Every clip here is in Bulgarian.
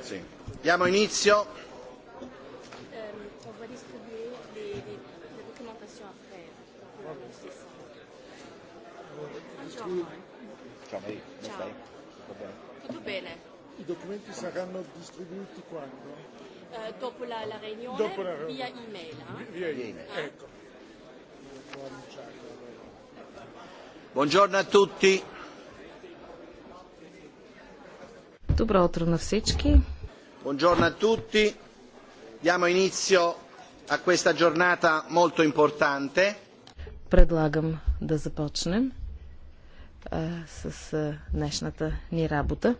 Sì. Diamo inizio. Tutto bene. I documenti saranno distribuiti quando? Eh, dopo la, la riunione, dopo la via email. Eh? Via email, eh? ecco. Buongiorno a tutti. Добро утро на всички. Buongiorno a tutti. Diamo inizio a questa giornata molto importante. Предлагам да започнем а, с а, днешната ни работа.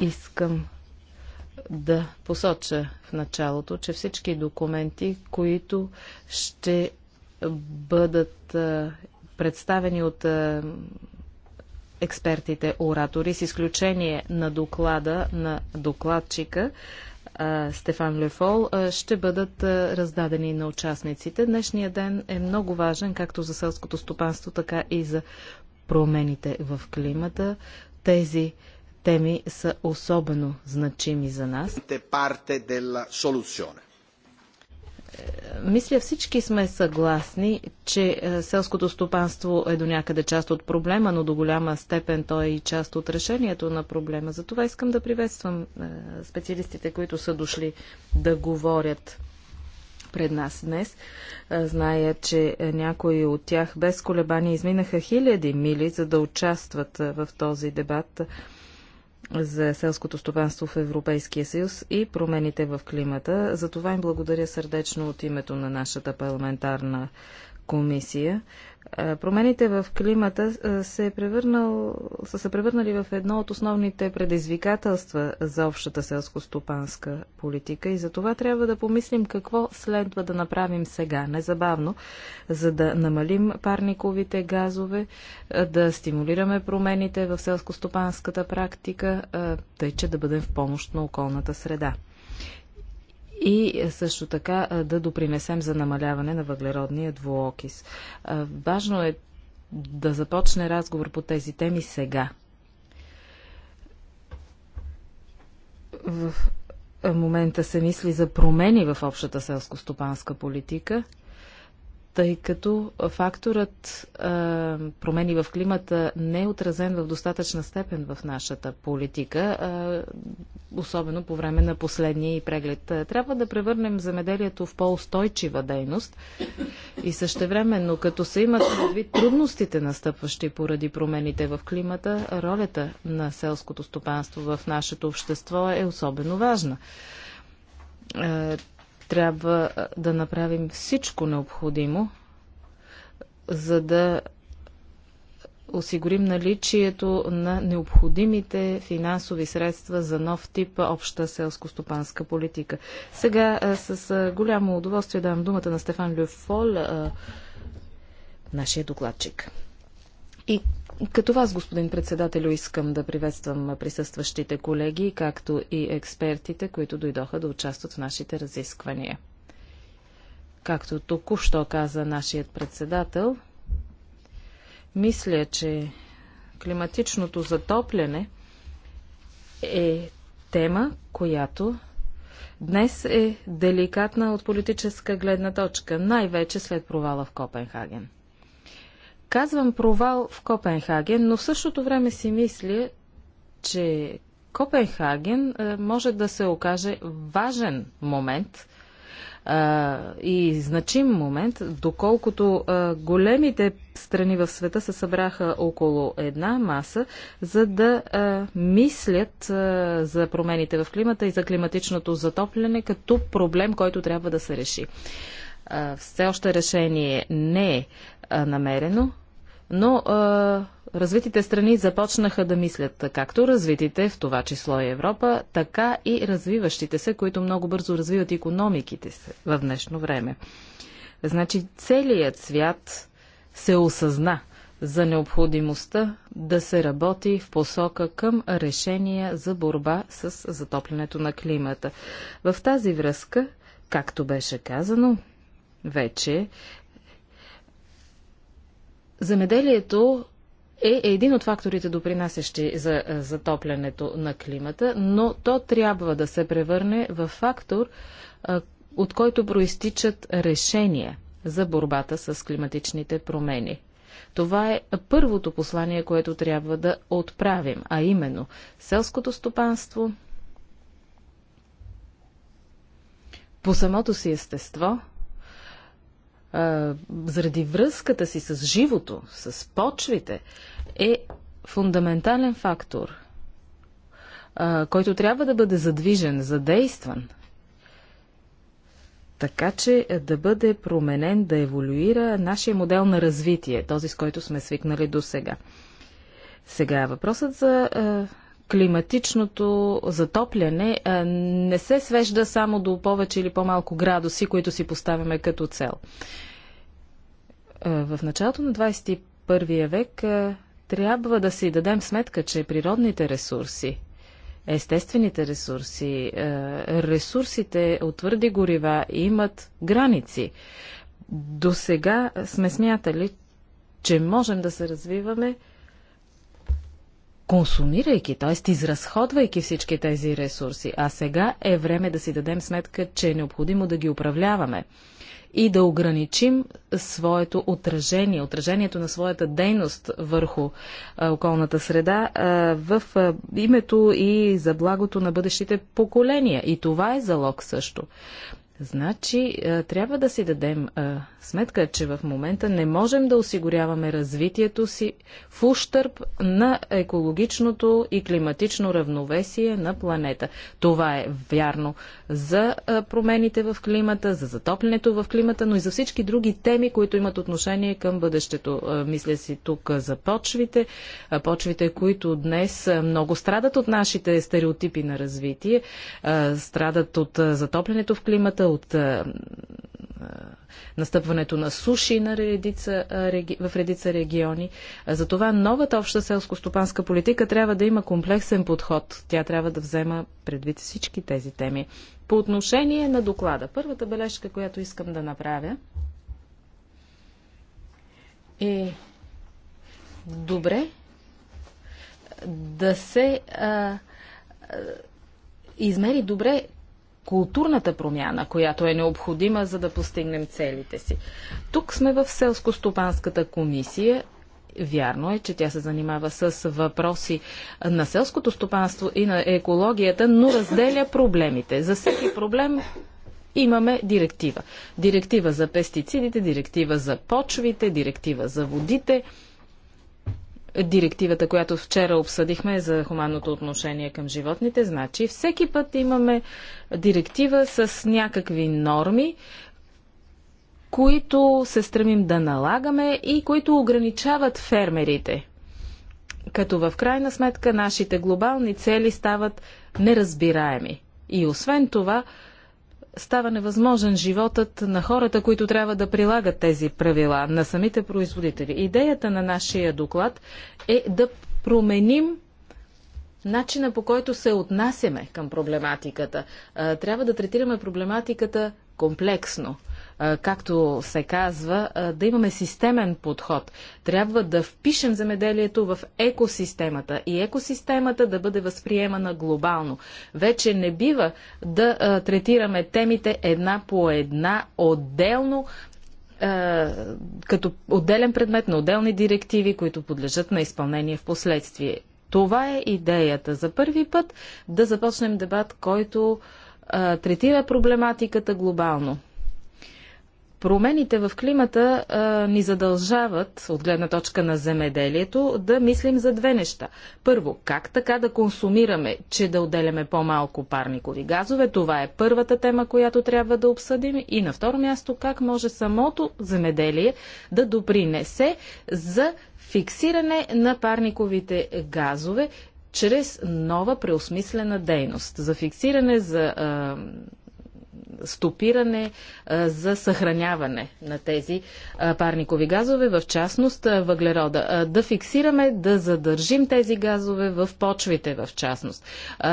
Искам да посоча в началото, че всички документи, които ще бъдат а, представени от експертите оратори, с изключение на доклада на докладчика Стефан Лефол, ще бъдат раздадени на участниците. Днешния ден е много важен както за селското стопанство, така и за промените в климата. Тези теми са особено значими за нас. Парте мисля всички сме съгласни, че е, селското стопанство е до някъде част от проблема, но до голяма степен то е и част от решението на проблема. Затова искам да приветствам е, специалистите, които са дошли да говорят пред нас днес. Е, зная, че някои от тях без колебания изминаха хиляди мили, за да участват в този дебат за селското стопанство в Европейския съюз и промените в климата. За това им благодаря сърдечно от името на нашата парламентарна комисия. Промените в климата се е превърнал, са се превърнали в едно от основните предизвикателства за общата селско-стопанска политика и за това трябва да помислим какво следва да направим сега, незабавно, за да намалим парниковите газове, да стимулираме промените в селско-стопанската практика, тъй че да бъдем в помощ на околната среда и също така да допринесем за намаляване на въглеродния двуокис. Важно е да започне разговор по тези теми сега. В момента се мисли за промени в общата селско-стопанска политика – тъй като факторът а, промени в климата не е отразен в достатъчна степен в нашата политика, а, особено по време на последния и преглед. Трябва да превърнем земеделието в по-устойчива дейност и същевременно, като се имат предвид трудностите настъпващи поради промените в климата, ролята на селското стопанство в нашето общество е особено важна трябва да направим всичко необходимо, за да осигурим наличието на необходимите финансови средства за нов тип обща селско-стопанска политика. Сега с голямо удоволствие давам думата на Стефан Люфол, нашия докладчик. И като вас, господин председателю, искам да приветствам присъстващите колеги, както и експертите, които дойдоха да участват в нашите разисквания. Както току-що каза нашият председател, мисля, че климатичното затопляне е тема, която днес е деликатна от политическа гледна точка, най-вече след провала в Копенхаген. Казвам провал в Копенхаген, но в същото време си мисля, че Копенхаген е, може да се окаже важен момент е, и значим момент, доколкото е, големите страни в света се събраха около една маса, за да мислят за промените в климата и за климатичното затопляне като проблем, който трябва да се реши все още решение не е намерено, но а, развитите страни започнаха да мислят както развитите, в това число и Европа, така и развиващите се, които много бързо развиват економиките се в днешно време. Значи целият свят се осъзна за необходимостта да се работи в посока към решения за борба с затоплянето на климата. В тази връзка, както беше казано, вече Земеделието е един от факторите, допринасящи за е, затоплянето на климата, но то трябва да се превърне в фактор, е, от който проистичат решения за борбата с климатичните промени. Това е първото послание, което трябва да отправим, а именно селското стопанство по самото си естество – заради връзката си с живото, с почвите, е фундаментален фактор, който трябва да бъде задвижен, задействан, така че е, да бъде променен, да еволюира нашия модел на развитие, този с който сме свикнали до сега. Сега въпросът за е, климатичното затопляне не се свежда само до повече или по-малко градуси, които си поставяме като цел. В началото на 21 век трябва да си дадем сметка, че природните ресурси, естествените ресурси, ресурсите от твърди горива имат граници. До сега сме смятали, че можем да се развиваме консумирайки, т.е. изразходвайки всички тези ресурси. А сега е време да си дадем сметка, че е необходимо да ги управляваме и да ограничим своето отражение, отражението на своята дейност върху а, околната среда а, в а, името и за благото на бъдещите поколения. И това е залог също. Значи, е, трябва да си дадем а, е, сметка, че в момента не можем да осигуряваме развитието си в ущърп на екологичното и климатично равновесие на планета. Това е вярно за е, промените в климата, за затоплянето в климата, но и за всички други теми, които имат отношение към бъдещето. мисля си тук за почвите, почвите, които днес много страдат от нашите стереотипи на развитие, страдат от затоплянето в климата, от настъпването на суши на редица, в редица региони. Затова новата обща селско-стопанска политика трябва да има комплексен подход. Тя трябва да взема предвид всички тези теми. По отношение на доклада, първата бележка, която искам да направя, е добре да се а, а, измери добре културната промяна, която е необходима, за да постигнем целите си. Тук сме в Селско-стопанската комисия. Вярно е, че тя се занимава с въпроси на селското стопанство и на екологията, но разделя проблемите. За всеки проблем имаме директива. Директива за пестицидите, директива за почвите, директива за водите – директивата, която вчера обсъдихме за хуманното отношение към животните. Значи всеки път имаме директива с някакви норми, които се стремим да налагаме и които ограничават фермерите. Като в крайна сметка нашите глобални цели стават неразбираеми. И освен това, става невъзможен животът на хората, които трябва да прилагат тези правила, на самите производители. Идеята на нашия доклад е да променим начина по който се отнасяме към проблематиката. Трябва да третираме проблематиката комплексно както се казва, да имаме системен подход. Трябва да впишем земеделието в екосистемата и екосистемата да бъде възприемана глобално. Вече не бива да третираме темите една по една отделно като отделен предмет на отделни директиви, които подлежат на изпълнение в последствие. Това е идеята. За първи път да започнем дебат, който а, третира проблематиката глобално. Промените в климата а, ни задължават, от гледна точка на земеделието, да мислим за две неща. Първо, как така да консумираме, че да отделяме по-малко парникови газове? Това е първата тема, която трябва да обсъдим. И на второ място, как може самото земеделие да допринесе за фиксиране на парниковите газове чрез нова преосмислена дейност за фиксиране, за а, стопиране, за съхраняване на тези парникови газове, в частност въглерода. Да фиксираме, да задържим тези газове в почвите, в частност.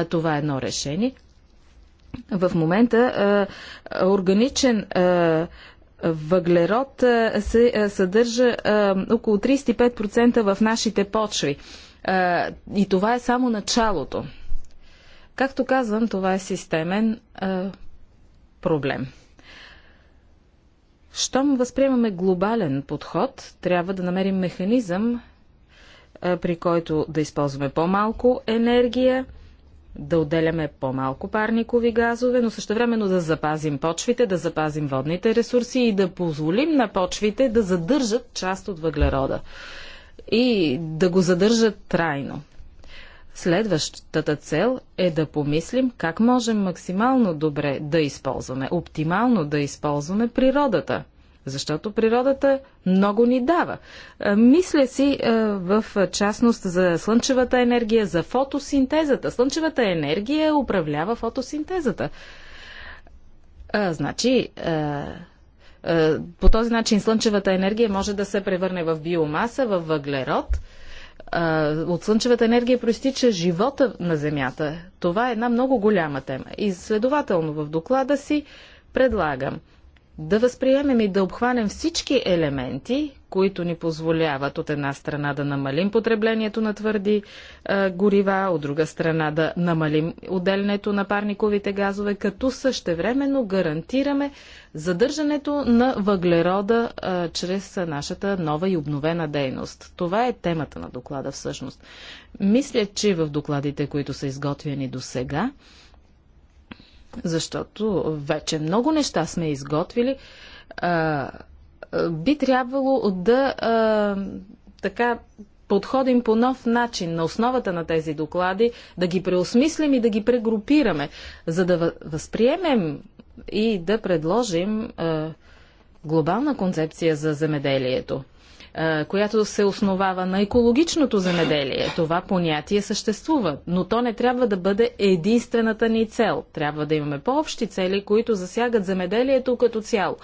Това е едно решение. В момента органичен въглерод се съдържа около 35% в нашите почви. И това е само началото. Както казвам, това е системен проблем. Щом възприемаме глобален подход, трябва да намерим механизъм, при който да използваме по-малко енергия, да отделяме по-малко парникови газове, но същевременно да запазим почвите, да запазим водните ресурси и да позволим на почвите да задържат част от въглерода и да го задържат трайно. Следващата цел е да помислим как можем максимално добре да използваме, оптимално да използваме природата. Защото природата много ни дава. Е, мисля си е, в частност за слънчевата енергия, за фотосинтезата. Слънчевата енергия управлява фотосинтезата. А, е, значи, а, а, по този начин слънчевата енергия може да се превърне в биомаса, в въглерод – от слънчевата енергия проистича живота на Земята. Това е една много голяма тема. И следователно в доклада си предлагам да възприемем и да обхванем всички елементи, които ни позволяват от една страна да намалим потреблението на твърди е, горива, от друга страна да намалим отделянето на парниковите газове, като същевременно гарантираме задържането на въглерода е, чрез нашата нова и обновена дейност. Това е темата на доклада всъщност. Мисля, че в докладите, които са изготвени до сега, защото вече много неща сме изготвили, е, би трябвало да така подходим по нов начин на основата на тези доклади, да ги преосмислим и да ги прегрупираме, за да възприемем и да предложим глобална концепция за земеделието която се основава на екологичното земеделие. Това понятие съществува, но то не трябва да бъде единствената ни цел. Трябва да имаме по-общи цели, които засягат земеделието като цяло.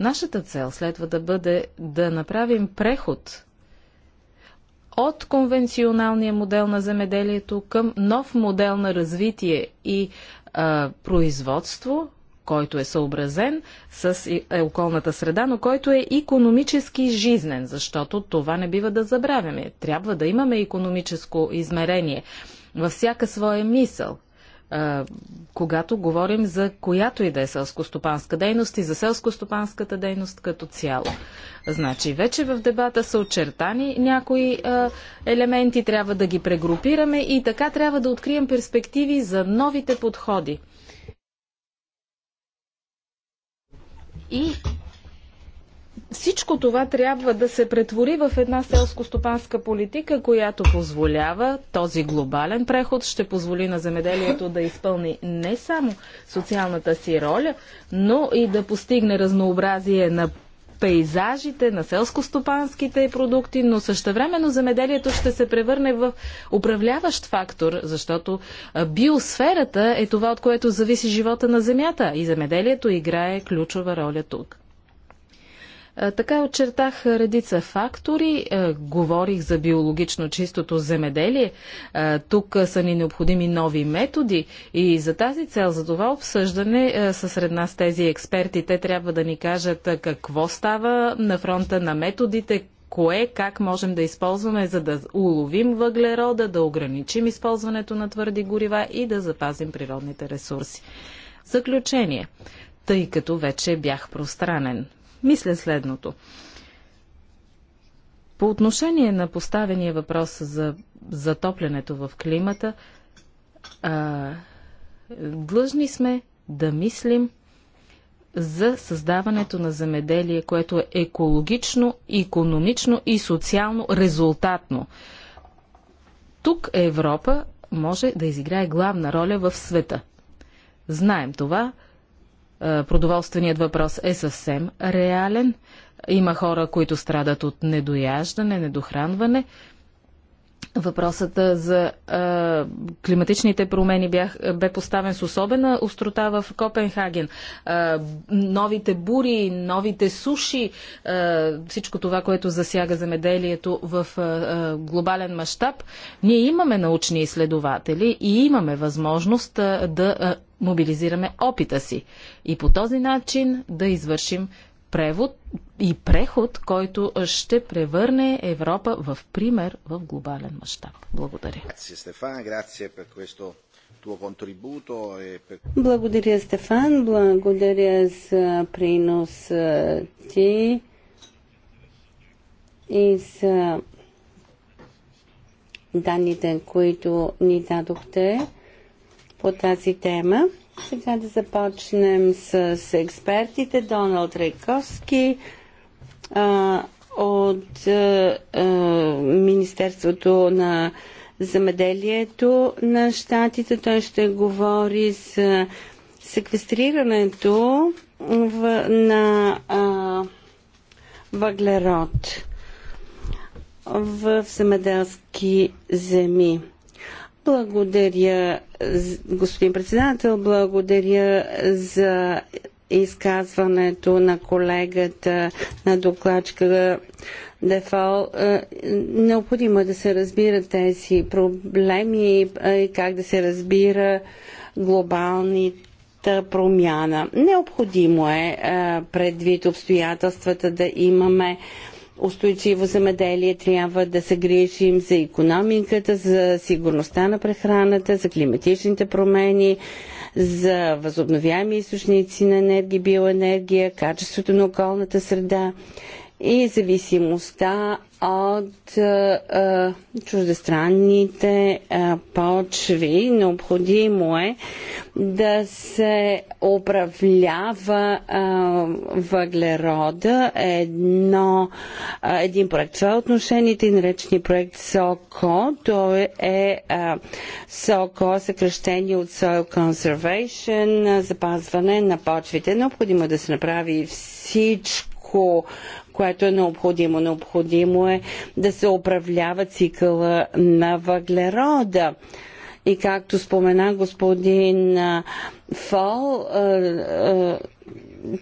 Нашата цел следва да бъде да направим преход от конвенционалния модел на земеделието към нов модел на развитие и а, производство, който е съобразен с е, околната среда, но който е економически жизнен, защото това не бива да забравяме. Трябва да имаме економическо измерение във всяка своя мисъл когато говорим за която и да е селско-стопанска дейност и за селско-стопанската дейност като цяло. Значи, вече в дебата са очертани някои а, елементи, трябва да ги прегрупираме и така трябва да открием перспективи за новите подходи. И всичко това трябва да се претвори в една селско-стопанска политика, която позволява този глобален преход, ще позволи на земеделието да изпълни не само социалната си роля, но и да постигне разнообразие на пейзажите, на селско-стопанските продукти, но същевременно земеделието ще се превърне в управляващ фактор, защото биосферата е това, от което зависи живота на земята и земеделието играе ключова роля тук. Е, така очертах редица фактори. Е, говорих за биологично чистото земеделие. Е, тук са ни необходими нови методи и за тази цел, за това обсъждане са сред нас тези експерти. Те трябва да ни кажат какво става на фронта на методите, кое, как можем да използваме, за да уловим въглерода, да ограничим използването на твърди горива и да запазим природните ресурси. Заключение. Тъй като вече бях пространен мисля следното. По отношение на поставения въпрос за затоплянето в климата, а, длъжни сме да мислим за създаването на земеделие, което е екологично, економично и социално резултатно. Тук Европа може да изиграе главна роля в света. Знаем това, е, продоволственият въпрос е съвсем реален. Има хора, които страдат от недояждане, недохранване. Въпросът за а, климатичните промени бях, бе поставен с особена острота в Копенхаген. А, новите бури, новите суши, а, всичко това, което засяга замеделието в а, а, глобален мащаб. Ние имаме научни изследователи и имаме възможност а, да а, мобилизираме опита си и по този начин да извършим превод и преход, който ще превърне Европа в пример в глобален мащаб. Благодаря. E Благодаря, Стефан. Благодаря за принос ти и за данните, които ни дадохте по тази тема. Сега да започнем с, експертите. Доналд Рейковски а, от а, Министерството на замеделието на щатите. Той ще говори за секвестрирането в, на а, въглерод в земеделски земи. Благодаря, господин председател, благодаря за изказването на колегата на докладчика Дефол. Е, необходимо е да се разбират тези проблеми е, и как да се разбира глобалната промяна. Необходимо е, е предвид обстоятелствата да имаме устойчиво земеделие, трябва да се грижим за економиката, за сигурността на прехраната, за климатичните промени, за възобновяеми източници на енергия, биоенергия, качеството на околната среда и зависимостта от е, е, чуждестранните е, почви. Необходимо е да се управлява е, въглерода. Едно, е, един проект Това е отношение, и наречени проект СОКО. Той е е СОКО, съкръщение от Soil Conservation, запазване на почвите. Необходимо е да се направи всичко което е необходимо. Необходимо е да се управлява цикъла на въглерода. И както спомена господин Фол,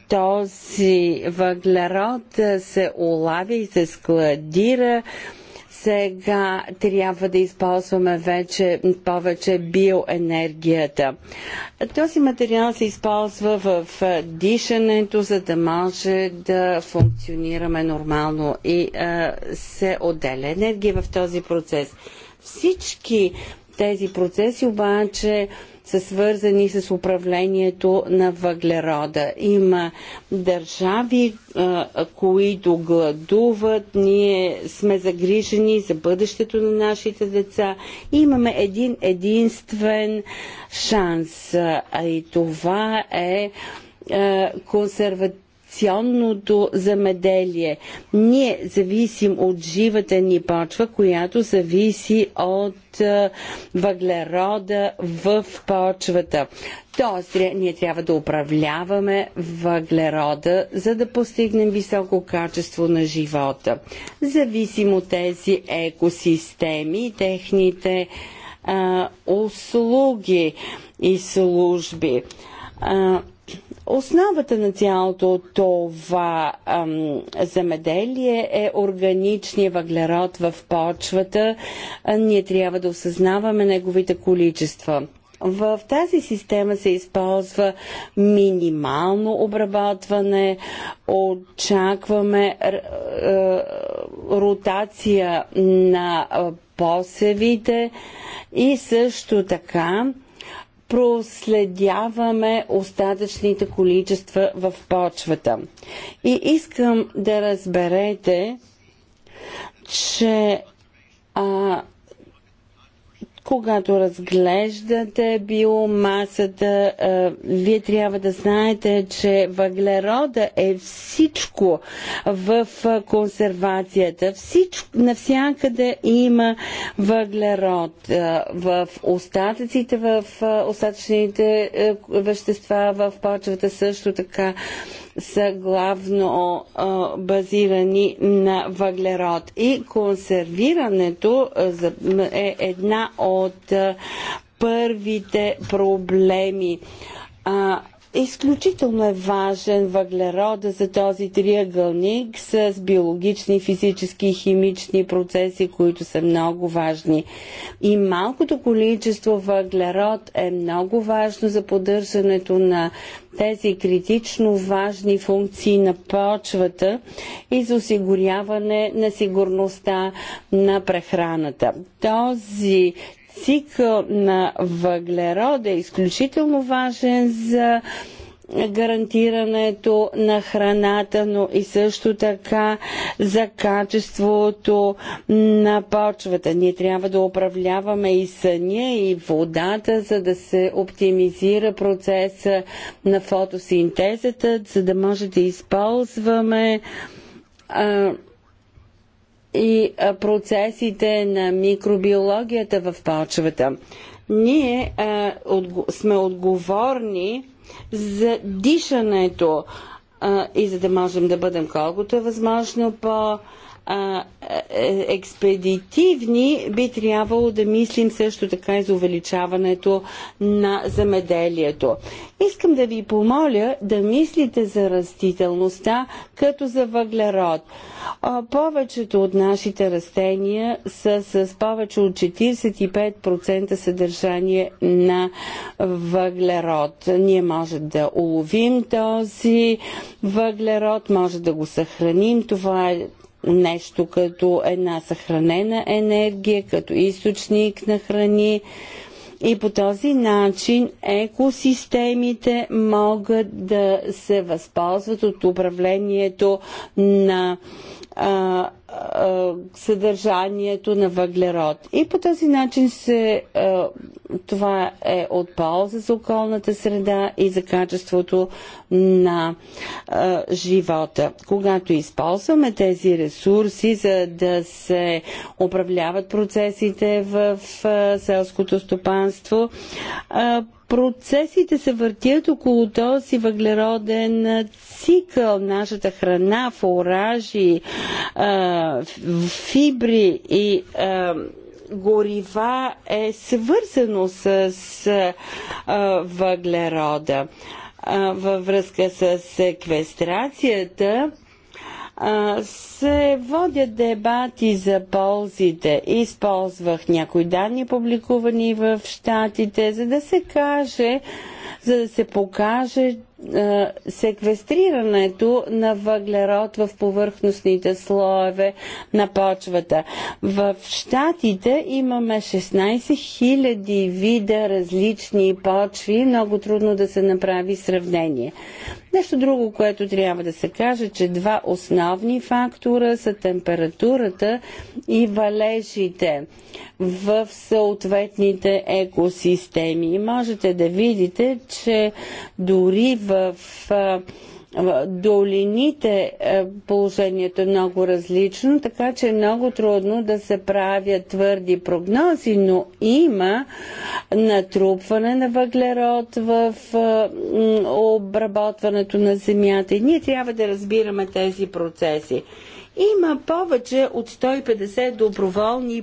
този въглерод се улавя и се складира сега трябва да използваме вече повече биоенергията. Този материал се използва в дишането, за да може да функционираме нормално и а, се отделя енергия в този процес. Всички тези процеси обаче а, са свързани с управлението на въглерода. Има държави, които гладуват, ние сме загрижени за бъдещето на нашите деца. Имаме един единствен шанс и това е консервативно традиционното замеделие. Ние зависим от живата ни почва, която зависи от е, въглерода в почвата. Тоест, ние трябва да управляваме въглерода, за да постигнем високо качество на живота. Зависим от тези екосистеми и техните а, е, услуги и служби. А, е, Основата на цялото това ам, замеделие е органичния въглерод в почвата. А, ние трябва да осъзнаваме неговите количества. В тази система се използва минимално обработване, очакваме ротация на посевите и също така проследяваме остатъчните количества в почвата. И искам да разберете, че а, когато разглеждате биомасата, вие трябва да знаете, че въглерода е всичко в консервацията. Всичко, навсякъде има въглерод. В остатъците, в остатъчните вещества в почвата също така са главно базирани на въглерод. И консервирането е една от първите проблеми. Изключително е важен въглерода за този триъгълник с биологични, физически и химични процеси, които са много важни. И малкото количество въглерод е много важно за поддържането на тези критично важни функции на почвата и за осигуряване на сигурността на прехраната. Този цикъл на въглерода е изключително важен за гарантирането на храната, но и също така за качеството на почвата. Ние трябва да управляваме и съня, и водата, за да се оптимизира процеса на фотосинтезата, за да може да използваме а, и процесите на микробиологията в почвата. Ние а, от, сме отговорни за дишането а, и за да можем да бъдем колкото е възможно по- а, е, е, експедитивни, би трябвало да мислим също така и за увеличаването на замеделието. Искам да ви помоля да мислите за растителността като за въглерод. А, повечето от нашите растения са с повече от 45% съдържание на въглерод. Ние може да уловим този въглерод, може да го съхраним. Това е нещо като една съхранена енергия, като източник на храни. И по този начин екосистемите могат да се възползват от управлението на а, съдържанието на въглерод. И по този начин се, това е от полза за околната среда и за качеството на живота. Когато използваме тези ресурси, за да се управляват процесите в селското стопанство, Процесите се въртят около този въглероден цикъл. Нашата храна, фуражи, фибри и горива е свързано с въглерода във връзка с секвестрацията се водят дебати за ползите. Използвах някои данни, публикувани в Штатите, за да се каже, за да се покаже, секвестрирането на въглерод в повърхностните слоеве на почвата. В Штатите имаме 16 000 вида различни почви. Много трудно да се направи сравнение. Нещо друго, което трябва да се каже, че два основни фактора са температурата и валежите в съответните екосистеми. можете да видите, че дори в в долините положението е много различно, така че е много трудно да се правят твърди прогнози, но има натрупване на въглерод в обработването на земята и ние трябва да разбираме тези процеси. Има повече от 150 доброволни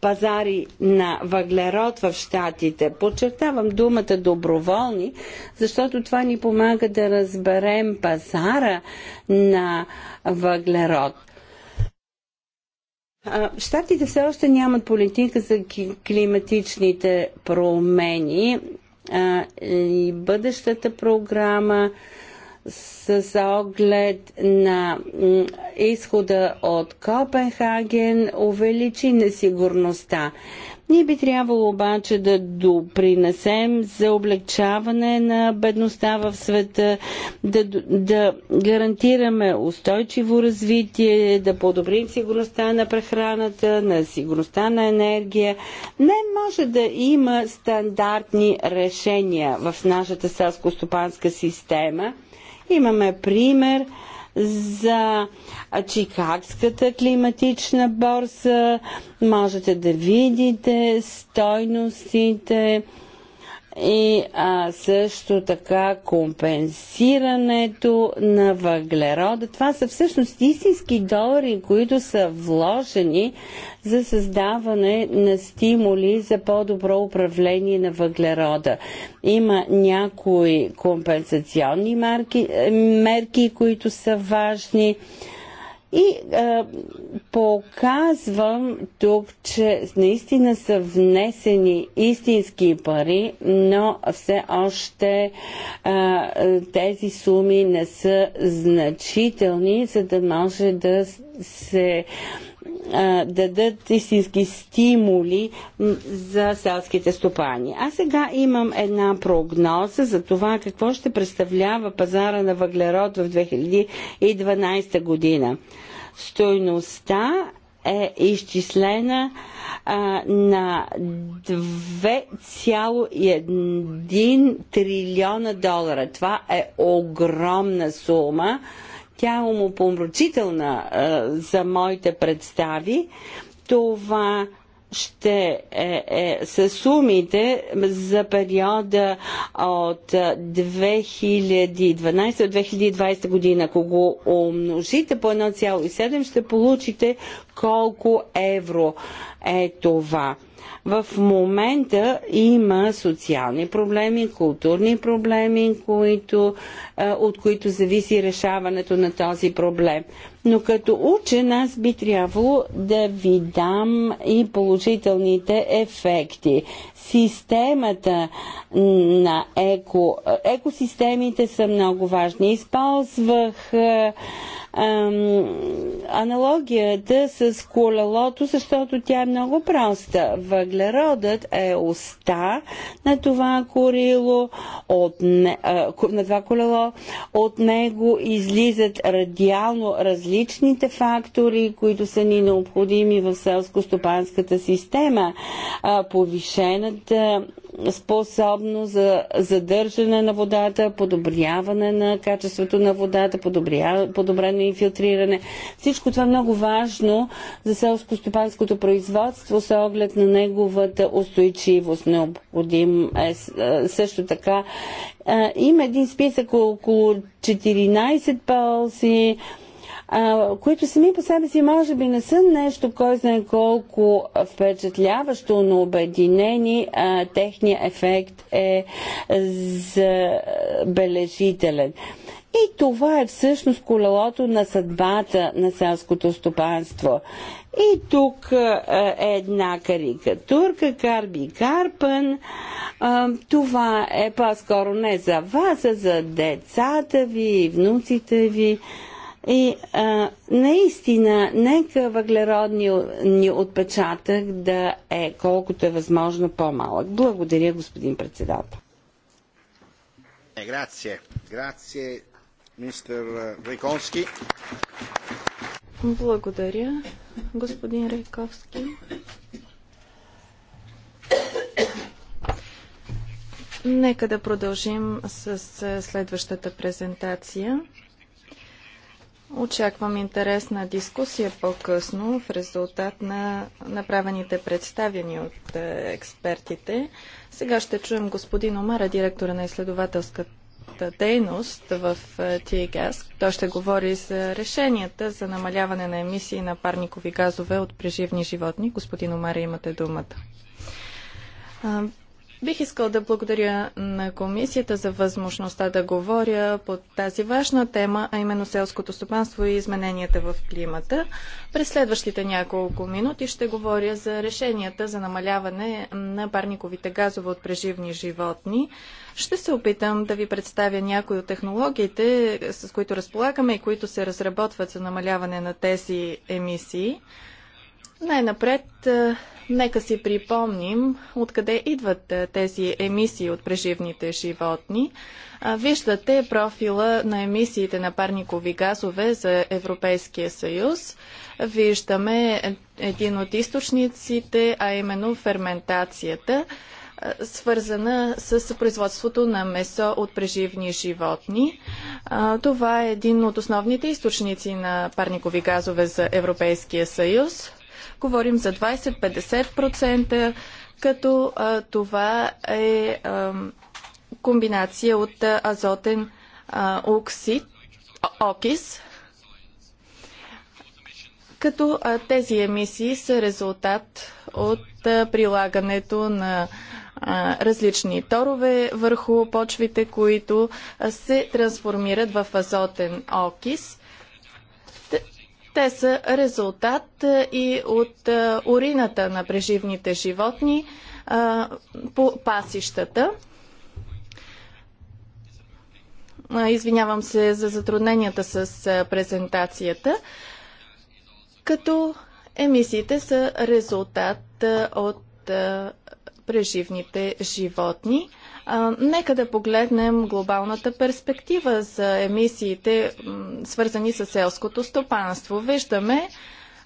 пазари на въглерод в щатите. Подчертавам думата доброволни, защото това ни помага да разберем пазара на въглерод. Штатите все още нямат политика за климатичните промени и бъдещата програма с оглед на изхода от Копенхаген увеличи несигурността. Ние би трябвало обаче да допринесем за облегчаване на бедността в света, да, да гарантираме устойчиво развитие, да подобрим сигурността на прехраната, на сигурността на енергия. Не може да има стандартни решения в нашата селско-стопанска система – Имаме пример за Чикагската климатична борса. Можете да видите стойностите, и а, също така компенсирането на въглерода. Това са всъщност истински долари, които са вложени за създаване на стимули за по-добро управление на въглерода. Има някои компенсационни марки, мерки, които са важни. А, и е, показвам тук, че наистина са внесени истински пари, но все още е, тези суми не са значителни, за да може да се дадат истински стимули за селските стопани. А сега имам една прогноза за това какво ще представлява пазара на въглерод в 2012 година. Стойността е изчислена а, на 2,1 трилиона долара. Това е огромна сума. Тя е умопомрачителна за моите представи. Това ще е, е, са сумите за периода от 2012 от 2020 година. Ако го умножите по 1,7, ще получите колко евро е това. В момента има социални проблеми, културни проблеми, които, е, от които зависи решаването на този проблем но като учен аз би трябвало да ви дам и положителните ефекти системата на еко, екосистемите са много важни. Използвах е, аналогията с колелото, защото тя е много проста. Въглеродът е уста на това корило, от не, а, е, на това колело. От него излизат радиално различните фактори, които са ни необходими в селско-стопанската система. А, повишена нашата способност за задържане на водата, подобряване на качеството на водата, подобрено инфилтриране. Всичко това е много важно за селско-стопанското производство с оглед на неговата устойчивост. Необходим е също така. Има един списък около 14 пълси, а, които сами по себе си може би не са нещо, кой знае колко впечатляващо, но обединени а, техния ефект е забележителен. И това е всъщност колелото на съдбата на селското стопанство. И тук е една карикатурка, Карби карпен, Това е по-скоро не за вас, а за децата ви, внуците ви. И а, наистина, нека въглеродния отпечатък да е колкото е възможно по-малък. Благодаря, господин председател. Е, грация. Грация, мистер Рейковски. Благодаря, господин Райковски. Нека да продължим с следващата презентация. Очаквам интересна дискусия по-късно в резултат на направените представени от е, експертите. Сега ще чуем господин Омара, директора на изследователската дейност в е, ТИГАС. Той ще говори за решенията за намаляване на емисии на парникови газове от преживни животни. Господин Омара, имате думата. Бих искал да благодаря на комисията за възможността да говоря по тази важна тема, а именно селското стопанство и измененията в климата. През следващите няколко минути ще говоря за решенията за намаляване на парниковите газове от преживни животни. Ще се опитам да ви представя някои от технологиите, с които разполагаме и които се разработват за намаляване на тези емисии. Най-напред Нека си припомним откъде идват е, тези емисии от преживните животни. Виждате профила на емисиите на парникови газове за Европейския съюз. Виждаме е, един от източниците, а именно ферментацията е, свързана с производството на месо от преживни животни. Това е един от основните източници на парникови газове за Европейския съюз. Говорим за 20-50%, като а, това е а, комбинация от а, азотен а, оксид, а, окис, като а, тези емисии са резултат от а, прилагането на различни торове върху почвите, които се трансформират в азотен окис те са резултат е, и от е, урината на преживните животни е, по пасищата. Извинявам се за затрудненията с презентацията. Като емисиите са резултат от преживните животни нека да погледнем глобалната перспектива за емисиите, свързани с селското стопанство. Виждаме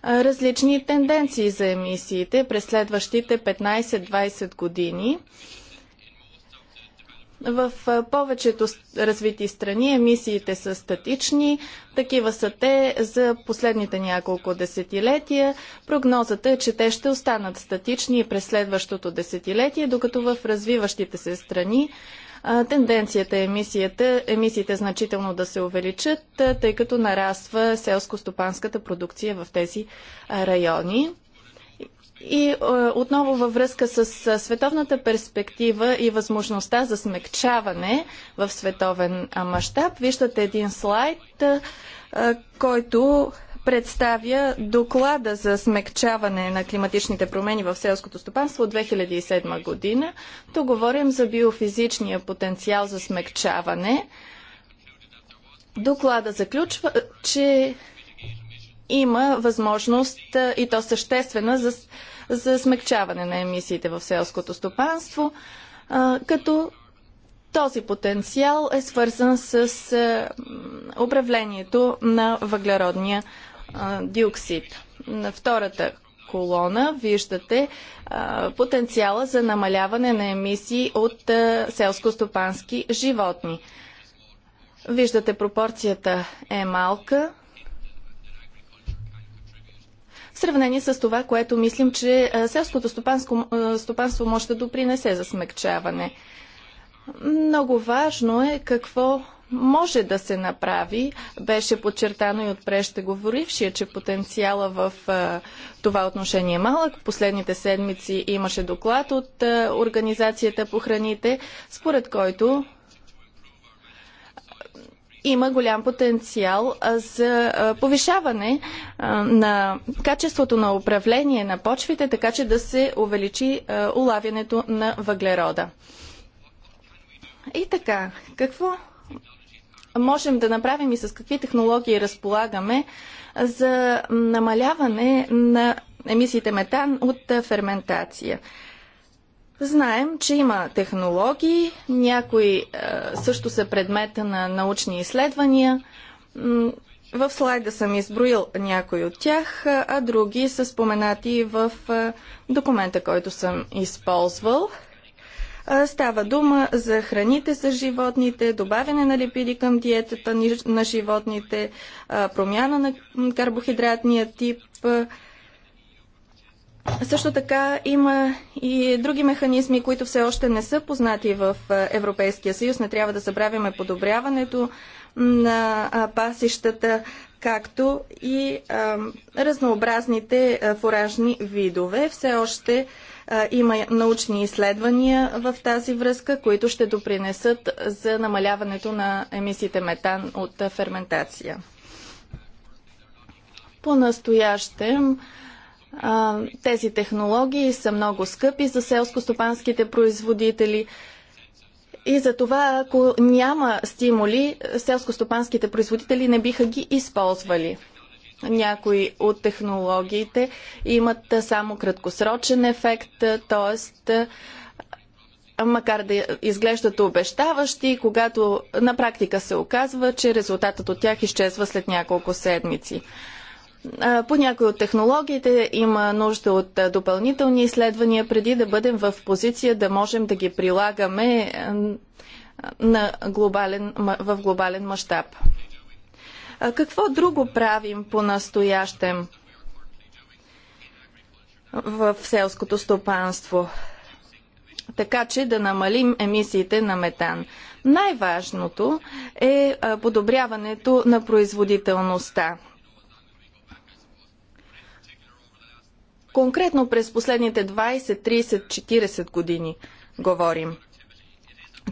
различни тенденции за емисиите през следващите 15-20 години. В повечето развити страни емисиите са статични. Такива са те за последните няколко десетилетия. Прогнозата е, че те ще останат статични през следващото десетилетие, докато в развиващите се страни тенденцията е емисиите значително да се увеличат, тъй като нараства селско-стопанската продукция в тези райони. И е, отново във връзка с е, световната перспектива и възможността за смекчаване в световен мащаб, виждате един слайд, е, който представя доклада за смекчаване на климатичните промени в селското стопанство от 2007 година. Тук говорим за биофизичния потенциал за смекчаване. Доклада заключва, че има възможност и то съществена за за смягчаване на емисиите в селското стопанство, като този потенциал е свързан с управлението на въглеродния диоксид. На втората колона виждате потенциала за намаляване на емисии от селско-стопански животни. Виждате пропорцията е малка, в сравнение с това, което мислим, че селското стопанство може да допринесе за смягчаване. Много важно е какво може да се направи. Беше подчертано и от прещеговорившия, че потенциала в това отношение е малък. Последните седмици имаше доклад от Организацията по храните, според който има голям потенциал за повишаване на качеството на управление на почвите, така че да се увеличи улавянето на въглерода. И така, какво можем да направим и с какви технологии разполагаме за намаляване на емисиите метан от ферментация? Знаем, че има технологии, някои е, също са предмета на научни изследвания. В слайда съм изброил някои от тях, е, а други са споменати в е, документа, който съм използвал. Е, става дума за храните за животните, добавяне на липиди към диетата на животните, промяна на карбохидратния тип, също така има и други механизми, които все още не са познати в Европейския съюз. Не трябва да забравяме подобряването на пасищата, както и а, разнообразните фуражни видове. Все още а, има научни изследвания в тази връзка, които ще допринесат за намаляването на емисиите метан от ферментация. По-настоящем тези технологии са много скъпи за селскостопанските производители. И за това, ако няма стимули, селскостопанските производители не биха ги използвали. Някои от технологиите имат само краткосрочен ефект, т.е макар да изглеждат обещаващи, когато на практика се оказва, че резултатът от тях изчезва след няколко седмици. По някои от технологиите има нужда от допълнителни изследвания, преди да бъдем в позиция да можем да ги прилагаме на глобален, в глобален мащаб. Какво друго правим по-настоящем в селското стопанство? така че да намалим емисиите на метан. Най-важното е подобряването на производителността. Конкретно през последните 20, 30, 40 години говорим.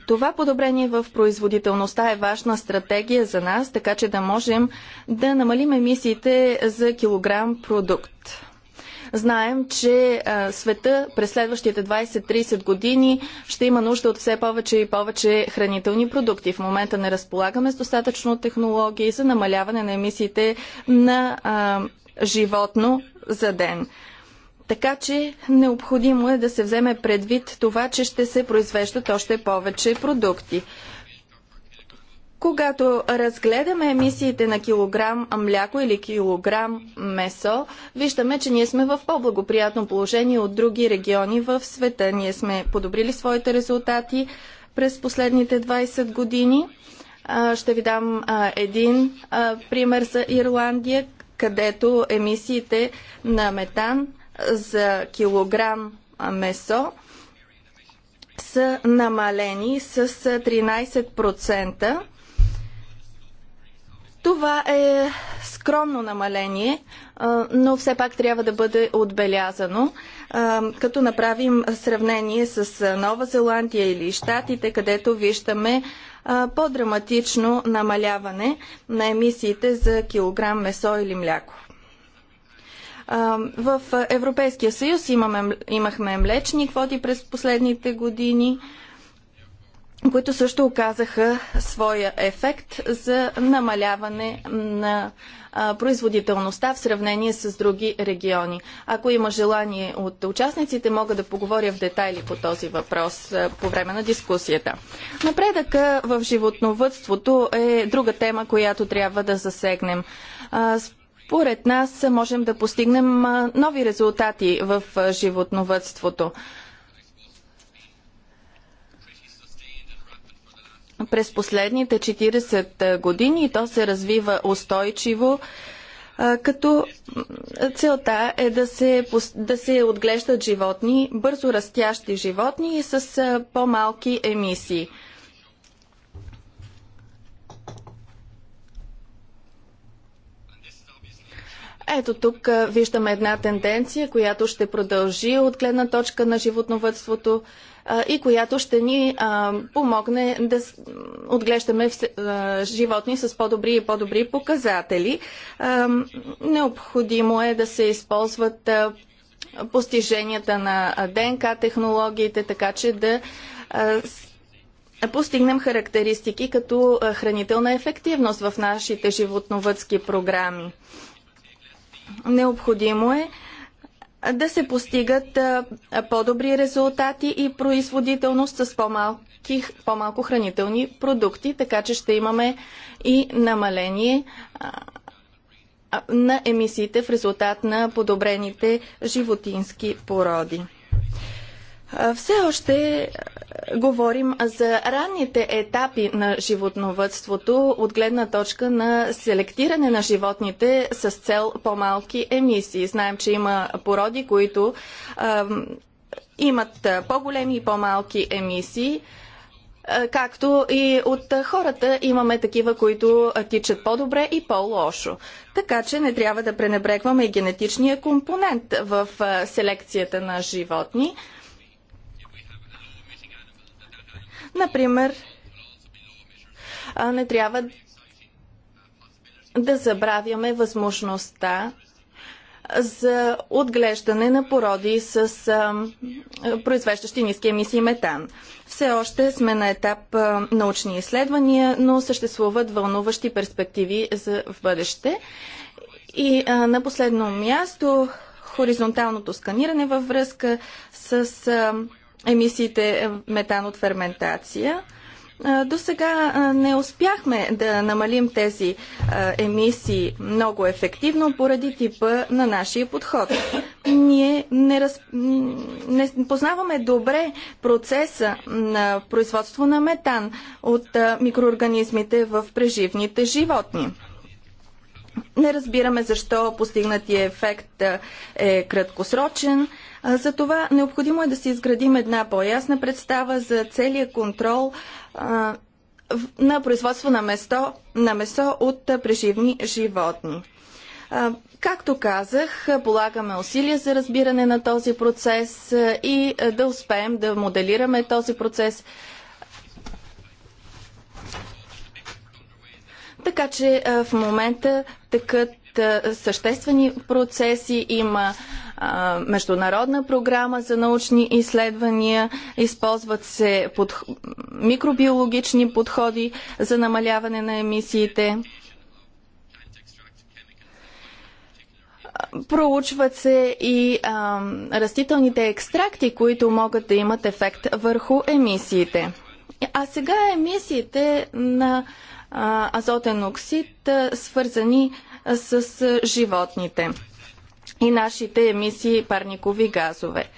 Това подобрение в производителността е важна стратегия за нас, така че да можем да намалим емисиите за килограм продукт. Знаем, че света през следващите 20-30 години ще има нужда от все повече и повече хранителни продукти. В момента не разполагаме с достатъчно технологии за намаляване на емисиите на а, животно за ден. Така че необходимо е да се вземе предвид това, че ще се произвеждат още повече продукти. Когато разгледаме емисиите на килограм мляко или килограм месо, виждаме, че ние сме в по-благоприятно положение от други региони в света. Ние сме подобрили своите резултати през последните 20 години. Ще ви дам един пример за Ирландия, където емисиите на метан за килограм месо са намалени с 13%. Това е скромно намаление, но все пак трябва да бъде отбелязано, като направим сравнение с Нова Зеландия или Штатите, където виждаме по-драматично намаляване на емисиите за килограм месо или мляко. В Европейския съюз имаме, имахме млечни квоти през последните години, които също оказаха своя ефект за намаляване на производителността в сравнение с други региони. Ако има желание от участниците, мога да поговоря в детайли по този въпрос по време на дискусията. Напредъка в животновътството е друга тема, която трябва да засегнем. Според нас можем да постигнем нови резултати в животновътството. През последните 40 години то се развива устойчиво като целта е да се, да се отглеждат животни, бързо растящи животни и с по-малки емисии. Ето тук виждаме една тенденция, която ще продължи от гледна точка на животновътството и която ще ни а, помогне да отглеждаме а, животни с по-добри и по-добри показатели. А, необходимо е да се използват постиженията на ДНК технологиите, така че да постигнем характеристики като хранителна ефективност в нашите животновътски програми. Необходимо е да се постигат по-добри резултати и производителност с по-малки, по-малко хранителни продукти, така че ще имаме и намаление на емисиите в резултат на подобрените животински породи. Все още говорим за ранните етапи на животновътството от гледна точка на селектиране на животните с цел по-малки емисии. Знаем, че има породи, които а, имат по-големи и по-малки емисии. А, както и от хората имаме такива, които тичат по-добре и по-лошо. Така че не трябва да пренебрегваме и генетичния компонент в селекцията на животни. Например, не трябва да забравяме възможността за отглеждане на породи с произвеждащи ниски емисии метан. Все още сме на етап научни изследвания, но съществуват вълнуващи перспективи за в бъдеще. И на последно място хоризонталното сканиране във връзка с емисиите метан от ферментация. До сега не успяхме да намалим тези емисии много ефективно поради типа на нашия подход. Ние не, раз... не познаваме добре процеса на производство на метан от микроорганизмите в преживните животни. Не разбираме защо постигнатия ефект е краткосрочен за това необходимо е да си изградим една по-ясна представа за целият контрол на производство на, место, на месо от преживни животни. както казах, полагаме усилия за разбиране на този процес и да успеем да моделираме този процес Така че в момента тъкат съществени процеси, има а, международна програма за научни изследвания, използват се под... микробиологични подходи за намаляване на емисиите. проучват се и а, растителните екстракти, които могат да имат ефект върху емисиите. А сега емисиите на а, азотен оксид, а, свързани с животните и нашите емисии парникови газове.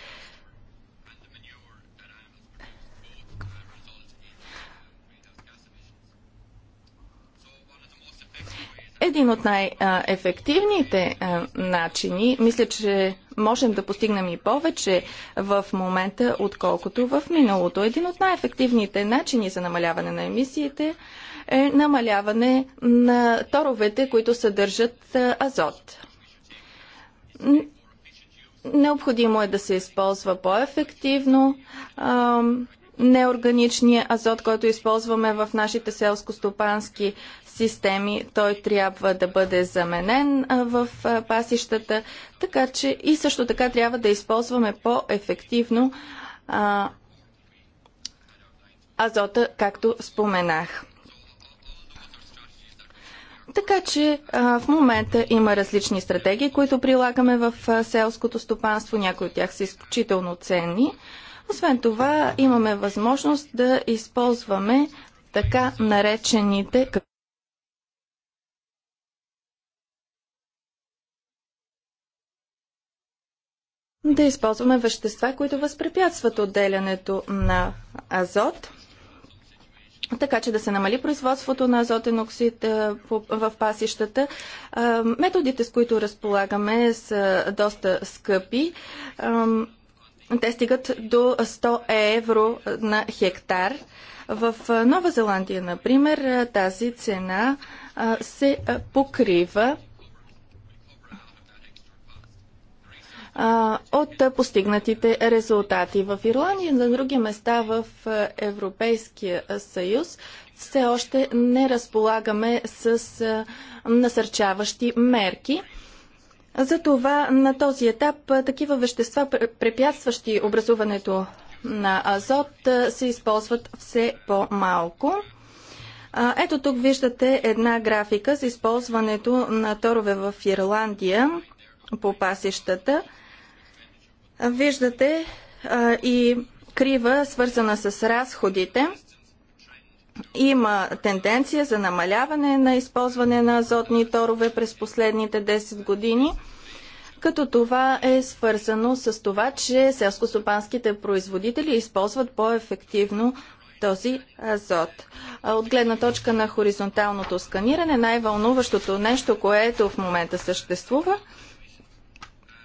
един от най-ефективните начини, мисля, че можем да постигнем и повече в момента, отколкото в миналото. Един от най-ефективните начини за намаляване на емисиите е намаляване на торовете, които съдържат азот. Необходимо е да се използва по-ефективно неорганичния азот, който използваме в нашите селско-стопански системи. Той трябва да бъде заменен в пасищата, така че и също така трябва да използваме по-ефективно азота, както споменах. Така че а, в момента има различни стратегии, които прилагаме в а, селското стопанство. Някои от тях са изключително ценни. Освен това, имаме възможност да използваме така наречените да използваме вещества, които възпрепятстват отделянето на азот – така че да се намали производството на азотен оксид е, в пасищата. Е, методите, с които разполагаме, са доста скъпи. Е, те стигат до 100 евро на хектар. В Нова Зеландия, например, тази цена се покрива а, от постигнатите резултати. В Ирландия и на други места в Европейския съюз все още не разполагаме с а, насърчаващи мерки. Затова на този етап такива вещества, препятстващи образуването на азот, се използват все по-малко. Ето тук виждате една графика за използването на торове в Ирландия по пасищата. Виждате а, и крива, свързана с разходите. Има тенденция за намаляване на използване на азотни торове през последните 10 години, като това е свързано с това, че селскостопанските производители използват по-ефективно този азот. От гледна точка на хоризонталното сканиране, най-вълнуващото нещо, което в момента съществува,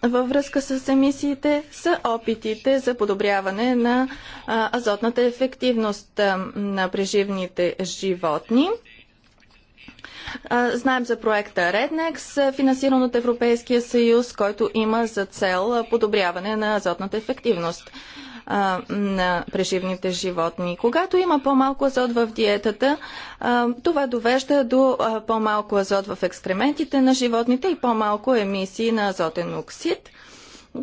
във връзка с емисиите са опитите за подобряване на азотната ефективност на преживните животни. Знаем за проекта Rednex, финансиран от Европейския съюз, който има за цел подобряване на азотната ефективност а, на преживните животни. Когато има по-малко азот в диетата, а, това довежда до по-малко азот в екскрементите на животните и по-малко емисии на азотен оксид.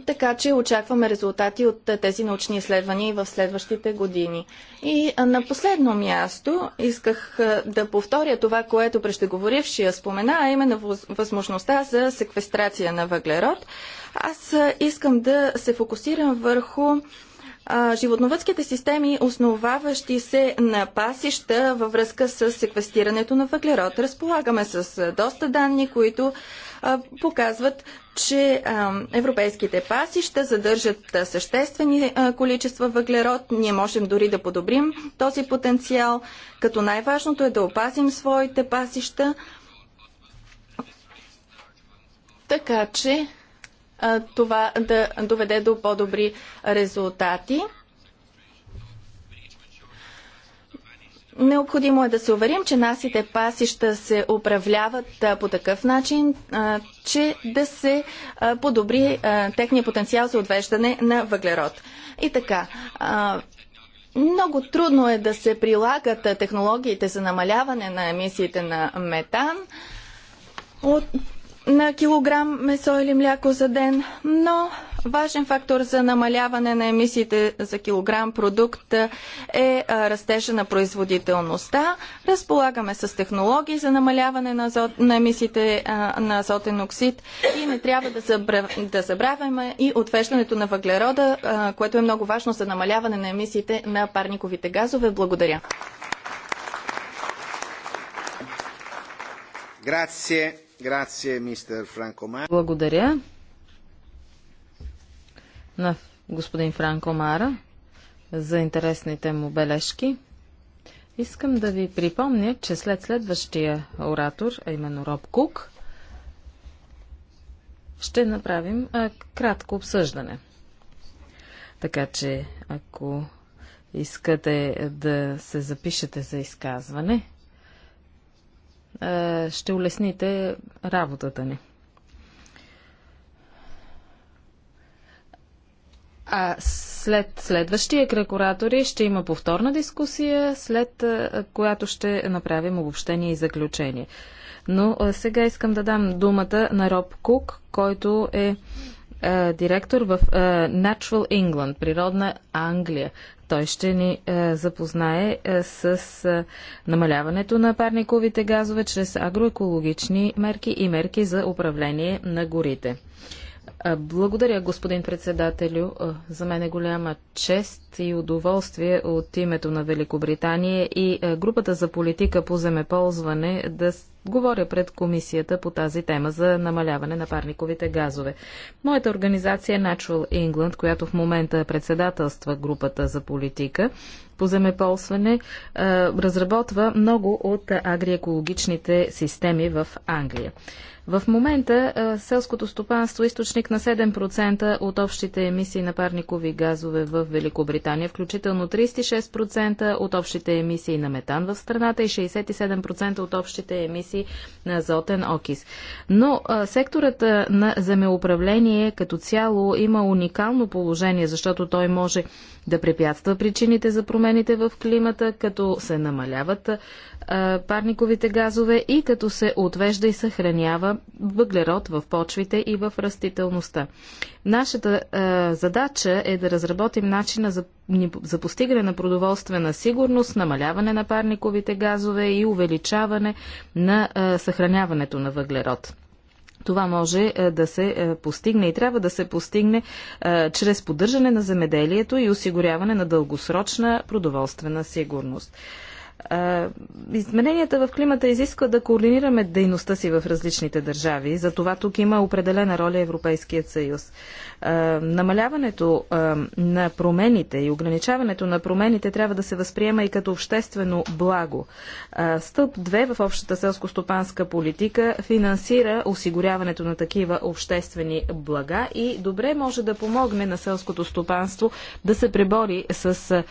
Така че очакваме резултати от тези научни изследвания и в следващите години. И на последно място исках да повторя това, което прещеговорившия спомена, а именно възможността за секвестрация на въглерод. Аз искам да се фокусирам върху животновътските системи, основаващи се на пасища във връзка с секвестирането на въглерод. Разполагаме с доста данни, които показват, че европейските пасища задържат съществени количества въглерод. Ние можем дори да подобрим този потенциал, като най-важното е да опазим своите пасища, така че това да доведе до по-добри резултати. Необходимо е да се уверим, че насите пасища се управляват по такъв начин, че да се подобри техния потенциал за отвеждане на въглерод. И така, много трудно е да се прилагат технологиите за намаляване на емисиите на метан. От на килограм месо или мляко за ден, но важен фактор за намаляване на емисиите за килограм продукт е растежа на производителността. Разполагаме с технологии за намаляване на, азот, на емисиите на азотен оксид и не трябва да, забра, да забравяме и отвеждането на въглерода, което е много важно за намаляване на емисиите на парниковите газове. Благодаря. Grazie. Благодаря на господин Франко Мара за интересните му бележки. Искам да ви припомня, че след следващия оратор, а именно Роб Кук, ще направим а, кратко обсъждане. Така че, ако искате да се запишете за изказване, е, ще улесните работата ни. А след следващия кръг оратори ще има повторна дискусия, след е, която ще направим обобщение и заключение. Но е, сега искам да дам думата на Роб Кук, който е директор в Natural England, Природна Англия, той ще ни е, запознае е, с е, намаляването на парниковите газове чрез агроекологични мерки и мерки за управление на горите. Благодаря, господин председателю. За мен е голяма чест и удоволствие от името на Великобритания и групата за политика по земеползване да говоря пред комисията по тази тема за намаляване на парниковите газове. Моята организация е Natural England, която в момента председателства групата за политика по земеползване, разработва много от агриекологичните системи в Англия. В момента селското стопанство е източник на 7% от общите емисии на парникови газове в Великобритания, включително 36% от общите емисии на метан в страната и 67% от общите емисии на азотен окис. Но секторът на земеуправление като цяло има уникално положение, защото той може да препятства причините за промените в климата, като се намаляват парниковите газове и като се отвежда и съхранява въглерод в почвите и в растителността. Нашата задача е да разработим начина за, за постигане на продоволствена сигурност, намаляване на парниковите газове и увеличаване на съхраняването на въглерод. Това може да се постигне и трябва да се постигне а, чрез поддържане на земеделието и осигуряване на дългосрочна продоволствена сигурност. Измененията в климата изискват да координираме дейността си в различните държави. За това тук има определена роля Европейският съюз. Е, намаляването е, на промените и ограничаването на промените трябва да се възприема и като обществено благо. Е, стълб 2 в общата селско-стопанска политика финансира осигуряването на такива обществени блага и добре може да помогне на селското стопанство да се пребори с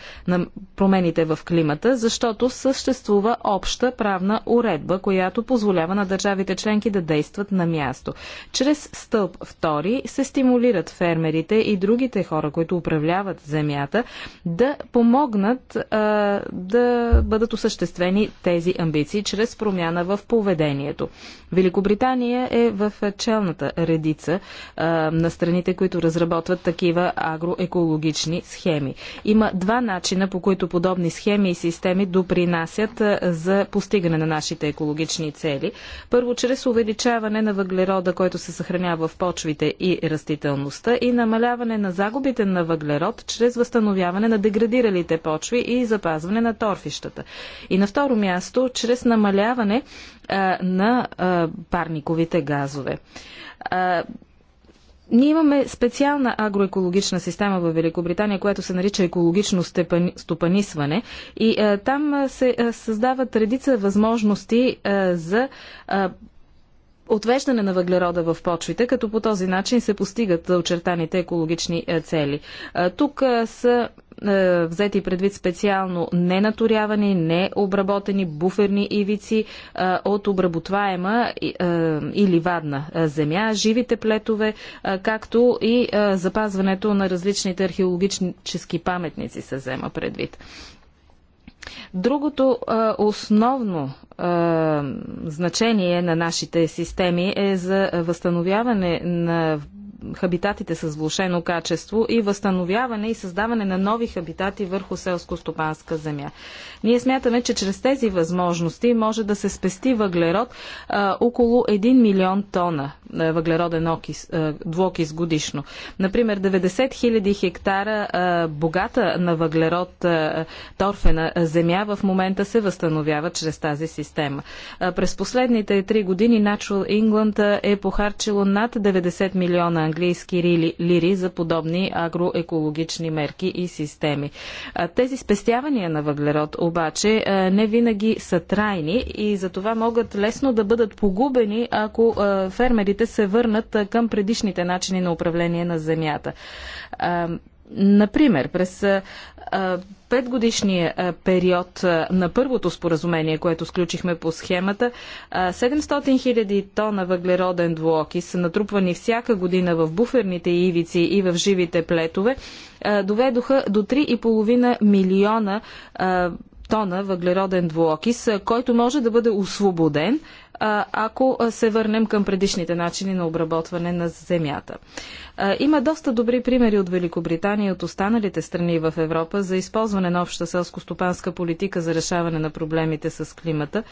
промените в климата, защото съществува обща правна уредба, която позволява на държавите членки да действат на място. Чрез стълб 2 се стимулират фермерите и другите хора, които управляват земята, да помогнат а, да бъдат осъществени тези амбиции чрез промяна в поведението. Великобритания е в челната редица а, на страните, които разработват такива агроекологични схеми. Има два начина, по които подобни схеми и системи допринасят а, за постигане на нашите екологични цели. Първо, чрез увеличаване на въглерода, който се съхранява в почвите и растителността заетостта и намаляване на загубите на въглерод чрез възстановяване на деградиралите почви и запазване на торфищата. И на второ място, чрез намаляване а, на а, парниковите газове. А, ние имаме специална агроекологична система в Великобритания, която се нарича екологично стопанисване и а, там се а, създават редица възможности а, за а, отвеждане на въглерода в почвите, като по този начин се постигат очертаните екологични е, цели. Тук са е, взети предвид специално ненаторявани, необработени буферни ивици от обработваема или вадна земя, живите плетове, както и запазването на различните археологически паметници се взема предвид. Другото а, основно а, значение на нашите системи е за възстановяване на хабитатите с влушено качество и възстановяване и създаване на нови хабитати върху селско-стопанска земя. Ние смятаме, че чрез тези възможности може да се спести въглерод а, около 1 милион тона е, въглероден окис, е, двуокис годишно. Например, 90 000 хектара е, богата на въглерод торфена земя в момента се възстановява чрез тази система. През последните три години Natural England е похарчило над 90 милиона английски лири за подобни агроекологични мерки и системи. Тези спестявания на въглерод обаче не винаги са трайни и затова могат лесно да бъдат погубени, ако фермерите преговорите се върнат към предишните начини на управление на земята. Например, през петгодишния период на първото споразумение, което сключихме по схемата, 700 000 тона въглероден двуоки са натрупвани всяка година в буферните ивици и в живите плетове, доведоха до 3,5 милиона тона въглероден двуокис, който може да бъде освободен, ако се върнем към предишните начини на обработване на земята. Има доста добри примери от Великобритания и от останалите страни в Европа за използване на обща селско-стопанска политика за решаване на проблемите с климата.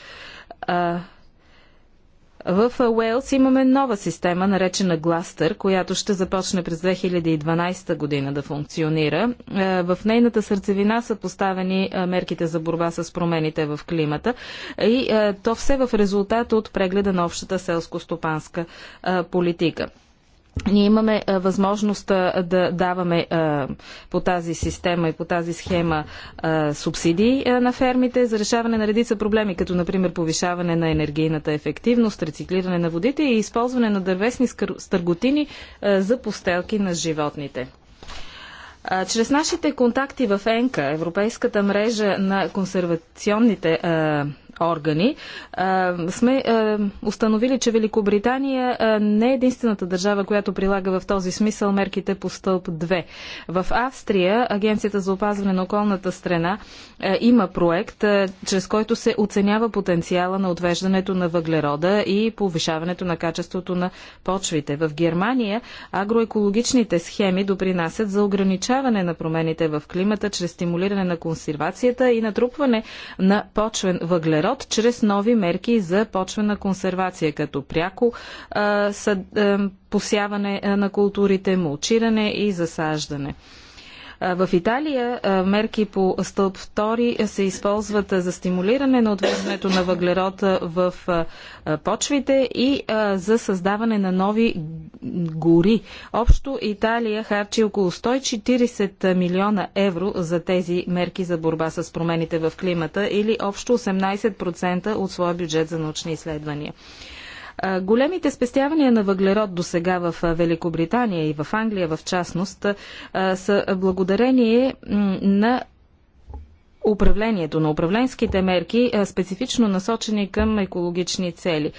В Уелс имаме нова система, наречена Гластър, която ще започне през 2012 година да функционира. Е, в нейната сърцевина са поставени е, мерките за борба с промените в климата и е, то все в резултат от прегледа на общата селско-стопанска политика. Ние имаме възможност да даваме по тази система и по тази схема субсидии на фермите за решаване на редица проблеми, като например повишаване на енергийната ефективност, рециклиране на водите и използване на дървесни стърготини за постелки на животните. Чрез нашите контакти в ЕНКА, Европейската мрежа на консервационните органи, сме установили, че Великобритания не е единствената държава, която прилага в този смисъл мерките по стълб 2. В Австрия Агенцията за опазване на околната страна има проект, чрез който се оценява потенциала на отвеждането на въглерода и повишаването на качеството на почвите. В Германия агроекологичните схеми допринасят за ограничаване на промените в климата чрез стимулиране на консервацията и натрупване на почвен въглерод въглерод чрез нови мерки за почвена консервация, като пряко а, а, посяване е, на културите, мулчиране и засаждане. В Италия мерки по стълб 2 се използват за стимулиране на отвеждането на въглерод в почвите и за създаване на нови гори. Общо Италия харчи около 140 милиона евро за тези мерки за борба с промените в климата или общо 18% от своя бюджет за научни изследвания. Големите спестявания на въглерод до сега в Великобритания и в Англия в частност са благодарение на управлението, на управленските мерки, специфично насочени към екологични цели.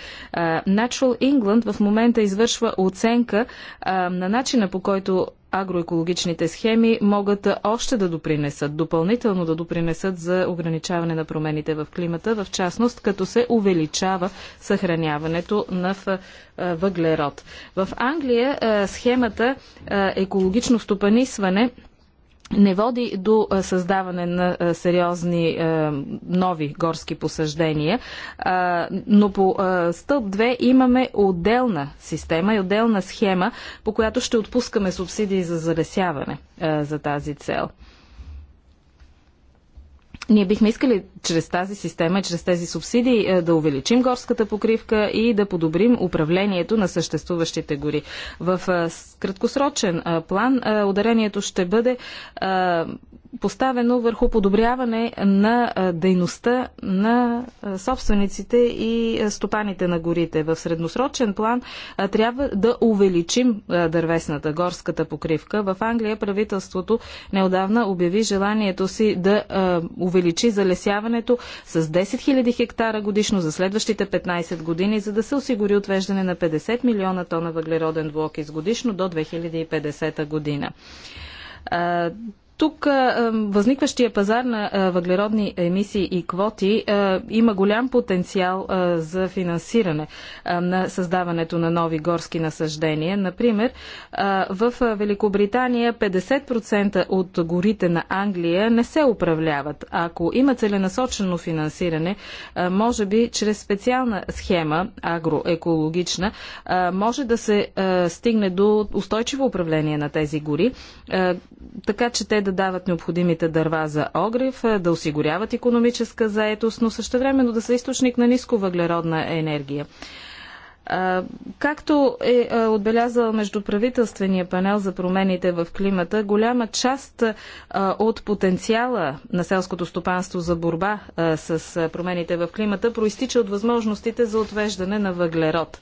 Natural England в момента извършва оценка на начина по който агроекологичните схеми могат още да допринесат, допълнително да допринесат за ограничаване на промените в климата, в частност като се увеличава съхраняването на въглерод. В Англия схемата екологично стопанисване – не води до създаване на сериозни нови горски посъждения, но по стълб 2 имаме отделна система и отделна схема, по която ще отпускаме субсидии за залесяване за тази цел. Ние бихме искали чрез тази система, чрез тези субсидии е, да увеличим горската покривка и да подобрим управлението на съществуващите гори. В е, краткосрочен е, план ударението ще бъде поставено върху подобряване на дейността на собствениците и стопаните на горите. В средносрочен план трябва да увеличим дървесната горската покривка. В Англия правителството неодавна обяви желанието си да увеличи залесяването с 10 000 хектара годишно за следващите 15 години, за да се осигури отвеждане на 50 милиона тона въглероден блок годишно до 2050 година тук възникващия пазар на въглеродни емисии и квоти има голям потенциал за финансиране на създаването на нови горски насъждения. Например, в Великобритания 50% от горите на Англия не се управляват. Ако има целенасочено финансиране, може би чрез специална схема, агроекологична, може да се стигне до устойчиво управление на тези гори, така че те да дават необходимите дърва за огрев, е, да осигуряват економическа заетост, но също времено да са източник на нисковъглеродна енергия. Както е, е отбелязал Междуправителствения панел за промените в климата, голяма част е, от потенциала на селското стопанство за борба с промените в климата проистича от възможностите за отвеждане на въглерод.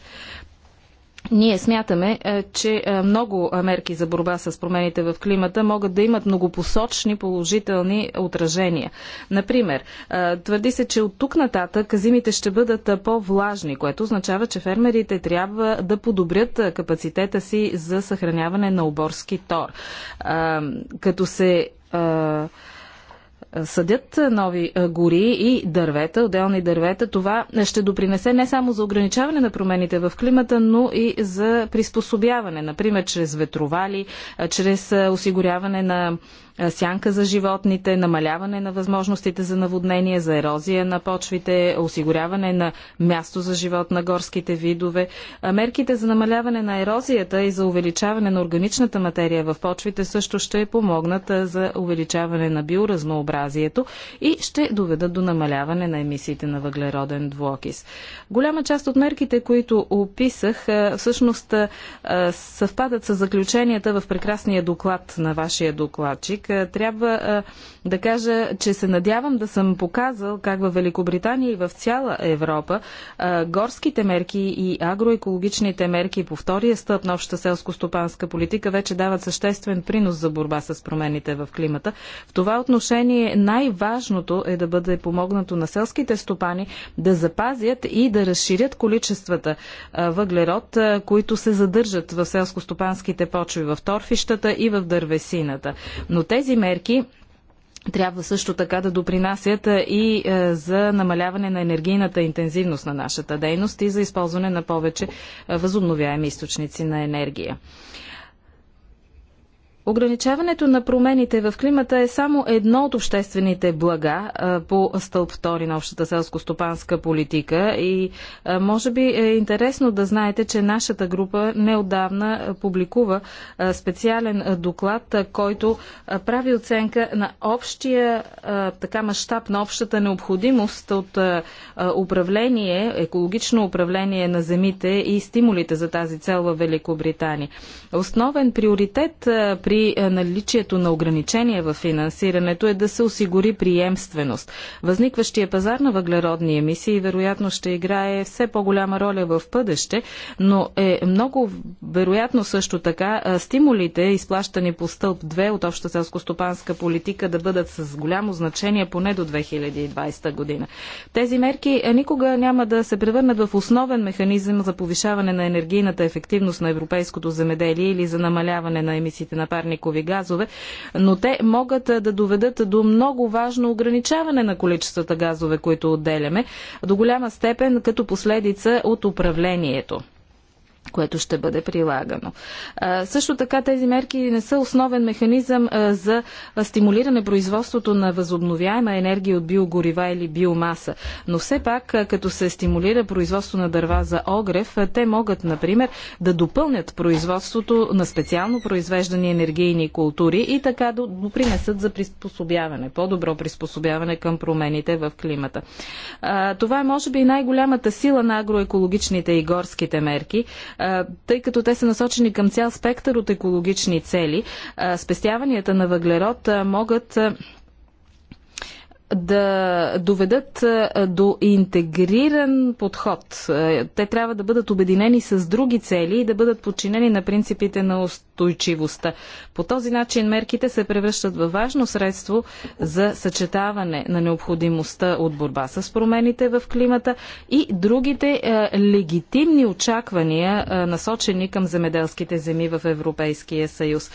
Ние смятаме, е, че е, много мерки за борба с промените в климата могат да имат многопосочни положителни отражения. Например, е, твърди се, че от тук нататък зимите ще бъдат по-влажни, което означава, че фермерите трябва да подобрят капацитета си за съхраняване на оборски тор. Като се съдят нови гори и дървета, отделни дървета. Това ще допринесе не само за ограничаване на промените в климата, но и за приспособяване, например, чрез ветровали, чрез осигуряване на е, сянка за животните, намаляване на възможностите за наводнение, за ерозия на почвите, осигуряване на място за живот на горските видове. Е, мерките за намаляване на ерозията и за увеличаване на органичната материя в почвите също ще помогнат е, за увеличаване на биоразнообразието и ще доведат до намаляване на емисиите на въглероден двуокис. Голяма част от мерките, които описах, всъщност съвпадат с заключенията в прекрасния доклад на вашия докладчик политика. Трябва да кажа, че се надявам да съм показал как в Великобритания и в цяла Европа а, горските мерки и агроекологичните мерки по втория стъп на обща селско-стопанска политика вече дават съществен принос за борба с промените в климата. В това отношение най-важното е да бъде помогнато на селските стопани да запазят и да разширят количествата а, въглерод, а, които се задържат в селско-стопанските почви, в торфищата и в дървесината. Но тези мерки трябва също така да допринасят е, и е, за намаляване на енергийната интензивност на нашата дейност и за използване на повече е, възобновяеми източници на енергия. Ограничаването на промените в климата е само едно от обществените блага по стълб 2 на общата селско-стопанска политика и може би е интересно да знаете, че нашата група неодавна публикува специален доклад, който прави оценка на общия така мащаб на общата необходимост от управление, екологично управление на земите и стимулите за тази цел в Великобритания. Основен приоритет при при е, наличието на ограничения в финансирането е да се осигури приемственост. Възникващия пазар на въглеродни емисии вероятно ще играе все по-голяма роля в бъдеще, но е много вероятно също така е, стимулите, изплащани по стълб 2 от селско-стопанска политика, да бъдат с голямо значение поне до 2020 година. Тези мерки е, никога няма да се превърнат в основен механизъм за повишаване на енергийната ефективност на европейското земеделие или за намаляване на емисиите на парникови парникови газове, но те могат да доведат до много важно ограничаване на количествата газове, които отделяме, до голяма степен като последица от управлението което ще бъде прилагано. Също така тези мерки не са основен механизъм за стимулиране производството на възобновяема енергия от биогорива или биомаса. Но все пак, като се стимулира производство на дърва за огрев, те могат, например, да допълнят производството на специално произвеждани енергийни култури и така да допринесат за приспособяване, по-добро приспособяване към промените в климата. Това е може би най-голямата сила на агроекологичните и горските мерки тъй като те са насочени към цял спектър от екологични цели. Спестяванията на въглерод могат да доведат е, до интегриран подход. Е, те трябва да бъдат обединени с други цели и да бъдат подчинени на принципите на устойчивостта. По този начин мерките се превръщат във важно средство за съчетаване на необходимостта от борба с промените в климата и другите е, легитимни очаквания, насочени към земеделските земи в Европейския съюз.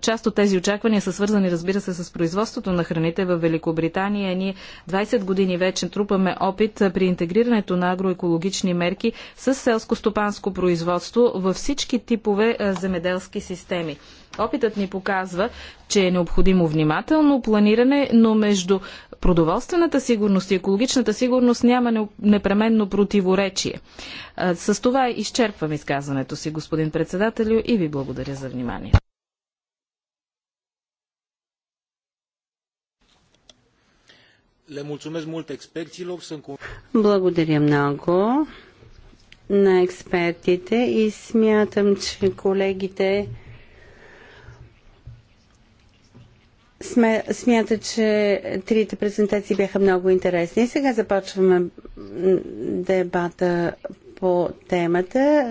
Част от тези очаквания са свързани, разбира се, с производството на храните в Великобритания Германия ние 20 години вече трупаме опит при интегрирането на агроекологични мерки с селско-стопанско производство във всички типове земеделски системи. Опитът ни показва, че е необходимо внимателно планиране, но между продоволствената сигурност и екологичната сигурност няма непременно противоречие. С това изчерпвам изказването си, господин председателю, и ви благодаря за вниманието. Le mulțumesc mult experților. Sunt... Благодаря много на експертите и смятам, че колегите смята, че трите презентации бяха много интересни. сега започваме дебата по темата.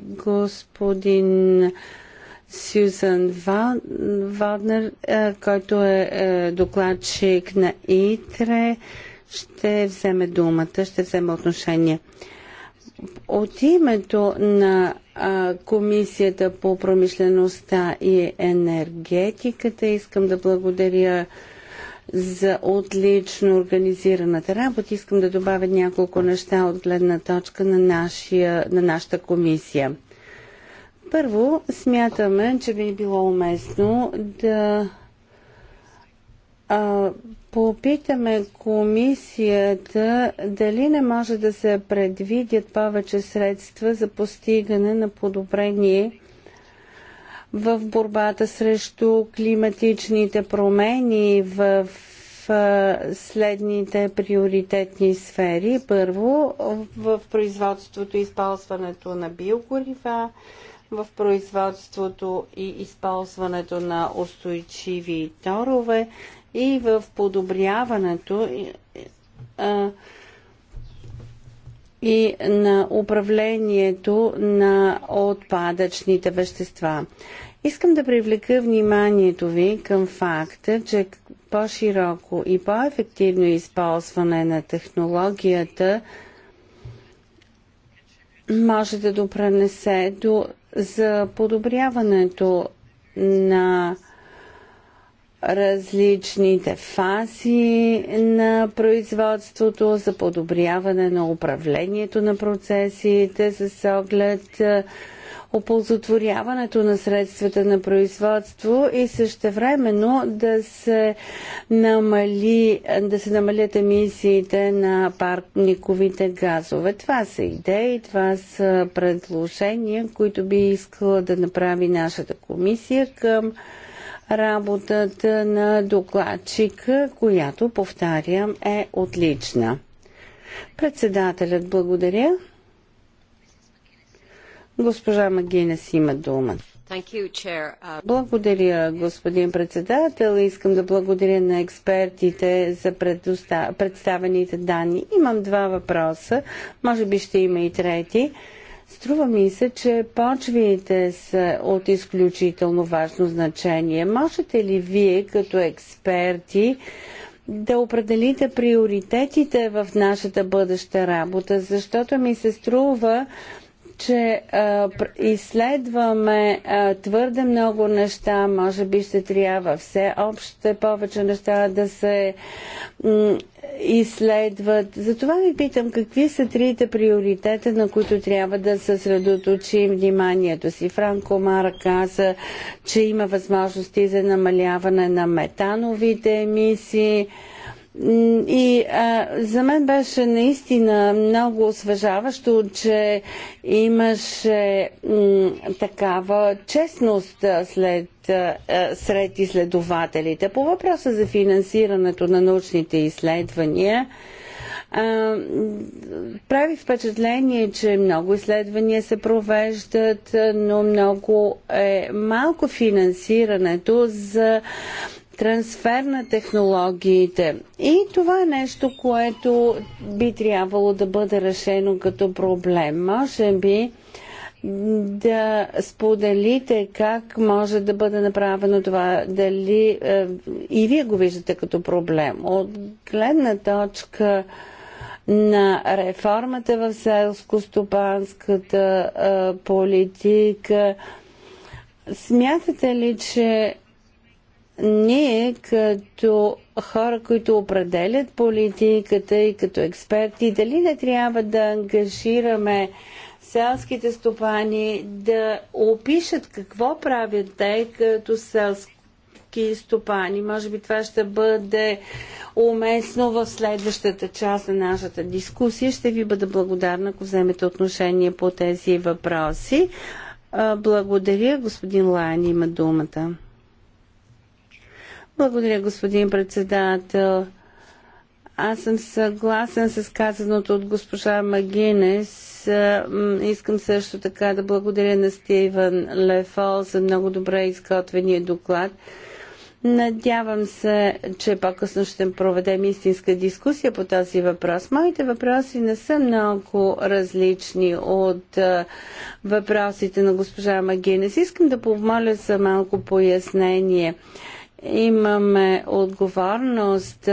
Господин Сюзан Валнер, е, който е, е докладчик на ИТРЕ, ще вземе думата, ще вземе отношение. От името на Комисията по промишлеността и енергетиката искам да благодаря за отлично организираната работа. Искам да добавя няколко неща от гледна точка на, нашия, на нашата комисия. Първо, смятаме, че би било уместно да а, попитаме комисията дали не може да се предвидят повече средства за постигане на подобрение в борбата срещу климатичните промени в следните приоритетни сфери. Първо, в производството и използването на биогорива, в производството и използването на устойчиви торове и в подобряването и на управлението на отпадъчните вещества. Искам да привлека вниманието ви към факта, че по-широко и по-ефективно използване на технологията може да допренесе до за подобряването на различните фази на производството, за подобряване на управлението на процесите с оглед оползотворяването на средствата на производство и същевременно да се, намали, да се намалят емисиите на парниковите газове. Това са идеи, това са предложения, които би искала да направи нашата комисия към работата на докладчика, която, повтарям, е отлична. Председателят благодаря. Госпожа Магинес има дума. Uh, благодаря, господин председател. Искам да благодаря на експертите за представените данни. Имам два въпроса, може би ще има и трети. Струва ми се, че почвите са от изключително важно значение. Можете ли вие, като експерти, да определите приоритетите в нашата бъдеща работа, защото ми се струва, че а, изследваме а, твърде много неща, може би ще трябва все още повече неща да се изследват. Затова ви питам какви са трите приоритета, на които трябва да съсредоточим вниманието си. Франко Мара каза, че има възможности за намаляване на метановите емисии и а, за мен беше наистина много освежаващо, че имаше м, такава честност след, а, сред изследователите. По въпроса за финансирането на научните изследвания, а, прави впечатление, че много изследвания се провеждат, но много е малко финансирането за трансфер на технологиите. И това е нещо, което би трябвало да бъде решено като проблем. Може би да споделите как може да бъде направено това, дали е, и вие го виждате като проблем. От гледна точка на реформата в селско-стопанската е, политика, смятате ли, че ние като хора, които определят политиката и като експерти, дали не трябва да ангажираме селските стопани да опишат какво правят те като селски стопани. Може би това ще бъде уместно в следващата част на нашата дискусия. Ще ви бъда благодарна, ако вземете отношение по тези въпроси. Благодаря. Господин Лайн, има думата. Благодаря, господин председател. Аз съм съгласен с казаното от госпожа Магинес. Искам също така да благодаря на Стивен Лефол за много добре изготвения доклад. Надявам се, че по-късно ще проведем истинска дискусия по този въпрос. Моите въпроси не са много различни от въпросите на госпожа Магинес. Искам да помоля за малко пояснение имаме отговорност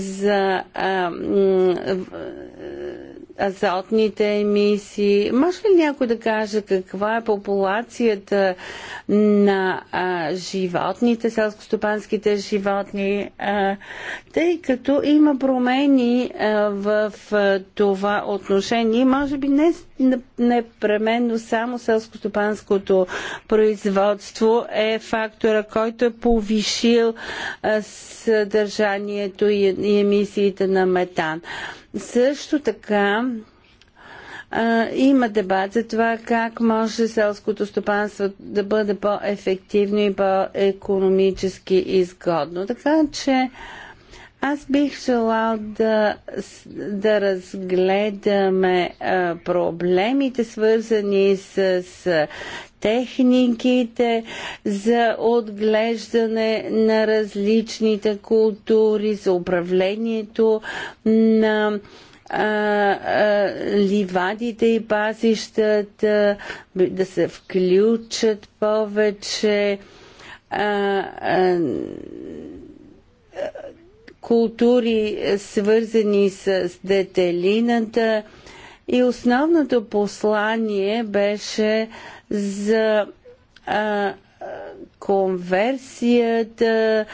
за азотните емисии. Може ли някой да каже каква е популацията на а, животните, селскостопанските животни, а, тъй като има промени а, в а, това отношение, може би не непременно само селскостопанското производство е фактора, който е повишил съдържанието и емисиите на метан. Също така има дебат за това как може селското стопанство да бъде по-ефективно и по-економически изгодно. Така че аз бих желал да, да разгледаме а, проблемите, свързани с, с техниките за отглеждане на различните култури, за управлението на а, а, ливадите и пазищата, да се включат повече. А, а, култури, е, свързани с детелината. И основното послание беше за а, конверсията,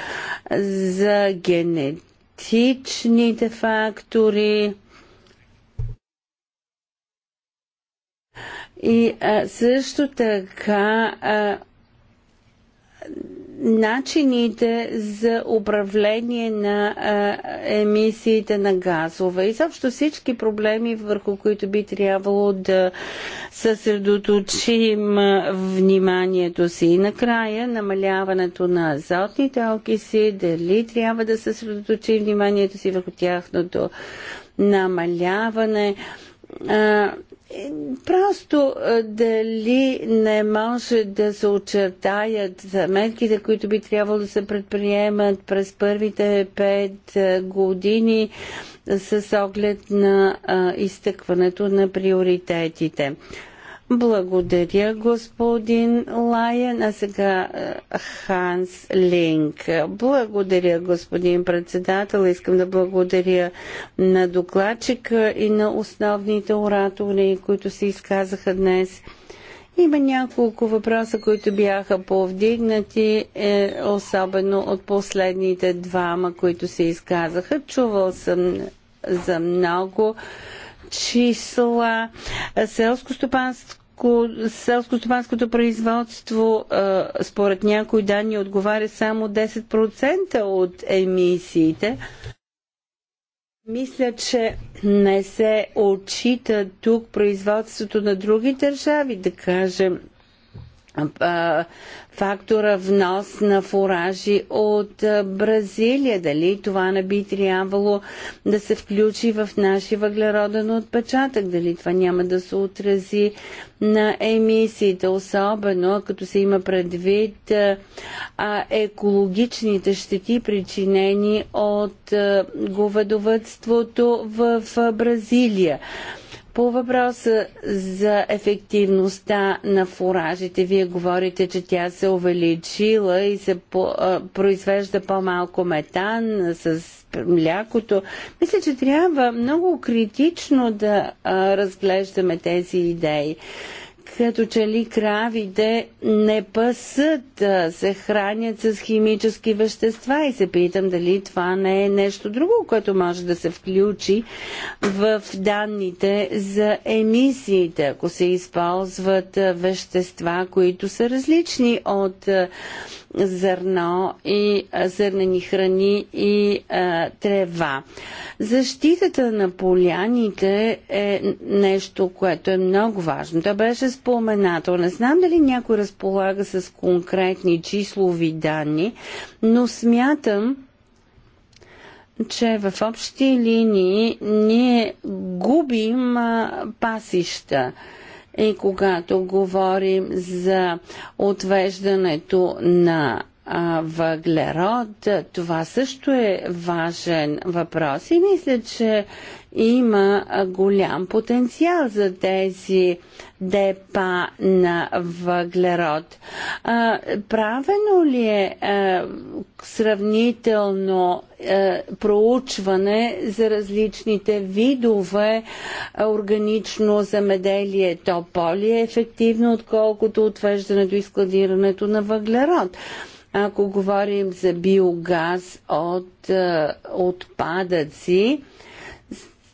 за генетичните фактори. И а, също така а, начините за управление на а, емисиите на газове и съобщо всички проблеми, върху които би трябвало да съсредоточим вниманието си. И накрая намаляването на азотните окиси, дали трябва да съсредоточим вниманието си върху тяхното намаляване. А, е, просто е, дали не може да се очертаят мерките, които би трябвало да се предприемат през първите пет е, години с оглед на изтъкването на приоритетите. Благодаря, господин Лайен. А сега е, Ханс Линк. Благодаря, господин председател. Искам да благодаря на докладчика и на основните оратори, които се изказаха днес. Има няколко въпроса, които бяха повдигнати, е, особено от последните двама, които се изказаха. Чувал съм за много числа, селско-стопанско селско-стопанското производство според някои данни отговаря само 10% от емисиите. Мисля, че не се отчита тук производството на други държави, да кажем фактора внос на фуражи от Бразилия. Дали това не би трябвало да се включи в нашия въглероден отпечатък? Дали това няма да се отрази на емисиите, особено като се има предвид а, екологичните щети, причинени от а, говедовътството в а, Бразилия? По въпроса за ефективността на фуражите, вие говорите, че тя се увеличила и се по, а, произвежда по-малко метан с млякото. Мисля, че трябва много критично да а, разглеждаме тези идеи. Като че ли кравите не пасат, се хранят с химически вещества и се питам дали това не е нещо друго, което може да се включи в данните за емисиите, ако се използват вещества, които са различни от зърно и зърнени храни и а, трева. Защитата на поляните е нещо, което е много важно. Той беше споменато. Не знам дали някой разполага с конкретни числови данни, но смятам, че в общи линии ние губим а, пасища. А, и когато говорим за отвеждането на въглерод, това също е важен въпрос и мисля, че има голям потенциал за тези депа на въглерод. А, правено ли е а, сравнително а, проучване за различните видове органично замеделие? То по-ли-ефективно, е отколкото отвеждането и складирането на въглерод? Ако говорим за биогаз от отпадъци,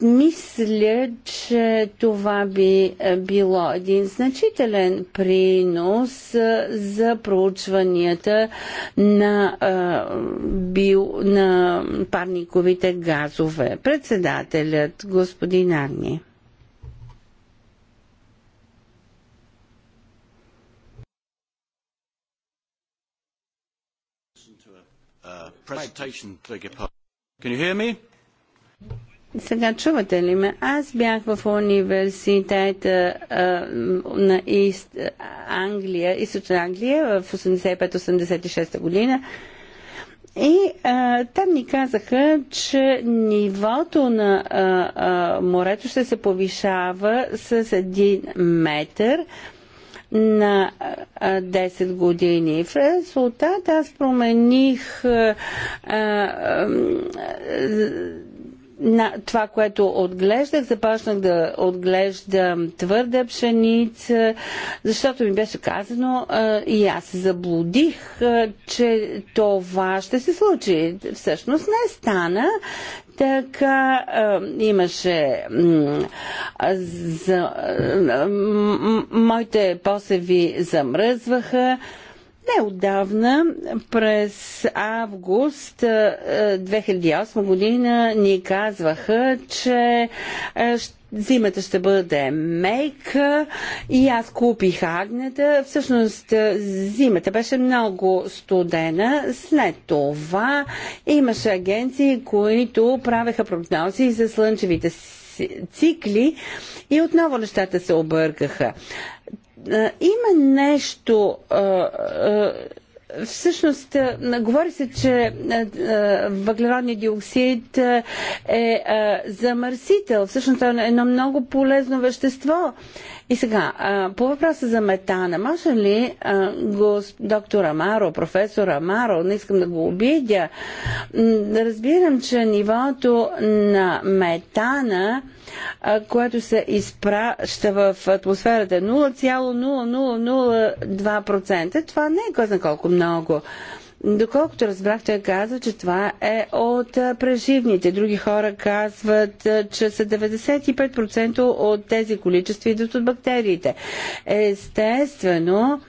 мисля, че това би е, било един значителен принос е, за проучванията на, е, био, на парниковите газове. Председателят, господин Арни. presentation, beg your pardon. Can you hear me? Сега чувате ли ме? Аз бях в университета а, на Ист, Англия, Източна Англия в 85-86 година. И а, там ни казаха, че нивото на а, а, морето ще се повишава с един метър на 10 години. В резултат аз промених а, а, на това, което отглеждах, започнах да отглеждам твърда пшеница, защото ми беше казано и аз се заблудих, че това ще се случи. Всъщност не стана. Така имаше а, за, а, моите посеви замръзваха. Неодавна, през август 2008 е, година, ни казваха, че е, зимата ще бъде мейка и аз купих агнета. Всъщност е, зимата беше много студена. След това имаше агенции, които правеха прогнози за слънчевите цикли и отново нещата се объркаха. Има нещо Всъщност, говори се, че въглеродният диоксид е замърсител. Всъщност, е едно много полезно вещество. И сега, по въпроса за метана, може ли гос, доктор Амаро, професор Амаро, не искам да го обидя, разбирам, че нивото на метана което се изпраща в атмосферата 0,0002%. Това не е кой знае колко много. Доколкото разбрах, той каза, че това е от преживните. Други хора казват, че са 95% от тези количества идват от бактериите. Естествено,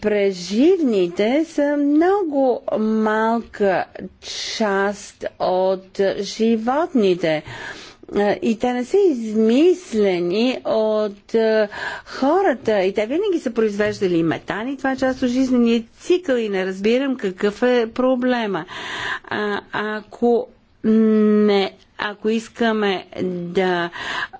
преживните са много малка част от животните и те не са измислени от хората. И те винаги са произвеждали метан и това е част от жизнения цикъл и не разбирам какъв е проблема. А, ако не ако искаме да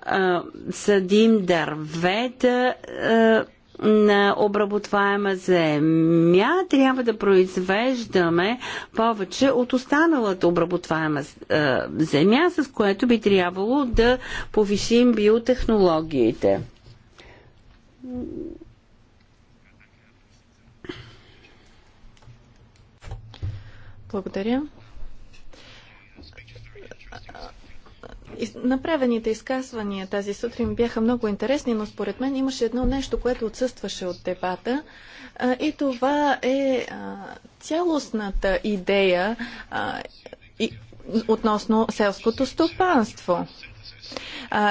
а, съдим дървета, а, на обработваема земя, трябва да произвеждаме повече от останалата обработваема е, земя, с което би трябвало да повишим биотехнологиите. Благодаря. Направените изказвания тази сутрин бяха много интересни, но според мен имаше едно нещо, което отсъстваше от дебата. И това е цялостната идея относно селското стопанство.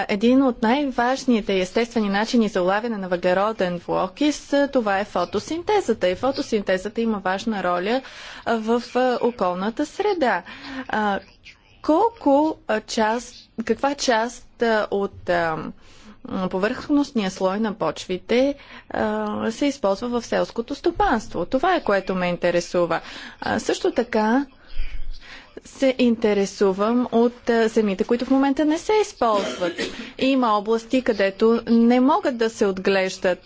Един от най-важните естествени начини за улавяне на въглероден двуокис е това е фотосинтезата. И фотосинтезата има важна роля в околната среда колко част, каква част от повърхностния слой на почвите се използва в селското стопанство. Това е което ме интересува. Също така се интересувам от земите, които в момента не се използват. Има области, където не могат да се отглеждат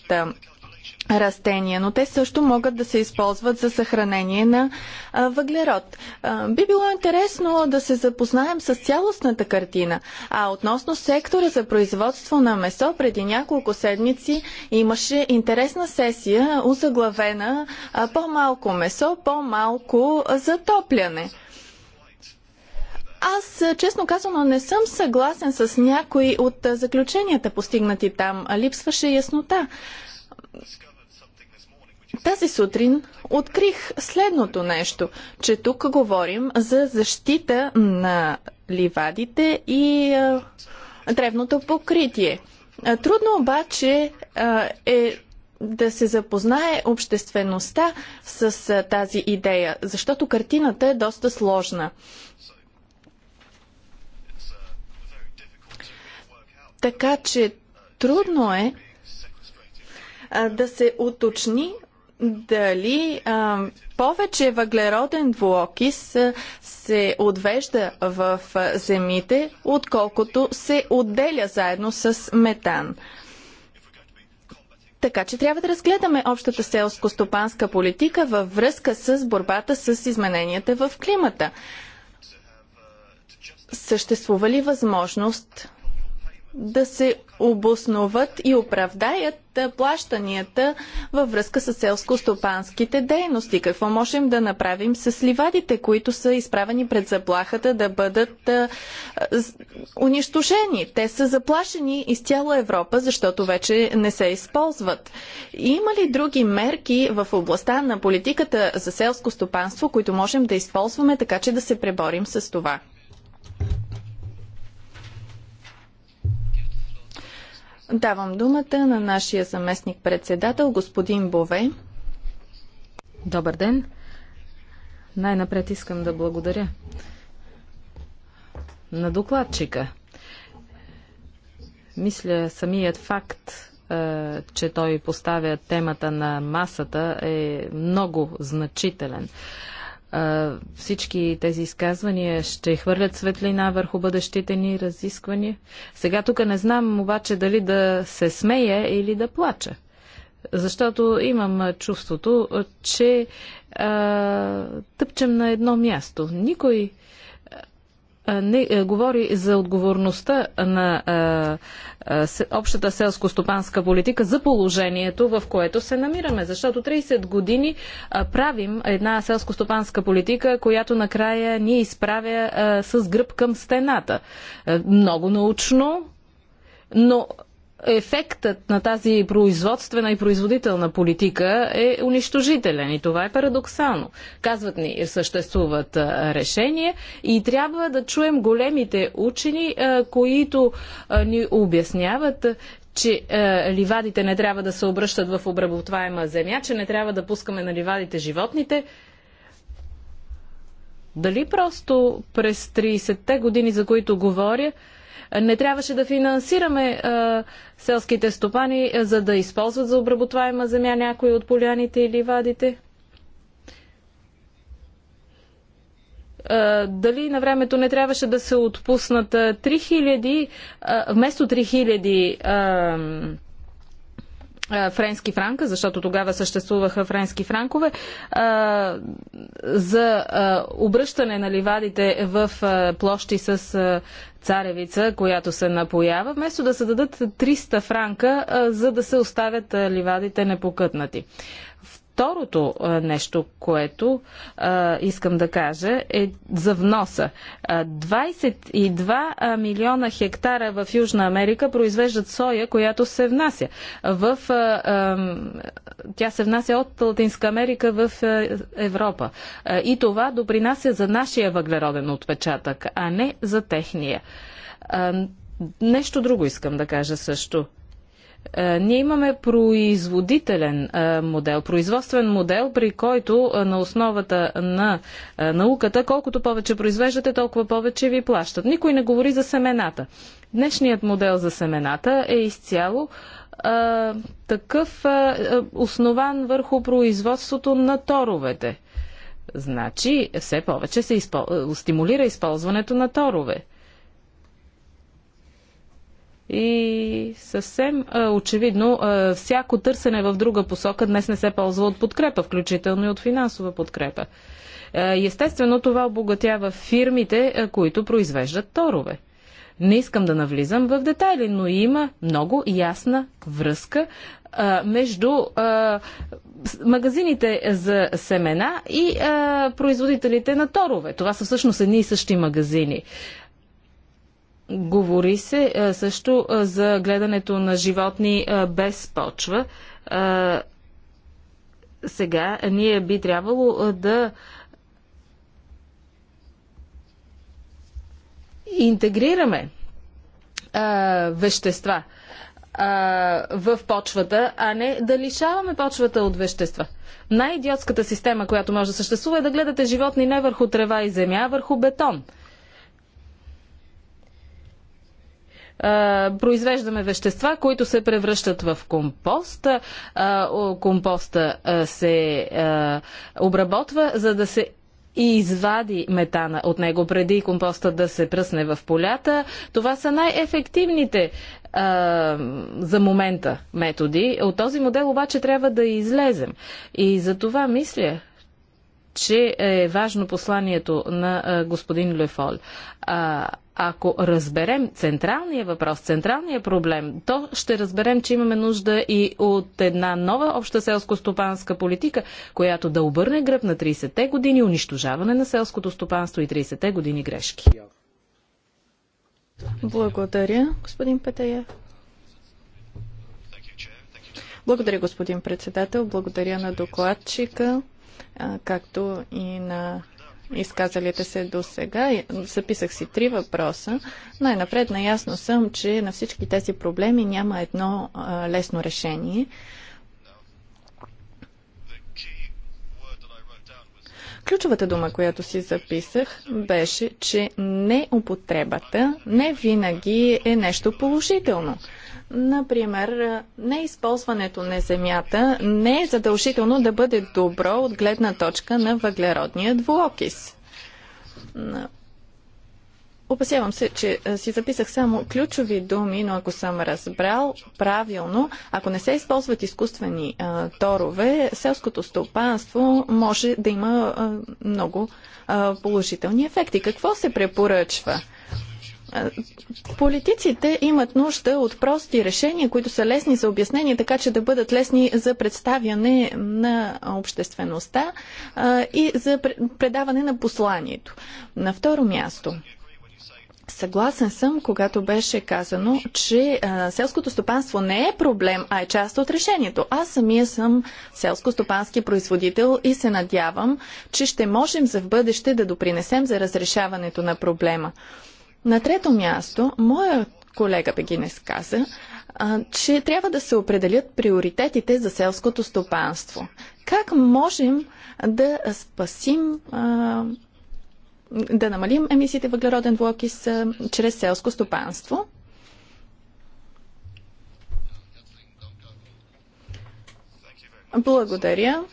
растения, но те също могат да се използват за съхранение на а, въглерод. А, би било интересно да се запознаем с цялостната картина. А относно сектора за производство на месо, преди няколко седмици имаше интересна сесия, узаглавена по-малко месо, по-малко затопляне. Аз, честно казано, не съм съгласен с някои от заключенията, постигнати там. Липсваше яснота тази сутрин открих следното нещо, че тук говорим за защита на ливадите и а, древното покритие. А, трудно обаче а, е да се запознае обществеността с а, тази идея, защото картината е доста сложна. Така че трудно е а, да се уточни дали а, повече въглероден двуокис се отвежда в земите, отколкото се отделя заедно с метан. Така че трябва да разгледаме общата селско-стопанска политика във връзка с борбата с измененията в климата. Съществува ли възможност да се обосноват и оправдаят плащанията във връзка с селско-стопанските дейности. Какво можем да направим с ливадите, които са изправени пред заплахата да бъдат унищожени? Те са заплашени из цяла Европа, защото вече не се използват. Има ли други мерки в областта на политиката за селско стопанство, които можем да използваме така, че да се преборим с това? Давам думата на нашия заместник председател, господин Бове. Добър ден! Най-напред искам да благодаря на докладчика. Мисля, самият факт, е, че той поставя темата на масата е много значителен всички тези изказвания ще хвърлят светлина върху бъдещите ни разисквания. Сега тук не знам обаче дали да се смея или да плача. Защото имам чувството, че а, тъпчем на едно място. Никой не е, говори за отговорността на общата селско-стопанска политика за положението, в което се намираме. Защото 30 години правим една селско-стопанска политика, която накрая ни изправя с гръб към стената. Много научно, но ефектът на тази производствена и производителна политика е унищожителен и това е парадоксално. Казват ни, съществуват решения и трябва да чуем големите учени, които ни обясняват, че ливадите не трябва да се обръщат в обработваема земя, че не трябва да пускаме на ливадите животните. Дали просто през 30-те години, за които говоря, не трябваше да финансираме а, селските стопани, а, за да използват за обработваема земя някои от поляните или вадите. дали на времето не трябваше да се отпуснат 3000, вместо 3000 френски франка, защото тогава съществуваха френски франкове, за обръщане на ливадите в площи с царевица, която се напоява, вместо да се дадат 300 франка, за да се оставят ливадите непокътнати. Второто нещо, което а, искам да кажа е за вноса. 22 милиона хектара в Южна Америка произвеждат соя, която се внася. В, а, а, тя се внася от Латинска Америка в Европа. И това допринася за нашия въглероден отпечатък, а не за техния. Нещо друго искам да кажа също. Е, ние имаме производителен е, модел, производствен модел, при който е, на основата на науката, колкото повече произвеждате, толкова повече ви плащат. Никой не говори за семената. Днешният модел за семената е изцяло а, такъв а, основан върху производството на торовете. Значи, все повече се изпол... стимулира използването на торове. И съвсем очевидно, всяко търсене в друга посока днес не се ползва от подкрепа, включително и от финансова подкрепа. Естествено, това обогатява фирмите, които произвеждат торове. Не искам да навлизам в детайли, но има много ясна връзка а, между а, магазините за семена и а, производителите на торове. Това са всъщност едни и същи магазини. Говори се също за гледането на животни без почва. Сега ние би трябвало да интегрираме вещества в почвата, а не да лишаваме почвата от вещества. Най-идиотската система, която може да съществува е да гледате животни не върху трева и земя, а върху бетон – произвеждаме вещества, които се превръщат в компост. Компоста се обработва, за да се и извади метана от него преди компоста да се пръсне в полята. Това са най-ефективните за момента методи. От този модел обаче трябва да излезем. И за това мисля, че е важно посланието на господин Лефоль. А, ако разберем централния въпрос, централния проблем, то ще разберем, че имаме нужда и от една нова обща селско-стопанска политика, която да обърне гръб на 30-те години унищожаване на селското стопанство и 30-те години грешки. Благодаря, господин Петея. Благодаря, господин председател. Благодаря на докладчика, както и на изказалите се до сега. Записах си три въпроса. Най-напред наясно съм, че на всички тези проблеми няма едно а, лесно решение. Ключовата дума, която си записах, беше, че неупотребата не винаги е нещо положително. Например, неизползването на земята не е задължително да бъде добро от гледна точка на въглеродния двуокис. Опасявам се, че си записах само ключови думи, но ако съм разбрал правилно, ако не се използват изкуствени а, торове, селското стопанство може да има а, много а, положителни ефекти. Какво се препоръчва? Политиците имат нужда от прости решения, които са лесни за обяснение, така че да бъдат лесни за представяне на обществеността и за предаване на посланието. На второ място. Съгласен съм, когато беше казано, че а, селското стопанство не е проблем, а е част от решението. Аз самия съм селско-стопански производител и се надявам, че ще можем за в бъдеще да допринесем за разрешаването на проблема. На трето място, моя колега Бегинес каза, че трябва да се определят приоритетите за селското стопанство. Как можем да спасим да намалим емисиите въглероден двуокис чрез селско стопанство. Благодаря.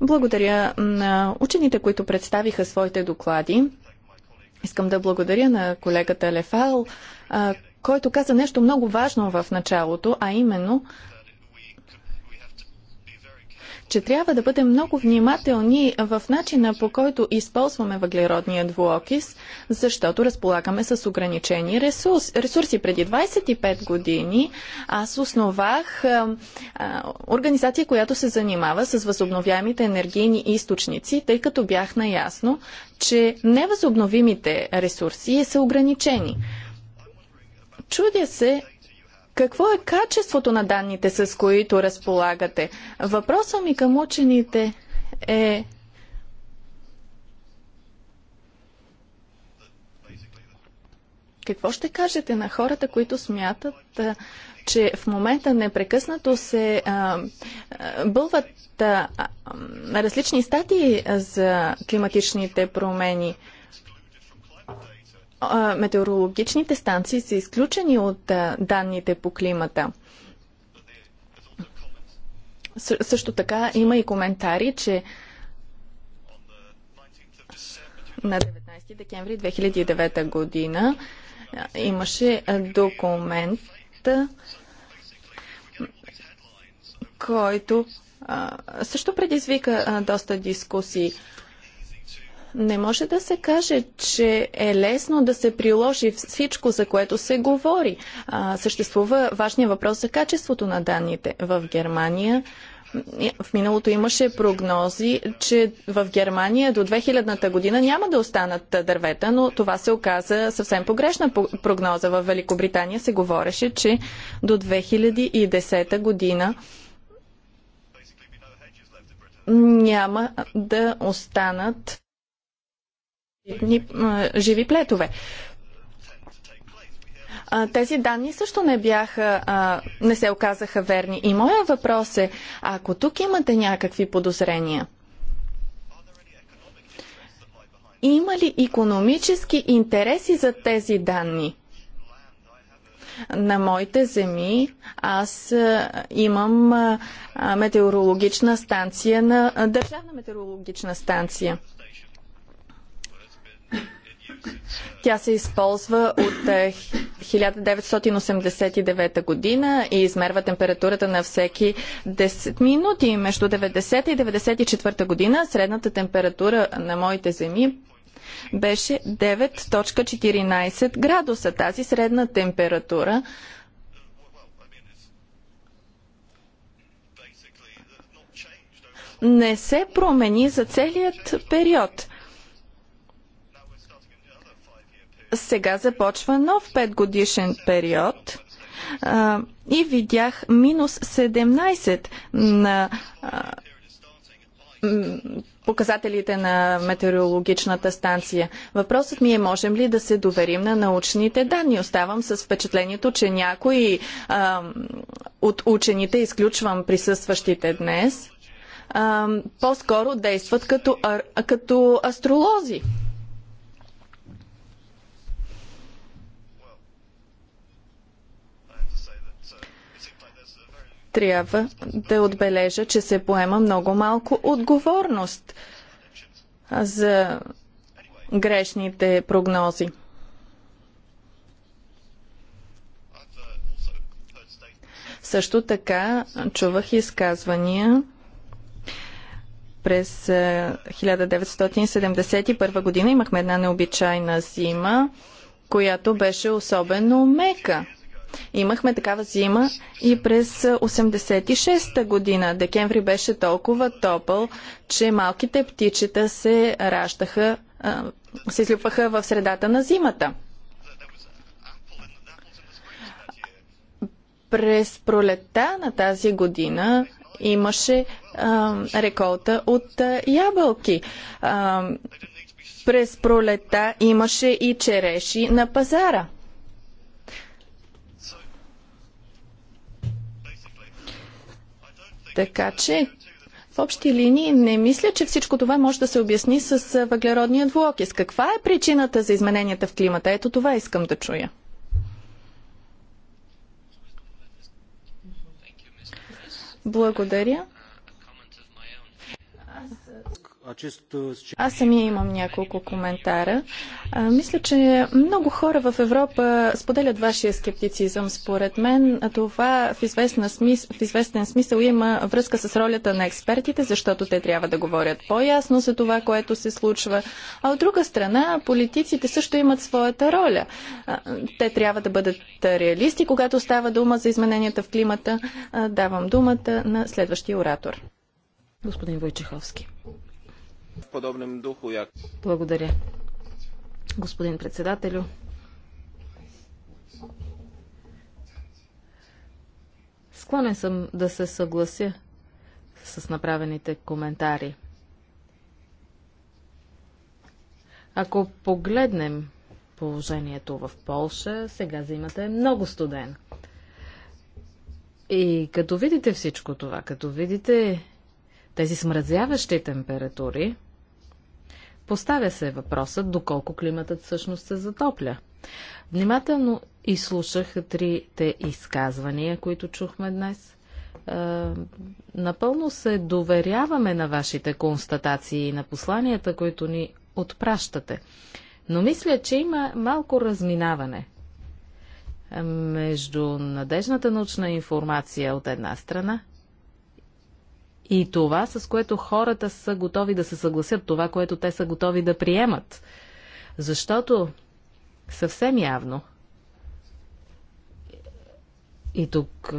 Благодаря на учените, които представиха своите доклади. Искам да благодаря на колегата Лефал, който каза нещо много важно в началото, а именно, че трябва да бъдем много внимателни в начина по който използваме въглеродния двуокис, защото разполагаме с ограничени ресурс, ресурси. Преди 25 години аз основах а, а, организация, която се занимава с възобновяемите енергийни източници, тъй като бях наясно, че невъзобновимите ресурси са ограничени. Чудя се какво е качеството на данните, с които разполагате? Въпросът ми към учените е Какво ще кажете на хората, които смятат, че в момента непрекъснато се бълват различни статии за климатичните промени? метеорологичните станции са изключени от данните по климата. Също така има и коментари, че на 19 декември 2009 година имаше документ, който също предизвика доста дискусии. Не може да се каже, че е лесно да се приложи всичко, за което се говори. А, съществува важния въпрос за качеството на данните в Германия. В миналото имаше прогнози, че в Германия до 2000-та година няма да останат дървета, но това се оказа съвсем погрешна прогноза. В Великобритания се говореше, че до 2010 година няма да останат живи плетове. Тези данни също не бяха, не се оказаха верни. И моя въпрос е, ако тук имате някакви подозрения, има ли економически интереси за тези данни? на моите земи аз имам метеорологична станция на държавна метеорологична станция. Тя се използва от 1989 е, година и измерва температурата на всеки 10 минути. Между 90 и 94 година средната температура на моите земи беше 9.14 градуса. Тази средна температура не се промени за целият период. сега започва нов петгодишен период а, и видях минус 17 на а, показателите на метеорологичната станция. Въпросът ми е, можем ли да се доверим на научните данни? Оставам с впечатлението, че някои а, от учените, изключвам присъстващите днес, по-скоро действат като, като астролози. трябва да отбележа, че се поема много малко отговорност за грешните прогнози. Също така чувах изказвания през 1971 е, година имахме една необичайна зима, която беше особено мека. Имахме такава зима и през 86-та година. Декември беше толкова топъл, че малките птичета се раждаха, се излюпваха в средата на зимата. През пролета на тази година имаше а, реколта от а, ябълки. А, през пролета имаше и череши на пазара. Така че в общи линии не мисля, че всичко това може да се обясни с въглеродния двуокис. Каква е причината за измененията в климата? Ето това искам да чуя. Благодаря. Аз самия имам няколко коментара. А, мисля, че много хора в Европа споделят вашия скептицизъм. Според мен това в, известна смис... в известен смисъл има връзка с ролята на експертите, защото те трябва да говорят по-ясно за това, което се случва. А от друга страна, политиците също имат своята роля. А, те трябва да бъдат реалисти, когато става дума за измененията в климата. А, давам думата на следващия оратор. Господин Войчеховски. В духу, як... Благодаря. Господин председателю, склонен съм да се съглася с направените коментари. Ако погледнем положението в Полша, сега зимата е много студен. И като видите всичко това, като видите тези смразяващи температури, Поставя се въпросът доколко климатът всъщност се затопля. Внимателно изслушах трите изказвания, които чухме днес. Е, напълно се доверяваме на вашите констатации и на посланията, които ни отпращате. Но мисля, че има малко разминаване между надежната научна информация от една страна и това, с което хората са готови да се съгласят, това, което те са готови да приемат. Защото съвсем явно, и тук е,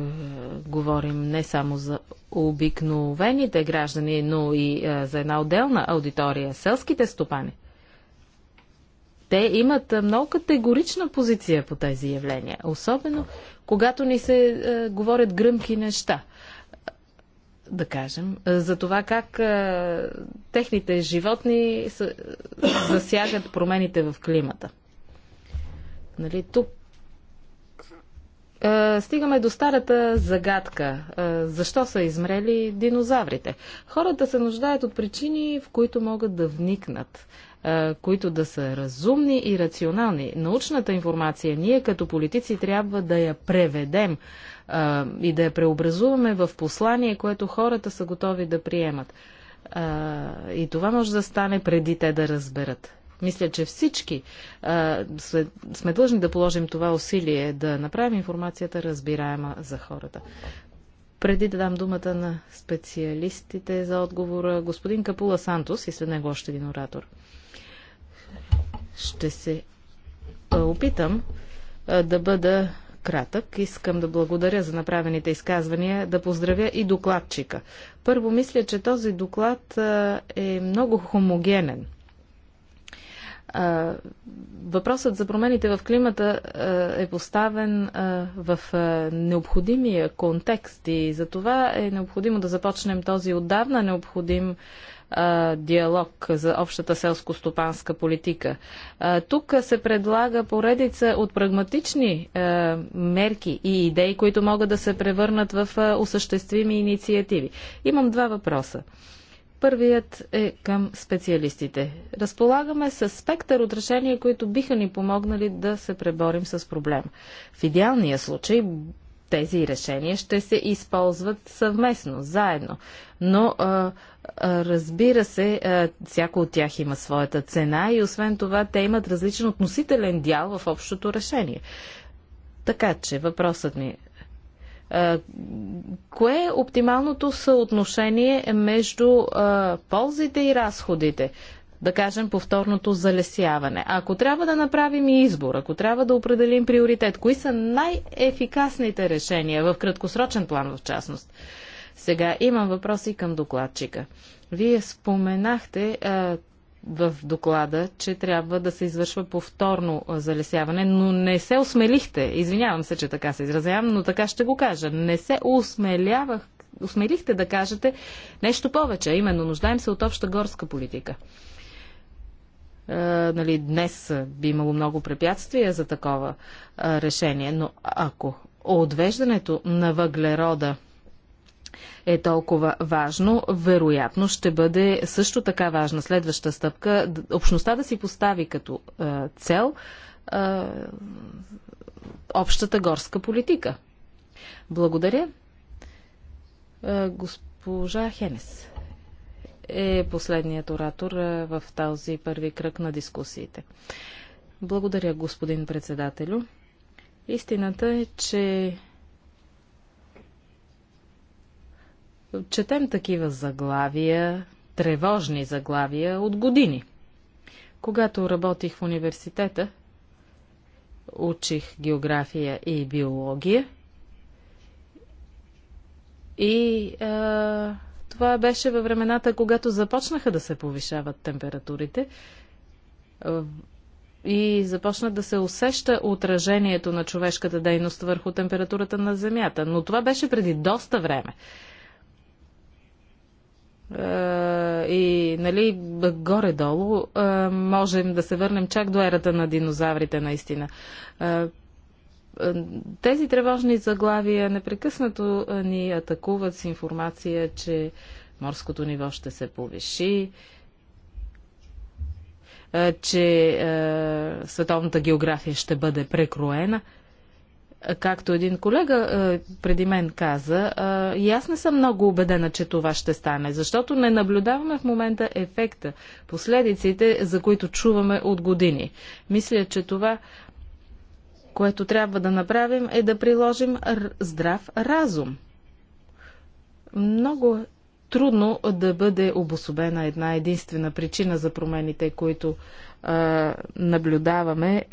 говорим не само за обикновените граждани, но и е, за една отделна аудитория, селските стопани, те имат е, много категорична позиция по тези явления, особено когато ни се е, говорят гръмки неща – да кажем, за това как а, техните животни са, засягат промените в климата. Нали, тук а, стигаме до старата загадка. А, защо са измрели динозаврите? Хората се нуждаят от причини, в които могат да вникнат които да са разумни и рационални. Научната информация ние като политици трябва да я преведем а, и да я преобразуваме в послание, което хората са готови да приемат. А, и това може да стане преди те да разберат. Мисля, че всички а, сме длъжни да положим това усилие да направим информацията разбираема за хората. Преди да дам думата на специалистите за отговора, господин Капула Сантос и след него още един оратор. Ще се опитам да бъда кратък. Искам да благодаря за направените изказвания, да поздравя и докладчика. Първо, мисля, че този доклад е много хомогенен. Въпросът за промените в климата е поставен в необходимия контекст и за това е необходимо да започнем този отдавна необходим диалог за общата селско-стопанска политика. Тук се предлага поредица от прагматични мерки и идеи, които могат да се превърнат в осъществими инициативи. Имам два въпроса. Първият е към специалистите. Разполагаме с спектър от решения, които биха ни помогнали да се преборим с проблем. В идеалния случай тези решения ще се използват съвместно, заедно. Но, а, а, разбира се, а, всяко от тях има своята цена и освен това те имат различен относителен дял в общото решение. Така че въпросът ми е, е, кое е оптималното съотношение между е, ползите и разходите? да кажем, повторното залесяване. Ако трябва да направим и избор, ако трябва да определим приоритет, кои са най-ефикасните решения в краткосрочен план в частност? Сега имам въпроси към докладчика. Вие споменахте а, е, в доклада, че трябва да се извършва повторно залесяване, но не се осмелихте. Извинявам се, че така се изразявам, но така ще го кажа. Не се осмелявах, осмелихте да кажете нещо повече. Именно нуждаем се от обща горска политика. Е, нали, днес би имало много препятствия за такова е, решение, но ако отвеждането на въглерода – е толкова важно, вероятно ще бъде също така важна следваща стъпка общността да си постави като цел общата горска политика. Благодаря. Госпожа Хенес е последният оратор в този първи кръг на дискусиите. Благодаря, господин председателю. Истината е, че Четем такива заглавия, тревожни заглавия от години. Когато работих в университета, учих география и биология. И а, това беше във времената, когато започнаха да се повишават температурите и започна да се усеща отражението на човешката дейност върху температурата на Земята. Но това беше преди доста време. Е, и нали, горе-долу е, можем да се върнем чак до ерата на динозаврите наистина. Е, тези тревожни заглавия непрекъснато ни атакуват с информация, че морското ниво ще се повиши, че световната география ще бъде прекроена – Както един колега е, преди мен каза, е, и аз не съм много убедена, че това ще стане, защото не наблюдаваме в момента ефекта, последиците, за които чуваме от години. Мисля, че това, което трябва да направим, е да приложим здрав разум. Много трудно да бъде обособена една единствена причина за промените, които е, наблюдаваме.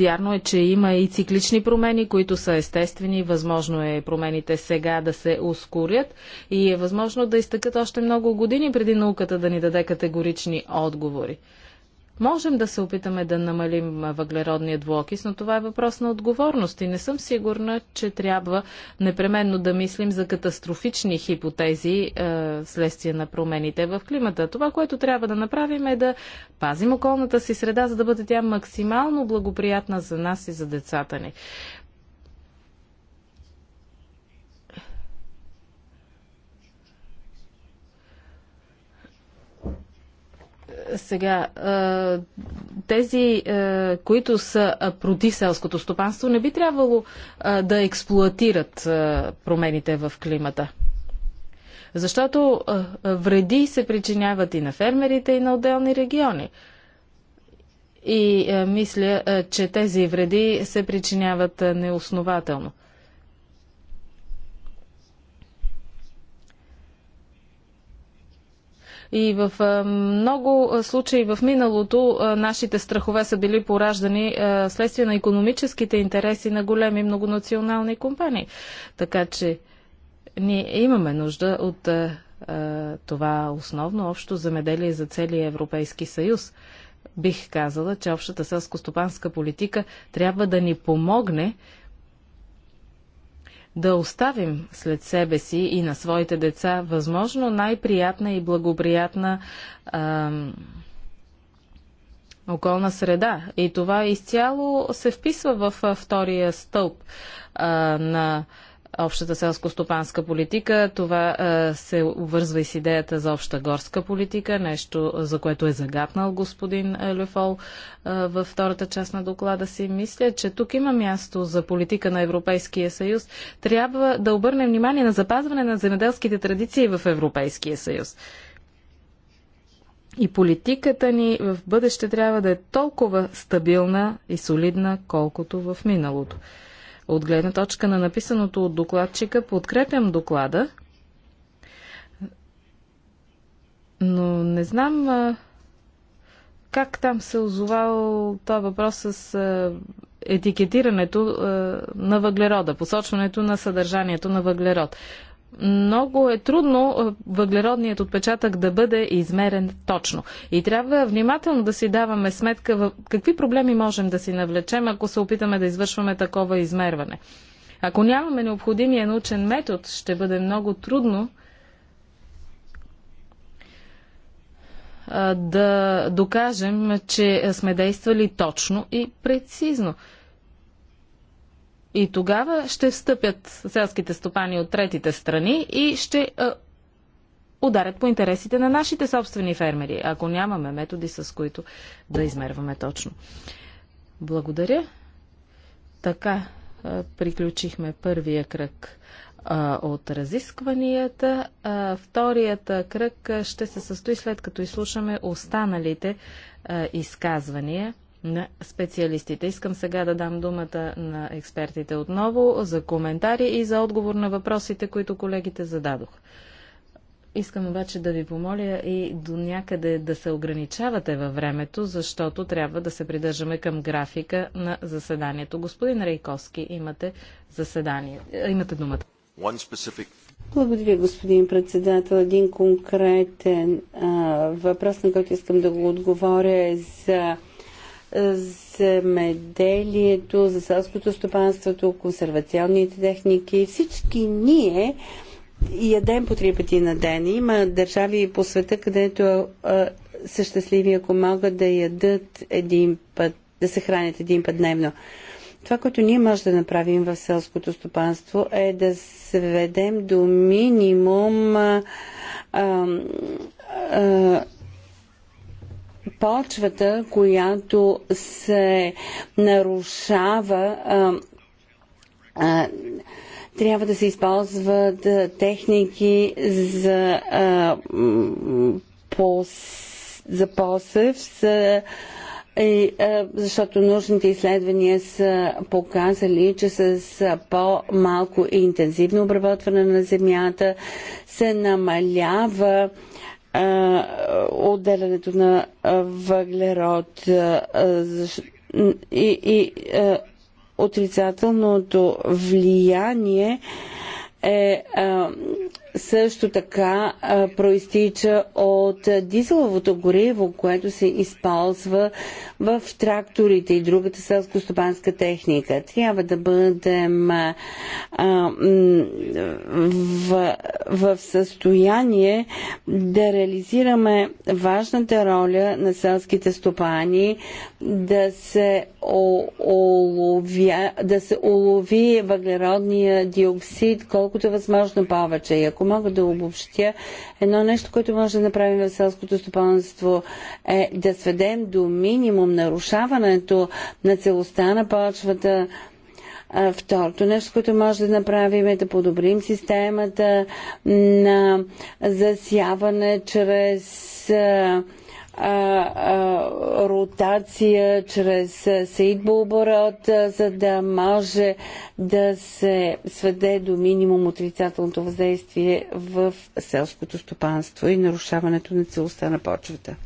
Вярно е, че има и циклични промени, които са естествени. Възможно е промените сега да се ускорят и е възможно да изтъкат още много години преди науката да ни даде категорични отговори. Можем да се опитаме да намалим въглеродния двуокис, но това е въпрос на отговорност и не съм сигурна, че трябва непременно да мислим за катастрофични хипотези е, следствие на промените в климата. Това, което трябва да направим е да пазим околната си среда, за да бъде тя максимално благоприятна за нас и за децата ни. Сега, тези, които са против селското стопанство, не би трябвало да експлуатират промените в климата. Защото вреди се причиняват и на фермерите, и на отделни региони. И мисля, че тези вреди се причиняват неоснователно. И в много случаи в миналото нашите страхове са били пораждани следствие на економическите интереси на големи многонационални компании. Така че ние имаме нужда от това основно общо замеделие за целия Европейски съюз. Бих казала, че общата селско-стопанска политика трябва да ни помогне да оставим след себе си и на своите деца възможно най-приятна и благоприятна а, околна среда. И това изцяло се вписва в втория стълб а, на общата селско-стопанска политика. Това а, се обвързва и с идеята за обща горска политика, нещо за което е загатнал господин Лефол във втората част на доклада си. Мисля, че тук има място за политика на Европейския съюз. Трябва да обърнем внимание на запазване на земеделските традиции в Европейския съюз. И политиката ни в бъдеще трябва да е толкова стабилна и солидна, колкото в миналото. От гледна точка на написаното от докладчика, подкрепям доклада, но не знам а, как там се озовал този въпрос с а, етикетирането а, на въглерода, посочването на съдържанието на въглерод много е трудно е, въглеродният отпечатък да бъде измерен точно. И трябва внимателно да си даваме сметка в какви проблеми можем да си навлечем, ако се опитаме да извършваме такова измерване. Ако нямаме необходимия научен метод, ще бъде много трудно да докажем, че сме действали точно и прецизно. И тогава ще встъпят селските стопани от третите страни и ще а, ударят по интересите на нашите собствени фермери, ако нямаме методи, с които да измерваме точно. Благодаря. Така а, приключихме първия кръг а, от разискванията. А, вторият кръг ще се състои след като изслушаме останалите а, изказвания на специалистите. Искам сега да дам думата на експертите отново за коментари и за отговор на въпросите, които колегите зададох. Искам обаче да ви помоля и до някъде да се ограничавате във времето, защото трябва да се придържаме към графика на заседанието. Господин Рейковски, имате заседание. Е, имате думата. Specific... Благодаря, господин председател. Един конкретен а, въпрос, на който искам да го отговоря е за земеделието, за селското стопанството, консервационните техники. Всички ние ядем по три пъти на ден. Има държави по света, където са щастливи, ако могат да ядат един път, да се хранят един път дневно. Това, което ние може да направим в селското стопанство е да сведем до минимум а, а, почвата, която се нарушава, трябва да се използват техники за, по, за посев, за, и, защото нужните изследвания са показали, че с по-малко и интензивно обработване на земята се намалява а, отделянето на въглерод и, и отрицателното влияние е също така проистича от дизеловото гориво, което се използва в тракторите и другата селско-стопанска техника. Трябва да бъдем а, в, в състояние да реализираме важната роля на селските стопани да се, о, оловя, да се улови въглеродния диоксид колкото е възможно повече. И ако ако мога да обобщя, едно нещо, което може да направим в селското стопанство е да сведем до минимум нарушаването на целостта на почвата, Второто нещо, което може да направим е да подобрим системата на засяване чрез ротация чрез сейдбооборот, за да може да се сведе до минимум отрицателното въздействие в селското стопанство и нарушаването на целостта на почвата.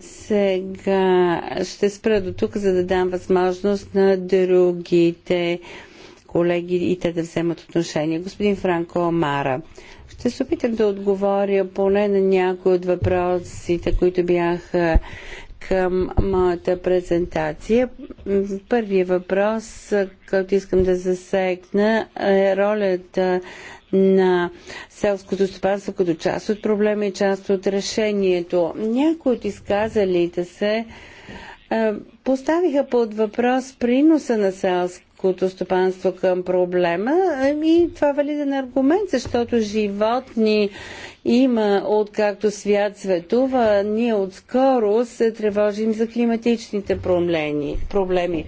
Сега ще спра до тук, за да дам възможност на другите колеги и те да вземат отношение. Господин Франко Мара, ще се опитам да отговоря поне на някои от въпросите, които бяха към моята презентация. Първият въпрос, който искам да засекна, е ролята на селското стопанство като част от проблема и част от решението. Някои от изказалите се е, поставиха под въпрос приноса на селското селското стопанство към проблема. И ами, това валиден аргумент, защото животни има откакто свят светува. Ние отскоро се тревожим за климатичните проблеми, проблеми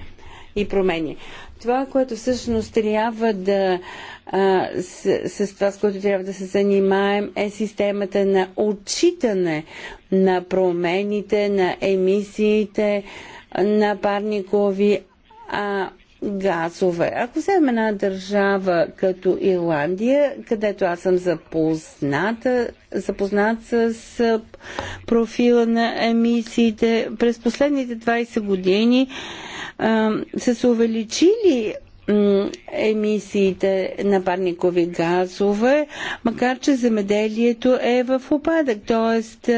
и промени. Това, което всъщност трябва да а, с, с това, с което трябва да се занимаем, е системата на отчитане на промените, на емисиите, на парникови а, газове. Ако вземем една държава като Ирландия, където аз съм запозната, запознат с профила на емисиите, през последните 20 години са се увеличили емисиите на парникови газове, макар че земеделието е в опадък. Тоест,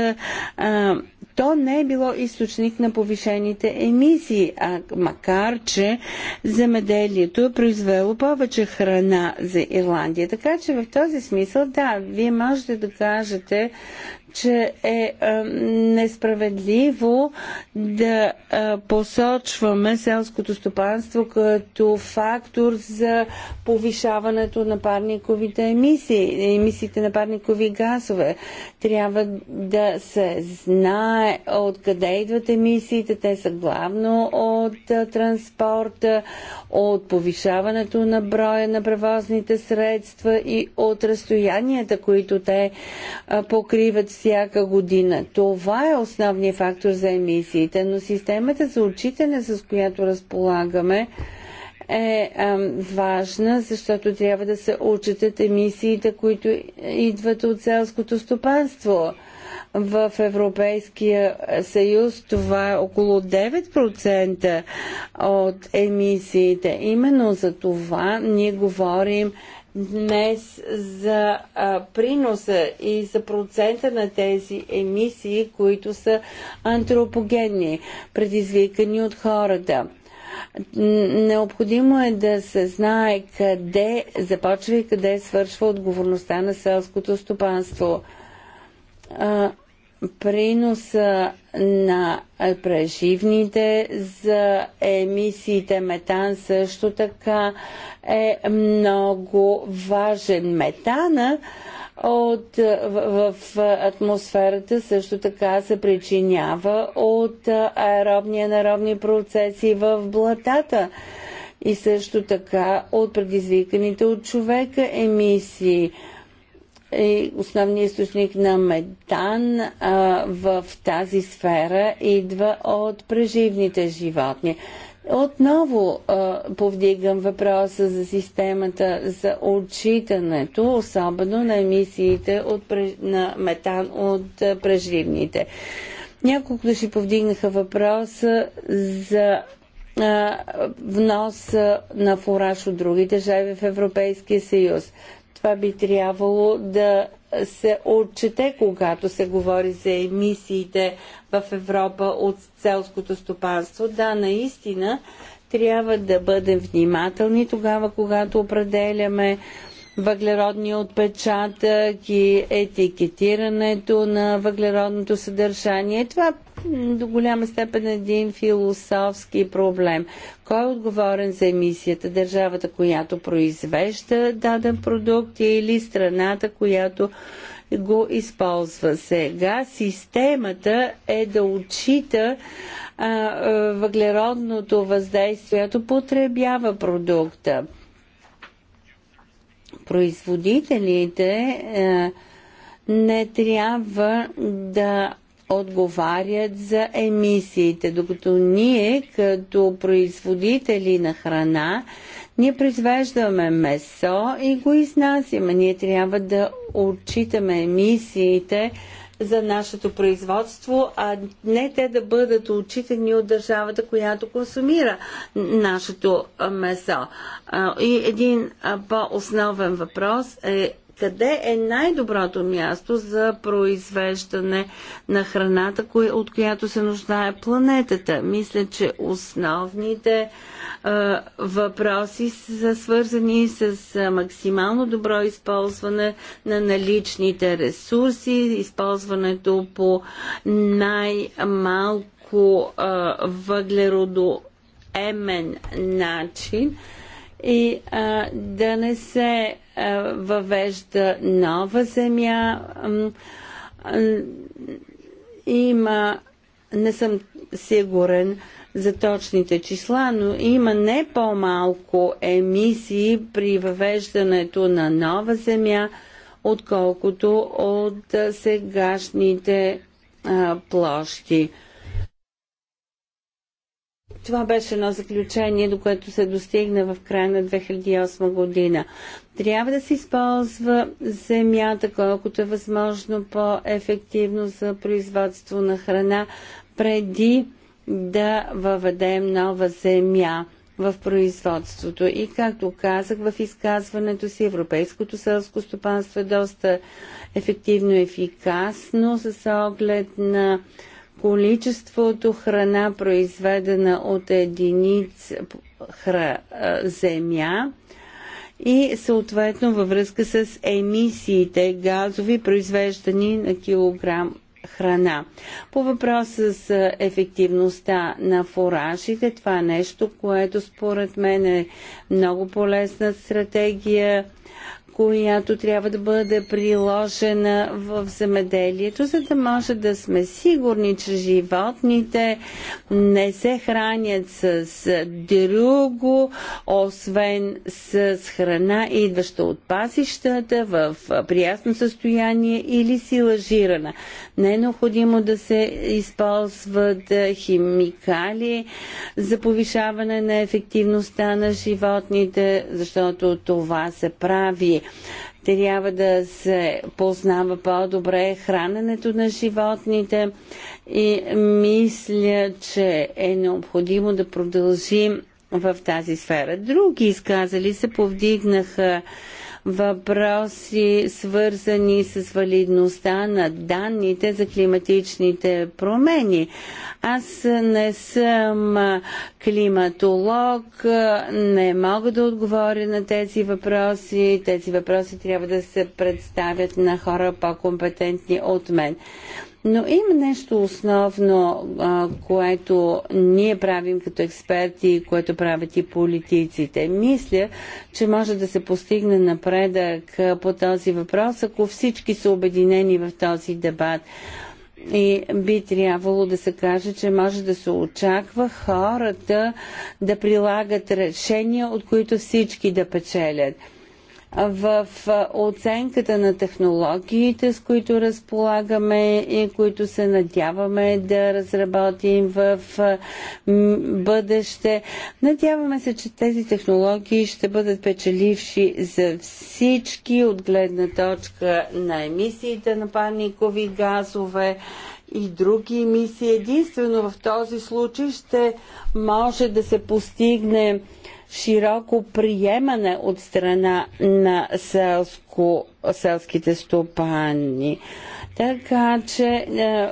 а, то не е било източник на повишените емисии, а макар, че земеделието е произвело повече храна за Ирландия. Така че в този смисъл, да, вие можете да кажете, че е, е несправедливо да е, посочваме селското стопанство като фактор за повишаването на парниковите емисии, емисиите на парникови газове. Трябва да се знае откъде идват емисиите. Те са главно от е, транспорта, от повишаването на броя на превозните средства и от разстоянията, които те покриват всяка година. Това е основният фактор за емисиите, но системата за отчитане, с която разполагаме, е важна, защото трябва да се отчитат емисиите, които идват от селското стопанство. В Европейския съюз това е около 9% от емисиите. Именно за това ние говорим днес за а, приноса и за процента на тези емисии, които са антропогенни, предизвикани от хората. Необходимо е да се знае къде започва и къде свършва отговорността на селското стопанство. А, приноса на преживните за емисиите метан също така е много важен. Метана от, в, в атмосферата също така се причинява от аеробни и анаеробни процеси в блатата и също така от предизвиканите от човека емисии – е основният източник на метан а, в тази сфера идва от преживните животни. Отново а, повдигам въпроса за системата за отчитането, особено на емисиите от, на метан от а, преживните. Няколко души повдигнаха въпроса за внос на фураж от други държави в Европейския съюз. Това би трябвало да се отчете, когато се говори за емисиите в Европа от селското стопанство. Да, наистина трябва да бъдем внимателни тогава, когато определяме въглеродния отпечатък и етикетирането на въглеродното съдържание. Това до голяма степен е един философски проблем. Кой е отговорен за емисията? Държавата, която произвежда даден продукт или страната, която го използва. Сега системата е да отчита а, а, въглеродното въздействие, което потребява продукта производителите е, не трябва да отговарят за емисиите, докато ние като производители на храна, ние произвеждаме месо и го изнасяме. Ние трябва да отчитаме емисиите за нашето производство, а не те да бъдат отчитани от държавата, която консумира нашето месо. И един по-основен въпрос е къде е най-доброто място за произвеждане на храната, от която се нуждае планетата. Мисля, че основните а, въпроси са свързани с максимално добро използване на наличните ресурси, използването по най-малко въглеродо емен начин и а, да не се е, въвежда нова земя. Е, има, не съм сигурен за точните числа, но има не по-малко емисии при въвеждането на нова земя, отколкото от сегашните площи. Това беше едно заключение, до което се достигна в края на 2008 година. Трябва да се използва земята колкото е възможно по-ефективно за производство на храна, преди да въведем нова земя в производството. И както казах в изказването си, европейското селско стопанство е доста ефективно и ефикасно с оглед на количеството храна, произведена от единиц хра, земя и съответно във връзка с емисиите газови, произвеждани на килограм храна. По въпроса с ефективността на фуражите, това е нещо, което според мен е много полезна стратегия която трябва да бъде приложена в земеделието, за да може да сме сигурни, че животните не се хранят с друго, освен с храна, идваща от пасищата в приясно състояние или си лъжирана. Не е необходимо да се използват е, химикали за повишаване на ефективността на животните, защото това се прави трябва да се познава по-добре храненето на животните и мисля, че е необходимо да продължим в тази сфера. Други изказали се повдигнаха въпроси, свързани с валидността на данните за климатичните промени. Аз не съм климатолог, не мога да отговоря на тези въпроси. Тези въпроси трябва да се представят на хора по-компетентни от мен. Но има нещо основно, което ние правим като експерти, което правят и политиците. Мисля, че може да се постигне напредък по този въпрос, ако всички са обединени в този дебат. И би трябвало да се каже, че може да се очаква хората да прилагат решения, от които всички да печелят в оценката на технологиите, с които разполагаме и които се надяваме да разработим в бъдеще. Надяваме се, че тези технологии ще бъдат печеливши за всички от гледна точка на емисиите на парникови газове и други емисии. Единствено в този случай ще може да се постигне широко приемане от страна на селско, селските стопани. Така че е,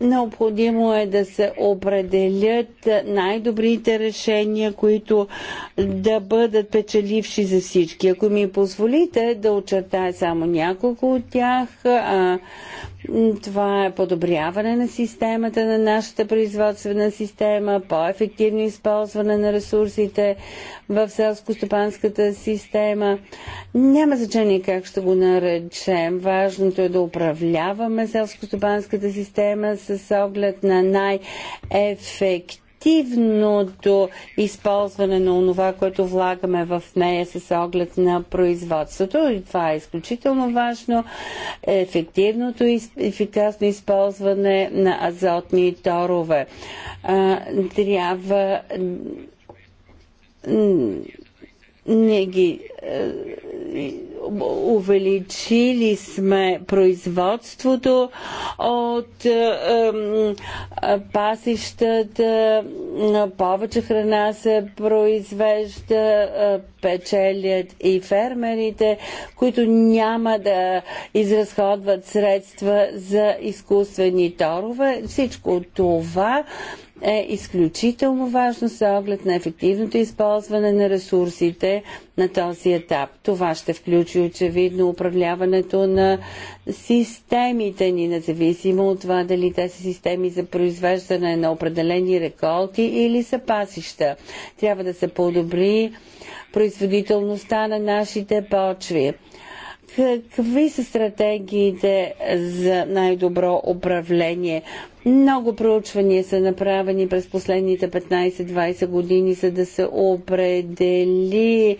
необходимо е да се определят най-добрите решения, които да бъдат печеливши за всички. Ако ми позволите да очертая само няколко от тях, това е подобряване на системата, на нашата производствена система, по-ефективно използване на ресурсите в селско-стопанската система. Няма значение как ще го наречем. Важното е да управляваме селско-стопанската система с оглед на най-ефективно ефективното използване на онова, което влагаме в нея с оглед на производството. И това е изключително важно. Ефективното и ефикасно използване на азотни торове. А, трябва не ги е, увеличили сме производството от е, пасищата, повече храна се произвежда, е, печелят и фермерите, които няма да изразходват средства за изкуствени торове. Всичко това е изключително важно с оглед на ефективното използване на ресурсите на този етап. Това ще включи очевидно управляването на системите ни, независимо от това дали те са системи за произвеждане на определени реколти или са пасища. Трябва да се подобри производителността на нашите почви. Какви са стратегиите за най-добро управление? Много проучвания са направени през последните 15-20 години, за да се определи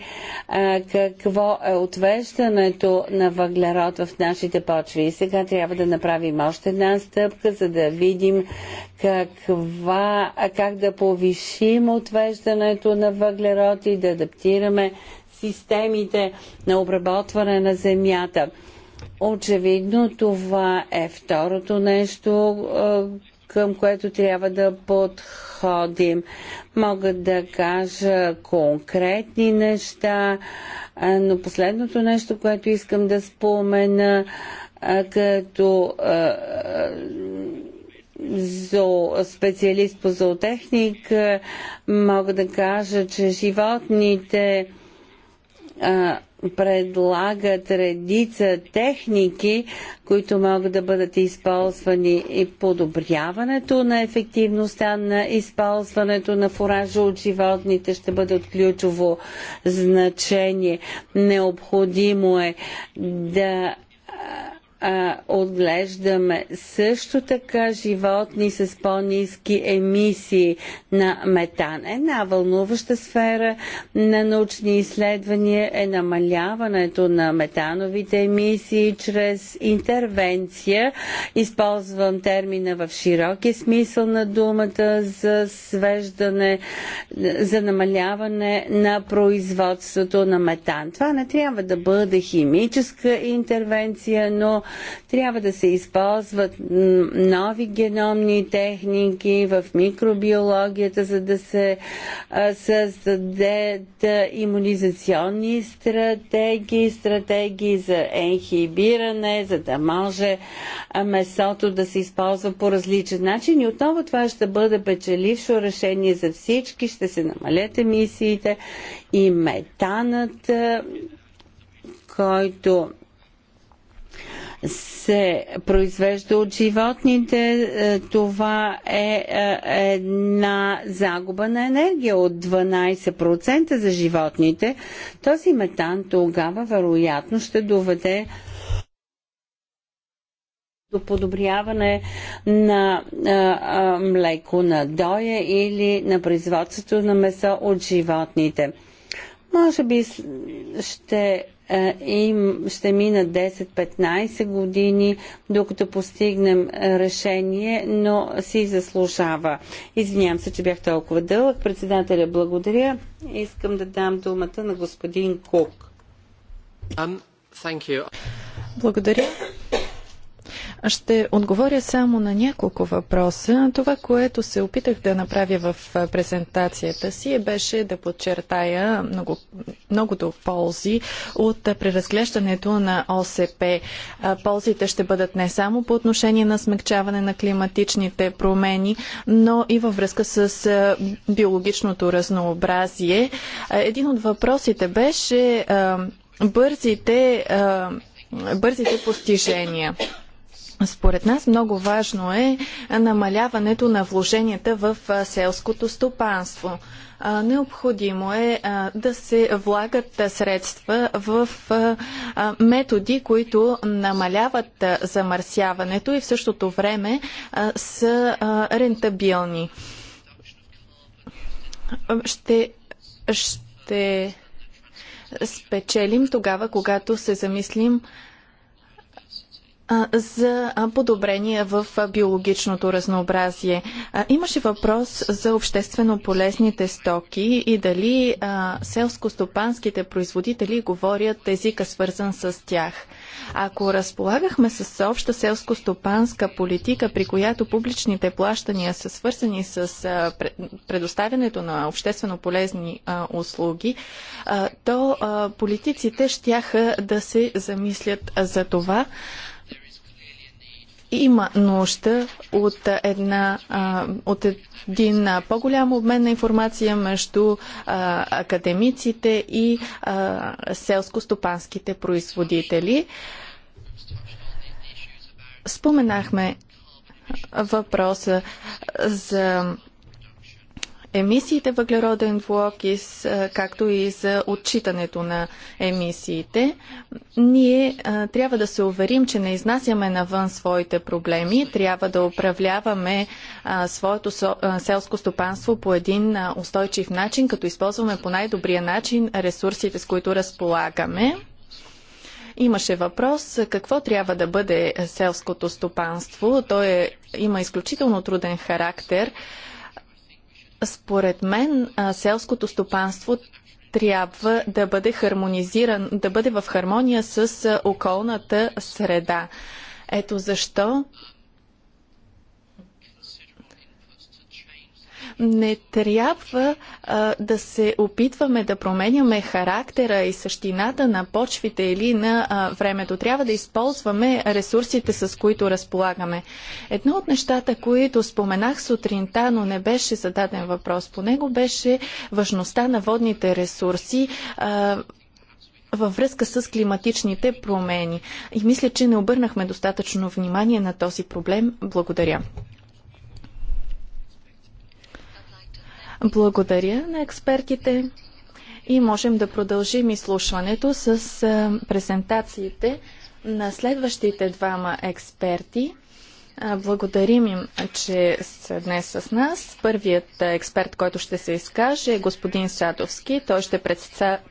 а, какво е отвеждането на въглерод в нашите почви. И сега трябва да направим още една стъпка, за да видим каква, как да повишим отвеждането на въглерод и да адаптираме системите на обработване на земята. Очевидно това е второто нещо, е, към което трябва да подходим. Мога да кажа конкретни неща, е, но последното нещо, което искам да спомена, е, като специалист по зоотехник, мога да кажа, че животните предлагат редица техники, които могат да бъдат използвани и подобряването на ефективността на използването на фуража от животните ще бъде от ключово значение. Необходимо е да а, отглеждаме също така животни с по-низки емисии на метан. Една вълнуваща сфера на научни изследвания е намаляването на метановите емисии чрез интервенция. Използвам термина в широки смисъл на думата за свеждане, за намаляване на производството на метан. Това не трябва да бъде химическа интервенция, но трябва да се използват нови геномни техники в микробиологията, за да се създадат иммунизационни стратегии, стратегии за енхибиране, за да може месото да се използва по различен начин. И отново това ще бъде печелившо решение за всички, ще се намалят емисиите и метанът, който се произвежда от животните, е, това е, е една загуба на енергия от 12% за животните. Този метан тогава вероятно ще доведе до подобряване на а, е, а, млеко на доя или на производството на месо от животните. Може би ще е, и ще минат 10-15 години, докато постигнем решение, но си заслужава. Извинявам се, че бях толкова дълъг. Председателя, благодаря. Искам да дам думата на господин Кук. Um, благодаря. Ще отговоря само на няколко въпроса. Това, което се опитах да направя в презентацията си, беше да подчертая много, многото ползи от преразглеждането на ОСП. Ползите ще бъдат не само по отношение на смягчаване на климатичните промени, но и във връзка с биологичното разнообразие. Един от въпросите беше бързите, бързите постижения. Според нас много важно е намаляването на вложенията в селското стопанство. Необходимо е да се влагат средства в методи, които намаляват замърсяването и в същото време са рентабилни. Ще, ще спечелим тогава, когато се замислим за подобрения в биологичното разнообразие. Имаше въпрос за обществено полезните стоки и дали селско-стопанските производители говорят езика свързан с тях. Ако разполагахме с обща селско-стопанска политика, при която публичните плащания са свързани с предоставянето на обществено полезни услуги, то политиците щяха да се замислят за това, има нужда от, една, от един по-голям обмен на информация между академиците и селско-стопанските производители. Споменахме въпроса за емисиите въглероден двуокис, както и за отчитането на емисиите. Ние а, трябва да се уверим, че не изнасяме навън своите проблеми, трябва да управляваме а, своето со, а, селско стопанство по един устойчив начин, като използваме по най-добрия начин ресурсите, с които разполагаме. Имаше въпрос какво трябва да бъде селското стопанство. То е, има изключително труден характер. Според мен селското стопанство трябва да бъде хармонизиран, да бъде в хармония с околната среда. Ето защо Не трябва а, да се опитваме да променяме характера и същината на почвите или на а, времето. Трябва да използваме ресурсите, с които разполагаме. Едно от нещата, които споменах сутринта, но не беше зададен въпрос по него, беше важността на водните ресурси. А, във връзка с климатичните промени. И мисля, че не обърнахме достатъчно внимание на този проблем. Благодаря. Благодаря на експертите и можем да продължим изслушването с презентациите на следващите двама експерти. Благодарим им, че са днес с нас. Първият експерт, който ще се изкаже е господин Садовски. Той ще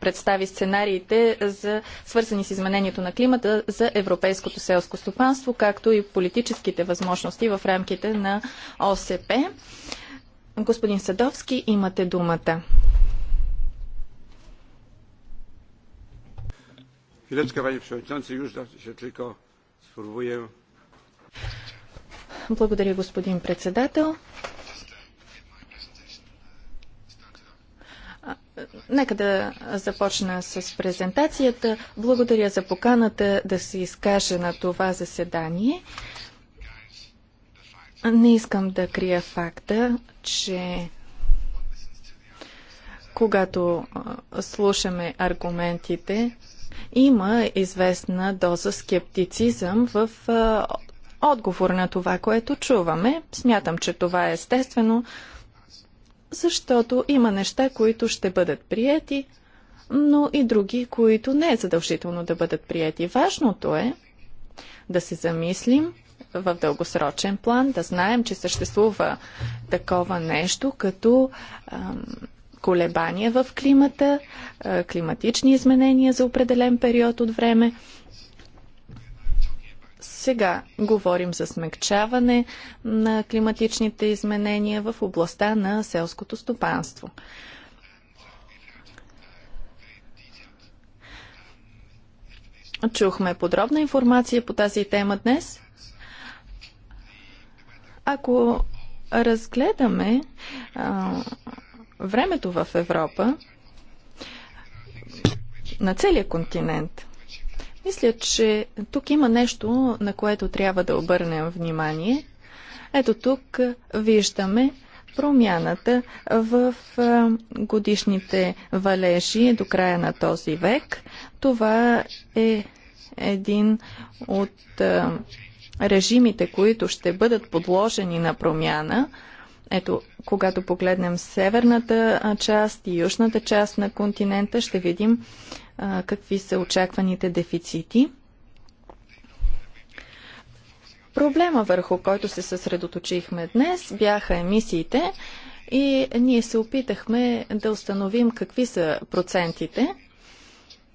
представи сценариите за свързани с изменението на климата за европейското селско стопанство, както и политическите възможности в рамките на ОСП. Господин Садовски, имате думата. Chwileczkę, panie przewodniczący, już ще tylko spróbuję. Благодаря, господин председател. Нека да започна с презентацията. Благодаря за поканата да се изкаже на това заседание. Не искам да крия факта, че когато слушаме аргументите, има известна доза скептицизъм в отговор на това, което чуваме. Смятам, че това е естествено, защото има неща, които ще бъдат приети, но и други, които не е задължително да бъдат прияти. Важното е да се замислим в дългосрочен план, да знаем, че съществува такова нещо като колебания в климата, климатични изменения за определен период от време. Сега говорим за смягчаване на климатичните изменения в областта на селското стопанство. Чухме подробна информация по тази тема днес. Ако разгледаме а, времето в Европа, на целия континент, мисля, че тук има нещо, на което трябва да обърнем внимание. Ето тук виждаме промяната в годишните валежи до края на този век. Това е един от режимите, които ще бъдат подложени на промяна, ето, когато погледнем северната част и южната част на континента, ще видим а, какви са очакваните дефицити. Проблема върху който се съсредоточихме днес бяха емисиите и ние се опитахме да установим какви са процентите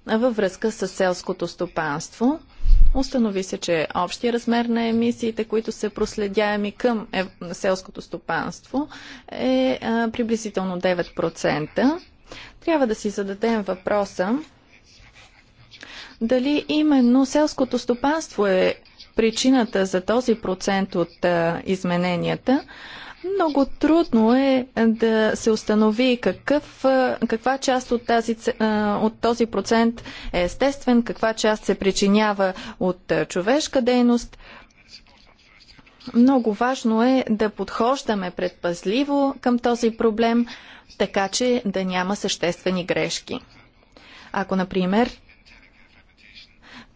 във връзка с селското стопанство Установи се, че общия размер на емисиите, които са проследяеми към селското стопанство, е приблизително 9%. Трябва да си зададем въпроса дали именно селското стопанство е причината за този процент от измененията. Много трудно е, е да се установи какъв, е, каква част от, тази, е, от този процент е естествен, каква част се причинява от човешка дейност. Много важно е да подхождаме предпазливо към този проблем, така че да няма съществени грешки. Ако, например,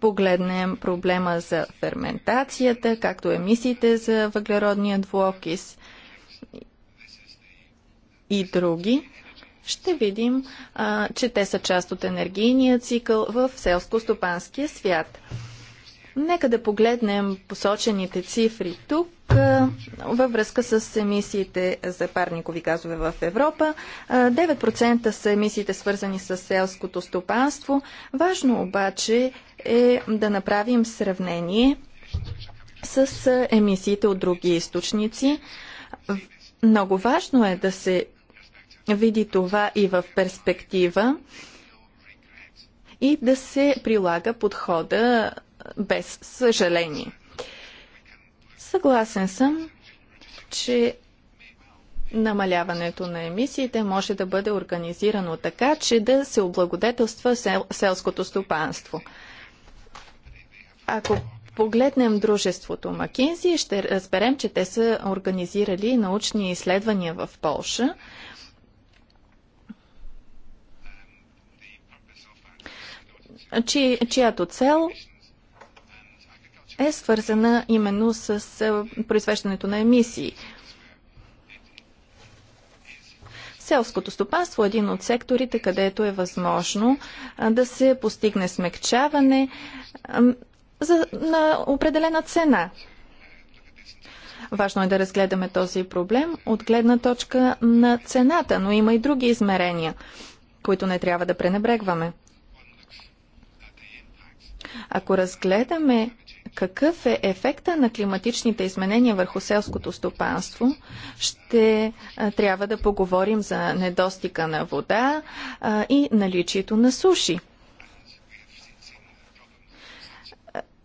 погледнем проблема за ферментацията, както емисиите за въглеродния двуокис, и други, ще видим, а, че те са част от енергийния цикъл в селско-стопанския свят. Нека да погледнем посочените цифри тук а, във връзка с емисиите за парникови газове в Европа. А, 9% са емисиите свързани с селското стопанство. Важно обаче е да направим сравнение с емисиите от други източници. Много важно е да се види това и в перспектива и да се прилага подхода без съжаление. Съгласен съм, че намаляването на емисиите може да бъде организирано така, че да се облагодетелства сел, селското стопанство. Ако погледнем дружеството Макинзи, ще разберем, че те са организирали научни изследвания в Полша чи, чиято цел е свързана именно с е, произвеждането на емисии. Селското стопанство е един от секторите, където е възможно да се постигне смягчаване на определена цена. Важно е да разгледаме този проблем от гледна точка на цената, но има и други измерения, които не трябва да пренебрегваме. Ако разгледаме какъв е ефекта на климатичните изменения върху селското стопанство, ще трябва да поговорим за недостига на вода и наличието на суши.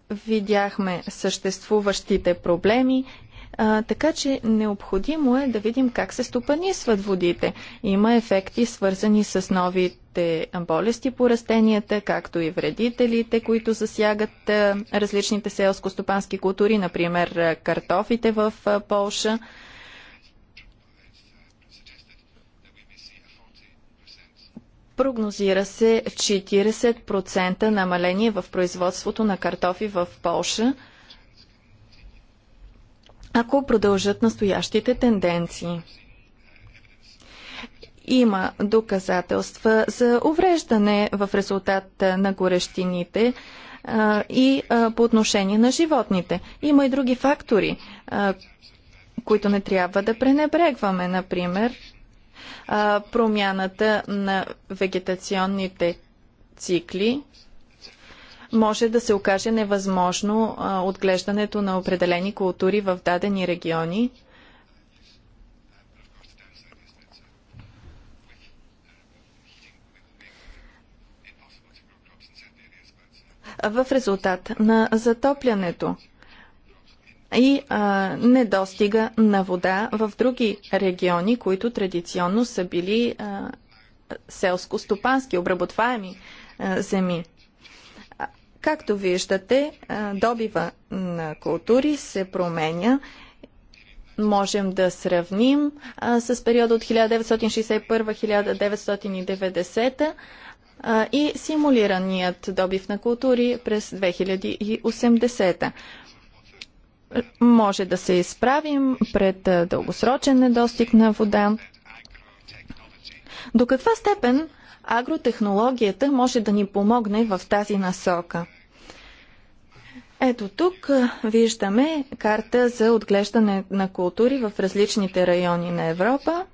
Видяхме съществуващите проблеми така че необходимо е да видим как се стопанисват водите. Има ефекти свързани с нови различните болести по растенията, както и вредителите, които засягат различните селско-стопански култури, например картофите в Полша. Прогнозира се 40% намаление в производството на картофи в Полша, ако продължат настоящите тенденции има доказателства за увреждане в резултат на горещините и по отношение на животните. Има и други фактори, които не трябва да пренебрегваме. Например, промяната на вегетационните цикли може да се окаже невъзможно отглеждането на определени култури в дадени региони в резултат на затоплянето и а, недостига на вода в други региони, които традиционно са били селско-стопански, обработваеми а, земи. Както виждате, добива на култури се променя. Можем да сравним а, с периода от 1961-1990 и симулираният добив на култури през 2080 може да се изправим пред дългосрочен недостиг на вода. До каква степен агротехнологията може да ни помогне в тази насока? Ето тук виждаме карта за отглеждане на култури в различните райони на Европа.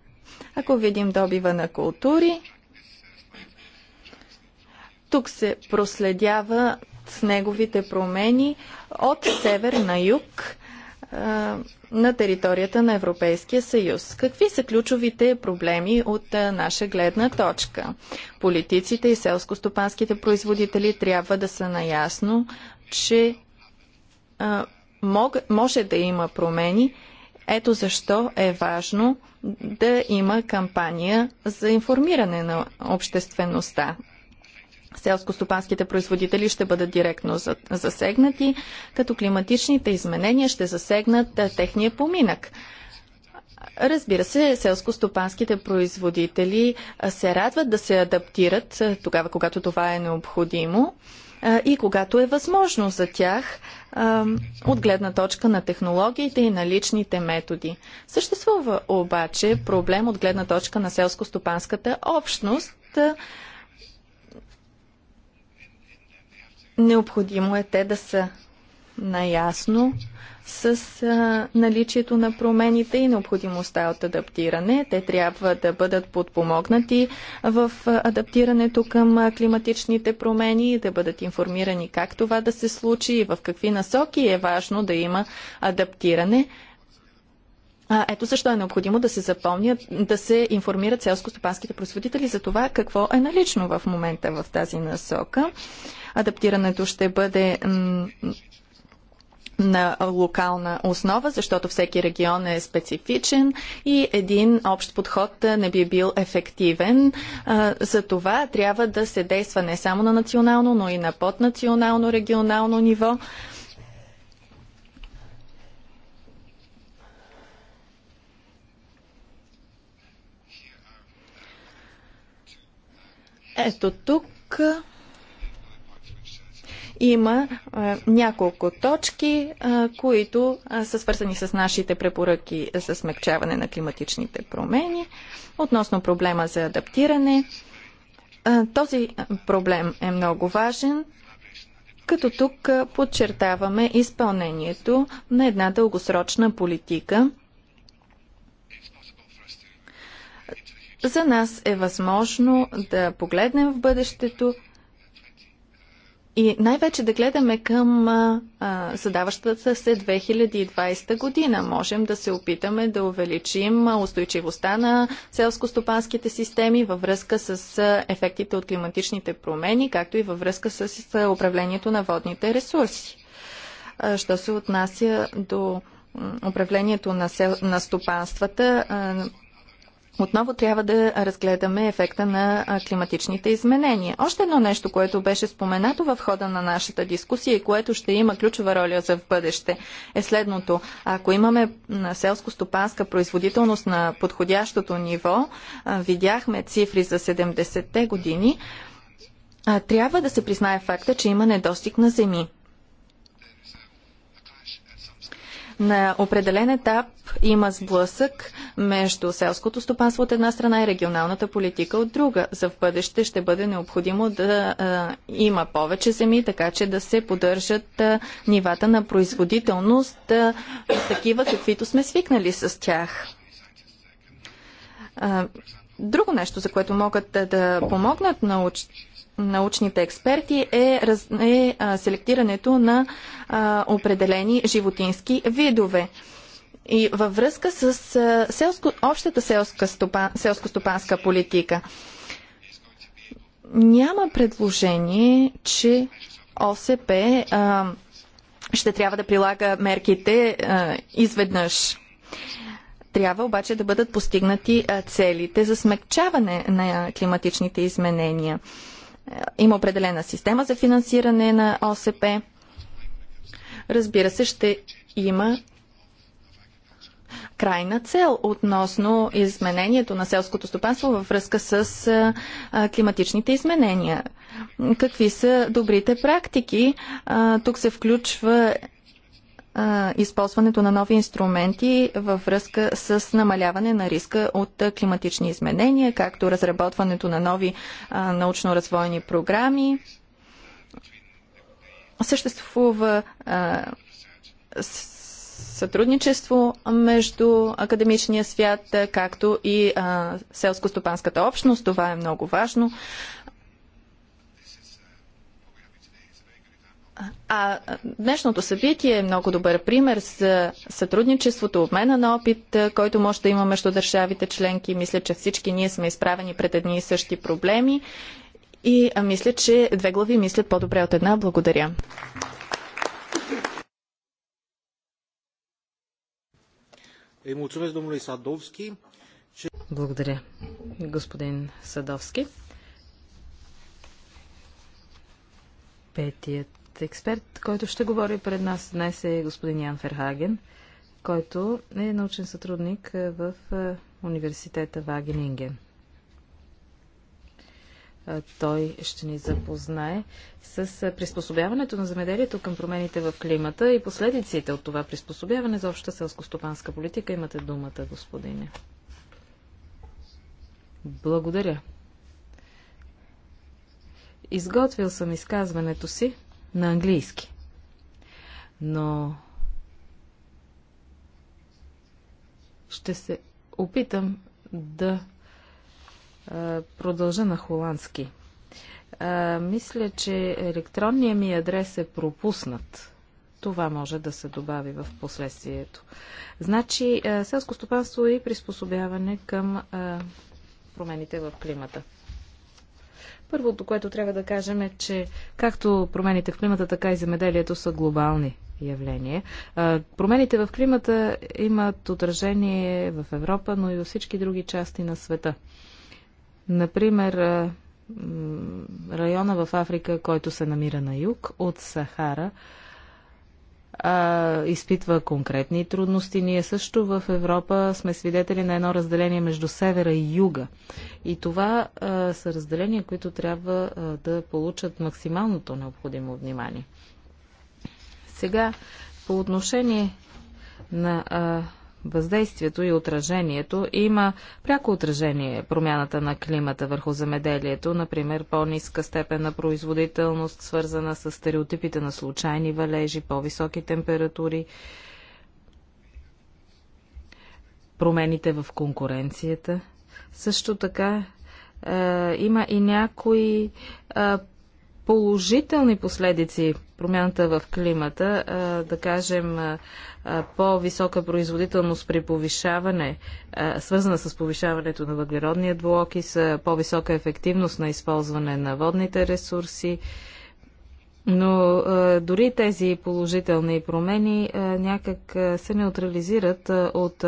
Ако видим добива на култури, тук се проследява с неговите промени от север на юг на територията на Европейския съюз. Какви са ключовите проблеми от наша гледна точка? Политиците и селскостопанските производители трябва да са наясно, че може да има промени. Ето защо е важно да има кампания за информиране на обществеността селскостопанските производители ще бъдат директно засегнати, като климатичните изменения ще засегнат техния поминък. Разбира се, селскостопанските производители се радват да се адаптират тогава, когато това е необходимо и когато е възможно за тях от гледна точка на технологиите и на личните методи. Съществува обаче проблем от гледна точка на селскостопанската общност, Необходимо е те да са наясно с а, наличието на промените и необходимостта от адаптиране. Те трябва да бъдат подпомогнати в адаптирането към климатичните промени и да бъдат информирани как това да се случи и в какви насоки е важно да има адаптиране, ето защо е необходимо да се запомнят, да се информират селско-стопанските производители за това какво е налично в момента в тази насока. Адаптирането ще бъде на локална основа, защото всеки регион е специфичен и един общ подход не би бил ефективен. За това трябва да се действа не само на национално, но и на поднационално, регионално ниво. Ето тук има а, няколко точки, а, които а, са свързани с нашите препоръки за смягчаване на климатичните промени. Относно проблема за адаптиране, а, този проблем е много важен, като тук подчертаваме изпълнението на една дългосрочна политика – за нас е възможно да погледнем в бъдещето и най-вече да гледаме към а, задаващата се 2020 година. Можем да се опитаме да увеличим устойчивостта на селско-стопанските системи във връзка с ефектите от климатичните промени, както и във връзка с управлението на водните ресурси. Що се отнася до управлението на, сел... на стопанствата, отново трябва да разгледаме ефекта на климатичните изменения. Още едно нещо, което беше споменато в хода на нашата дискусия и което ще има ключова роля за в бъдеще е следното. Ако имаме селско-стопанска производителност на подходящото ниво, видяхме цифри за 70-те години, трябва да се признае факта, че има недостиг на земи. На определен етап има сблъсък между селското стопанство от една страна и регионалната политика от друга. За в бъдеще ще бъде необходимо да а, има повече земи, така че да се поддържат а, нивата на производителност а, такива, каквито сме свикнали с тях. Друго нещо, за което могат да, да помогнат науч научните експерти е, раз, е а, селектирането на а, определени животински видове. И във връзка с а, селско, общата селска стопа, селско-стопанска политика няма предложение, че ОСП а, ще трябва да прилага мерките а, изведнъж. Трябва обаче да бъдат постигнати целите за смягчаване на климатичните изменения. Има определена система за финансиране на ОСП. Разбира се, ще има крайна цел относно изменението на селското стопанство във връзка с климатичните изменения. Какви са добрите практики? тук се включва а, използването на нови инструменти във връзка с намаляване на риска от климатични изменения, както разработването на нови научно-развойни програми. Съществува а, сътрудничество между академичния свят, както и селско-стопанската общност. Това е много важно. А днешното събитие е много добър пример за сътрудничеството, обмена на опит, който може да има между държавите членки. Мисля, че всички ние сме изправени пред едни и същи проблеми и мисля, че две глави мислят по-добре от една. Благодаря. Е, Благодаря, господин Садовски. Петият експерт, който ще говори пред нас днес е господин Ян Ферхаген, който е научен сътрудник е, в е, университета Вагенинген. Е, той ще ни запознае с приспособяването на земеделието към промените в климата и последиците от това приспособяване за обща селско-стопанска политика. Имате думата, господине. Благодаря. Изготвил съм изказването си на английски. Но ще се опитам да продължа на холандски. А, мисля, че електронният ми адрес е пропуснат. Това може да се добави в последствието. Значи, селско стопанство и приспособяване към а, промените в климата. Първото, което трябва да кажем е, че както промените в климата, така и земеделието са глобални явление. Промените в климата имат отражение в Европа, но и във всички други части на света. Например, района в Африка, който се намира на юг от Сахара, а, изпитва конкретни трудности. Ние също в Европа сме свидетели на едно разделение между севера и юга. И това а, са разделения, които трябва а, да получат максималното необходимо внимание. Сега, по отношение на а, въздействието и отражението има пряко отражение промяната на климата върху земеделието, например по-ниска степен на производителност, свързана с стереотипите на случайни валежи, по-високи температури, промените в конкуренцията. Също така е, има и някои е, положителни последици промяната в климата, да кажем по-висока производителност при повишаване, свързана с повишаването на въглеродния с по-висока ефективност на използване на водните ресурси. Но дори тези положителни промени някак се неутрализират от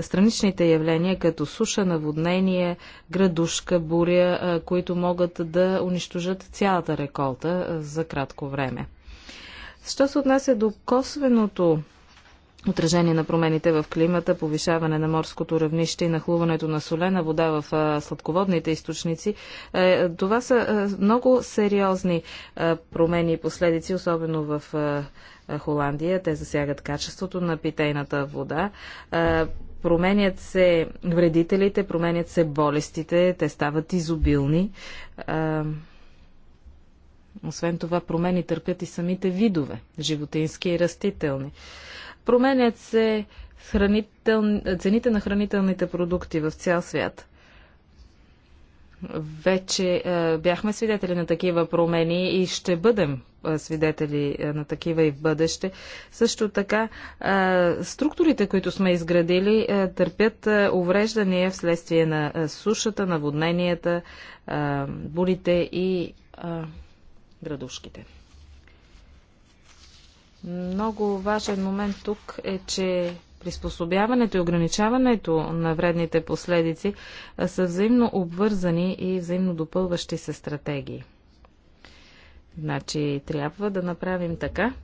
страничните явления, като суша, наводнение, градушка, буря, които могат да унищожат цялата реколта за кратко време. Що се отнася до косвеното отражение на промените в климата, повишаване на морското равнище и нахлуването на солена вода в сладководните източници. Е, това са е, много сериозни е, промени и последици, особено в Холандия. Те засягат качеството на питейната вода. Променят се вредителите, променят се болестите, те стават изобилни. Освен това, промени търпят и самите видове, животински и растителни. Променят се хранител... цените на хранителните продукти в цял свят. Вече е, бяхме свидетели на такива промени и ще бъдем е, свидетели е, на такива и в бъдеще. Също така, е, структурите, които сме изградили, е, търпят увреждания вследствие на сушата, наводненията, бурите и градушките. Много важен момент тук е, че приспособяването и ограничаването на вредните последици са взаимно обвързани и взаимно допълващи се стратегии. Значи трябва да направим така,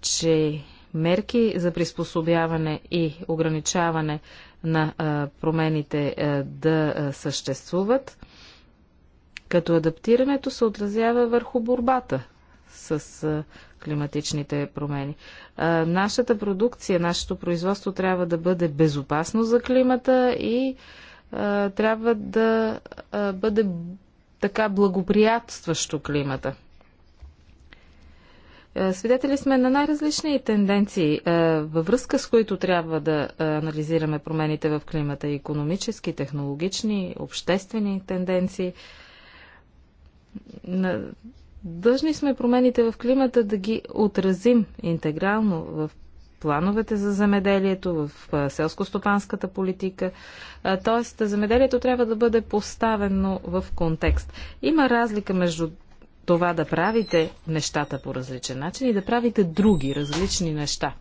че мерки за приспособяване и ограничаване на промените да съществуват като адаптирането се отразява върху борбата с климатичните промени. Нашата продукция, нашето производство трябва да бъде безопасно за климата и трябва да бъде така благоприятстващо климата. Свидетели сме на най-различни тенденции, във връзка с които трябва да анализираме промените в климата економически, технологични, обществени тенденции – Дължни сме промените в климата да ги отразим интегрално в плановете за земеделието, в селско-стопанската политика. Тоест, земеделието трябва да бъде поставено в контекст. Има разлика между това да правите нещата по различен начин и да правите други различни неща.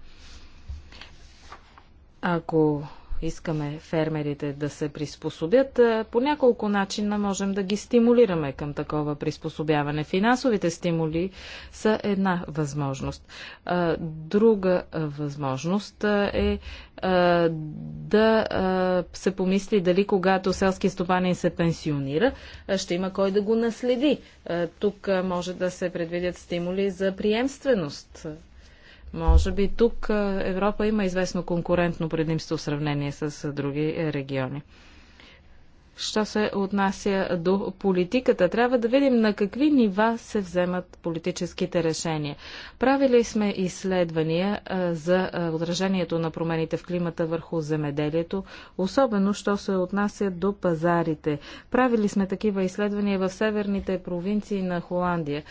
Ако искаме фермерите да се приспособят, по няколко начина можем да ги стимулираме към такова приспособяване. Финансовите стимули са една възможност. Друга възможност е да се помисли дали когато селски стопанин се пенсионира, ще има кой да го наследи. Тук може да се предвидят стимули за приемственост може би тук е, Европа има известно конкурентно предимство в сравнение с е, други е, региони. Що се отнася до политиката, трябва да видим на какви нива се вземат политическите решения. Правили сме изследвания за отражението на промените в климата върху земеделието, особено що се отнася до пазарите. Правили сме такива изследвания в северните провинции на Холандия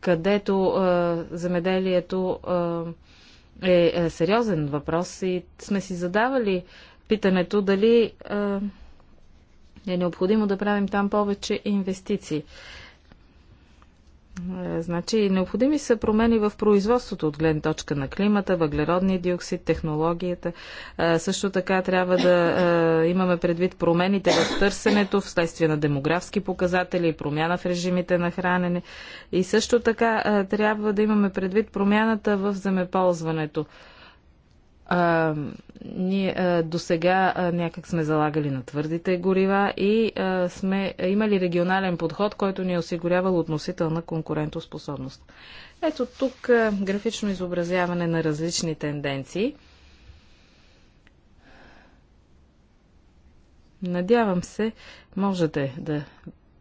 където а, е, е сериозен въпрос и сме си задавали питането дали е необходимо да правим там повече инвестиции. Е, значи, необходими са промени в производството от гледна точка на климата, въглеродния диоксид, технологията. Е, също така трябва да е, имаме предвид промените в търсенето вследствие на демографски показатели и промяна в режимите на хранене. И също така трябва да имаме предвид промяната в земеползването а, ние а, до сега а, някак сме залагали на твърдите горива и а, сме имали регионален подход, който ни е осигурявал относителна конкурентоспособност. Ето тук а, графично изобразяване на различни тенденции. Надявам се, можете да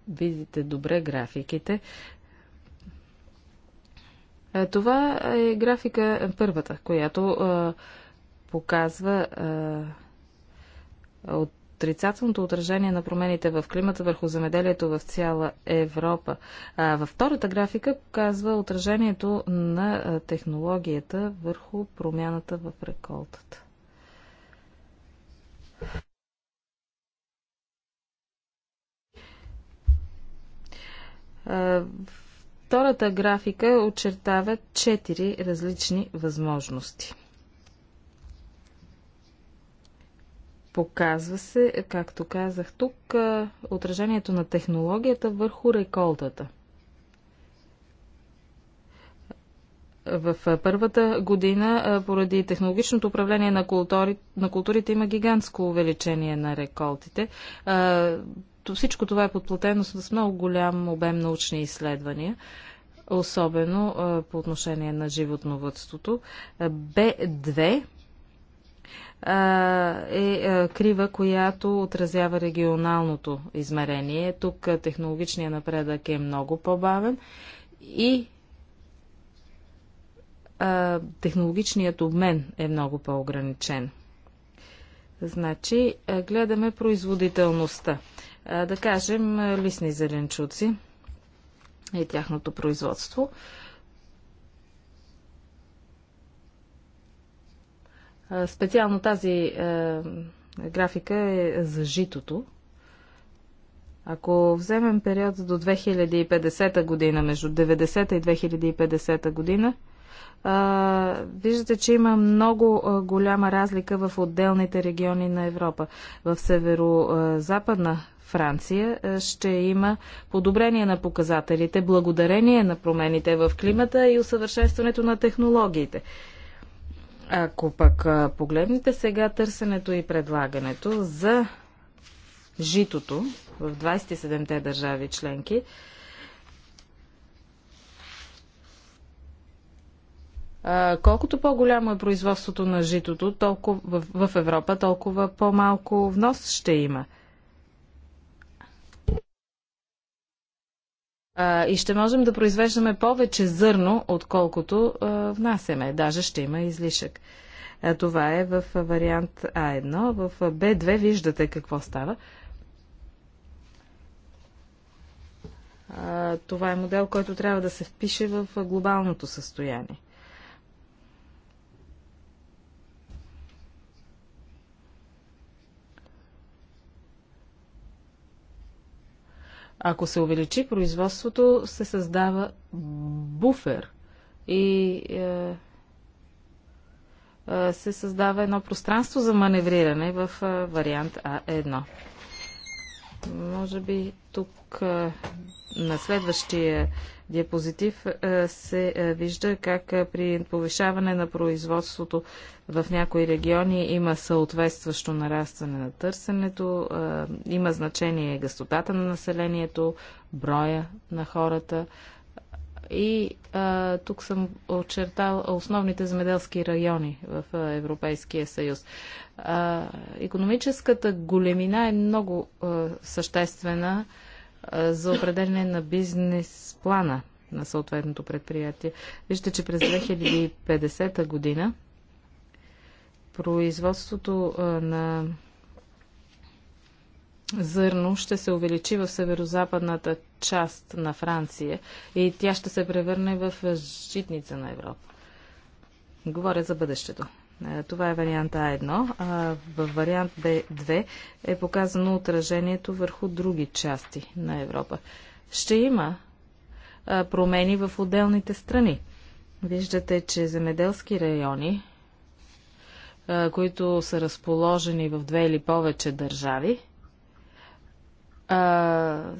видите добре графиките. Това е графика първата, която а, показва а, отрицателното отражение на промените в климата върху земеделието в цяла Европа. А във втората графика показва отражението на технологията върху промяната в реколтата. Втората графика очертава четири различни възможности – Показва се, както казах тук, отражението на технологията върху реколтата. В първата година, поради технологичното управление на, култури, на културите, има гигантско увеличение на реколтите. Всичко това е подплатено с много голям обем научни изследвания особено по отношение на животновътството. Б2 е крива, която отразява регионалното измерение. Тук технологичният напредък е много по-бавен и технологичният обмен е много по-ограничен. Значи, гледаме производителността. Да кажем, лисни зеленчуци и тяхното производство. Специално тази е, графика е за житото. Ако вземем период до 2050 година, между 90 и 2050 година, виждате, че има много голяма разлика в отделните региони на Европа. В северо-западна Франция ще има подобрение на показателите, благодарение на промените в климата и усъвършенстването на технологиите. Ако пък погледнете сега търсенето и предлагането за житото в 27-те държави членки, колкото по-голямо е производството на житото толкова, в, в Европа, толкова по-малко внос ще има – а, и ще можем да произвеждаме повече зърно, отколкото а, внасяме. Даже ще има излишък. А, това е в вариант А1. В Б2 виждате какво става. това е модел, който трябва да се впише в глобалното състояние. Ако се увеличи производството, се създава буфер и е, е, се създава едно пространство за маневриране в е, вариант А1. Може би тук е, на следващия диапозитив е, се е, вижда как е, при повишаване на производството в някои региони има съответстващо нарастване на търсенето, има значение гъстотата на населението, броя на хората. И а, тук съм очертал основните земеделски райони в а, Европейския съюз. А, економическата големина е много а, съществена. А, за определение на бизнес плана на съответното предприятие. Вижте, че през 2050 година производството на зърно ще се увеличи в северо-западната част на Франция и тя ще се превърне в житница на Европа. Говоря за бъдещето. Е, това е вариант А1. А в вариант Б2 е показано отражението върху други части на Европа. Ще има промени в отделните страни. Виждате, че земеделски райони, които са разположени в две или повече държави,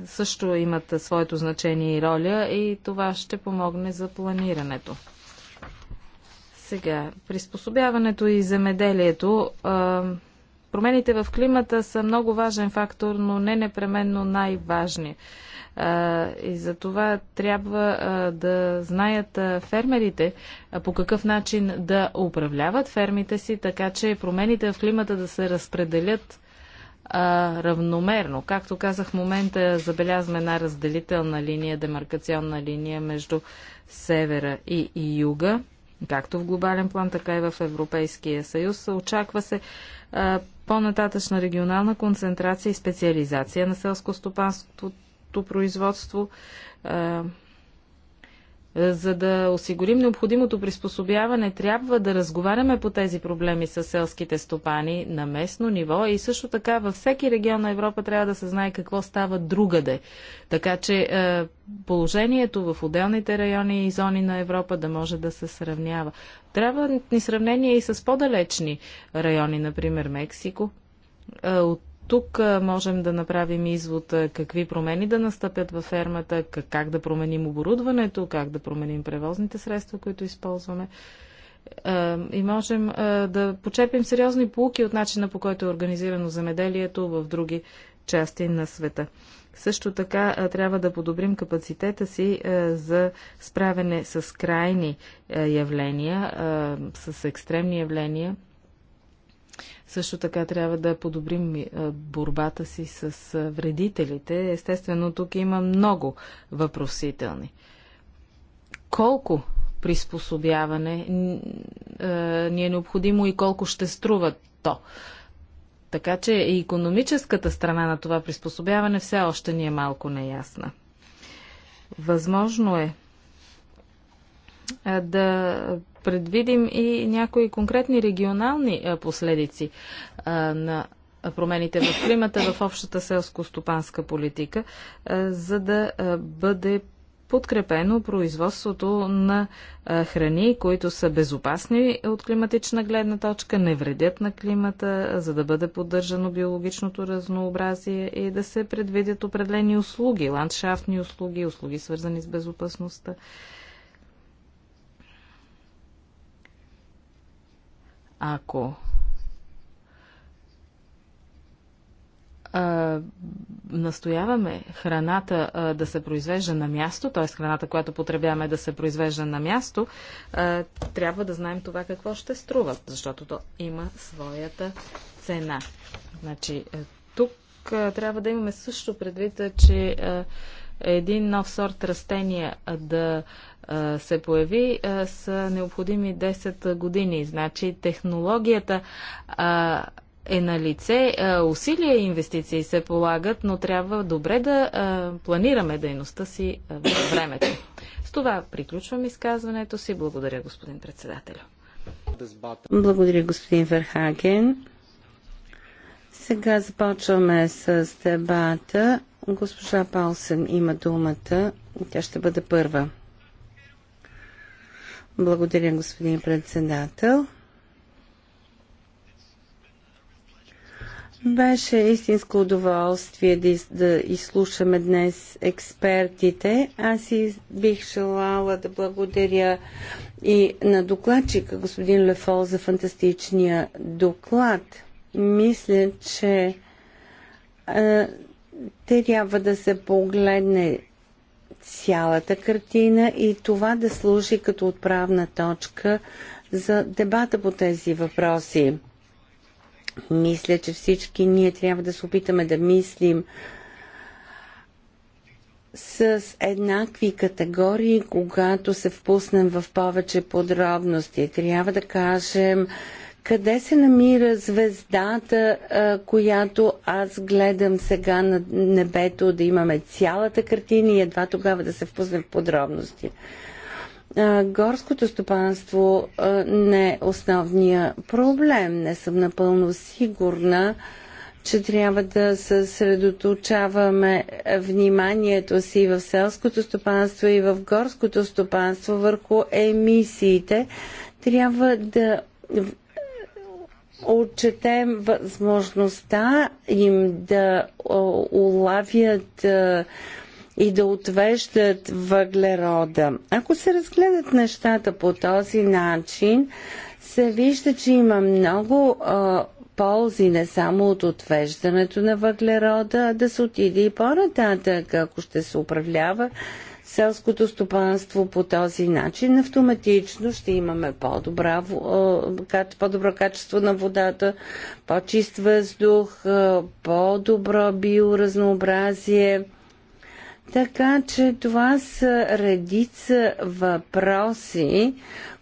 също имат своето значение и роля и това ще помогне за планирането. Сега, приспособяването и земеделието. Промените в климата са много важен фактор, но не непременно най-важни. И за това трябва да знаят фермерите по какъв начин да управляват фермите си, така че промените в климата да се разпределят равномерно. Както казах, в момента забелязваме една разделителна линия, демаркационна линия между севера и, и юга както в глобален план, така и в Европейския съюз. Очаква се по-нататъчна регионална концентрация и специализация на селско-стопанското производство. За да осигурим необходимото приспособяване, трябва да разговаряме по тези проблеми с селските стопани на местно ниво и също така във всеки регион на Европа трябва да се знае какво става другаде. Така че е, положението в отделните райони и зони на Европа да може да се сравнява. Трябва ни сравнение и с по-далечни райони, например Мексико. Е, от тук можем да направим извод какви промени да настъпят във фермата, как да променим оборудването, как да променим превозните средства, които използваме. И можем да почепим сериозни полуки от начина по който е организирано земеделието в други части на света. Също така трябва да подобрим капацитета си за справяне с крайни явления, с екстремни явления също така трябва да подобрим е, борбата си с е, вредителите. Естествено, тук има много въпросителни. Колко приспособяване е, ни е необходимо и колко ще струва то? Така че и економическата страна на това приспособяване все още ни е малко неясна. Възможно е да предвидим и някои конкретни регионални последици на промените в климата в общата селско-стопанска политика, за да бъде подкрепено производството на храни, които са безопасни от климатична гледна точка, не вредят на климата, за да бъде поддържано биологичното разнообразие и да се предвидят определени услуги, ландшафтни услуги, услуги свързани с безопасността. Ако а, настояваме храната а, да се произвежда на място, т.е. храната, която потребяваме да се произвежда на място, а, трябва да знаем това какво ще струва, защото то има своята цена. Значи, е, тук а, трябва да имаме също предвид, че а, един нов сорт растения да а, се появи, са необходими 10 години. Значи технологията е на лице. Усилия и инвестиции се полагат, но трябва добре да планираме дейността си във времето. С това приключвам изказването си. Благодаря, господин председател. Благодаря, господин Верхаген. Сега започваме с дебата. Госпожа Палсен има думата. Тя ще бъде първа. Благодаря, господин председател. Беше истинско удоволствие да, из, да изслушаме днес експертите. Аз и бих желала да благодаря и на докладчика господин Лефол за фантастичния доклад. Мисля, че е, трябва да се погледне цялата картина и това да служи като отправна точка за дебата по тези въпроси. Мисля, че всички ние трябва да се опитаме да мислим с еднакви категории, когато се впуснем в повече подробности. Трябва да кажем, къде се намира звездата, която аз гледам сега на небето, да имаме цялата картина и едва тогава да се впуснем в подробности? горското стопанство не е основния проблем. Не съм напълно сигурна, че трябва да съсредоточаваме вниманието си в селското стопанство и в горското стопанство върху емисиите. Трябва да отчетем възможността им да улавят и да отвеждат въглерода. Ако се разгледат нещата по този начин, се вижда, че има много ползи не само от отвеждането на въглерода, а да се отиде и по-нататък, ако ще се управлява селското стопанство по този начин, автоматично ще имаме по добро качество на водата, по-чист въздух, по-добро биоразнообразие. Така че това са редица въпроси,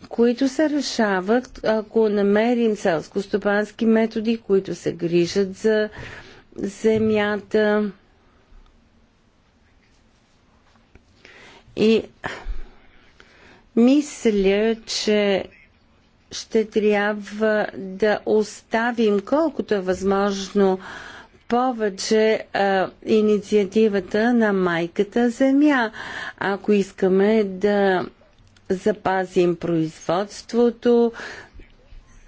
които се решават, ако намерим селско-стопански методи, които се грижат за земята, И мисля, че ще трябва да оставим колкото е възможно повече а, инициативата на майката земя, ако искаме да запазим производството,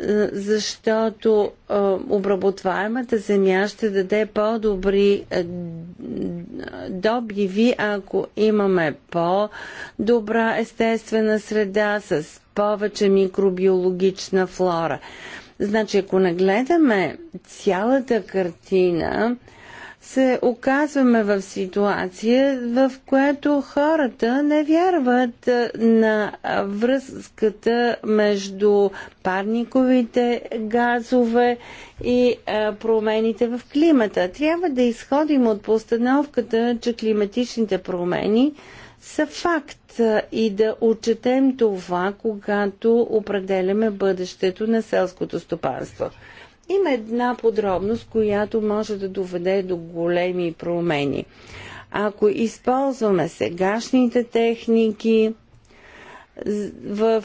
е, защото е, обработваемата земя ще даде по-добри е, добиви, ако имаме по-добра естествена среда с повече микробиологична флора. Значи, ако нагледаме цялата картина, се оказваме в ситуация, в която хората не вярват на връзката между парниковите газове и промените в климата. Трябва да изходим от постановката, че климатичните промени са факт и да отчетем това, когато определяме бъдещето на селското стопанство. Има една подробност, която може да доведе до големи промени. Ако използваме сегашните техники в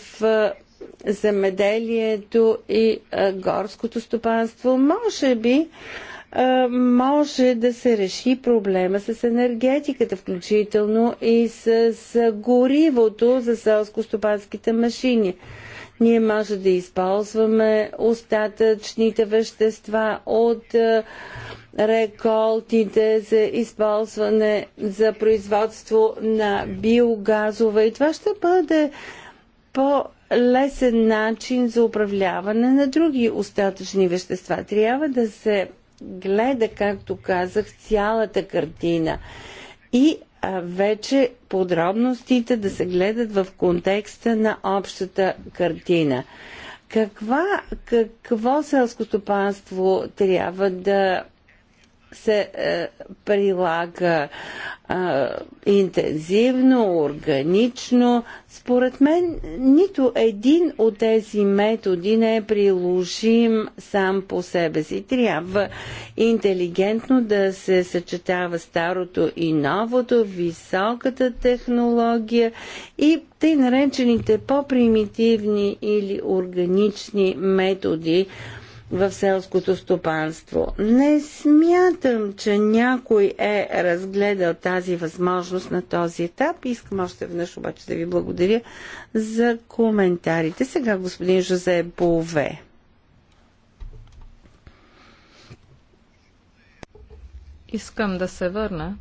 земеделието и горското стопанство, може би може да се реши проблема с енергетиката, включително и с горивото за селско-стопанските машини. Ние може да използваме остатъчните вещества от е, реколтите за използване за производство на биогазове и това ще бъде по лесен начин за управляване на други остатъчни вещества. Трябва да се гледа, както казах, цялата картина. И а, вече подробностите да се гледат в контекста на общата картина. Каква, какво селско стопанство трябва да се е, прилага е, интензивно, органично. Според мен нито един от тези методи не е приложим сам по себе си. Трябва интелигентно да се съчетава старото и новото, високата технология и тъй наречените по-примитивни или органични методи, в селското стопанство. Не смятам, че някой е разгледал тази възможност на този етап. Искам още веднъж обаче да ви благодаря за коментарите. Сега господин Жозе Бове. Искам да се върна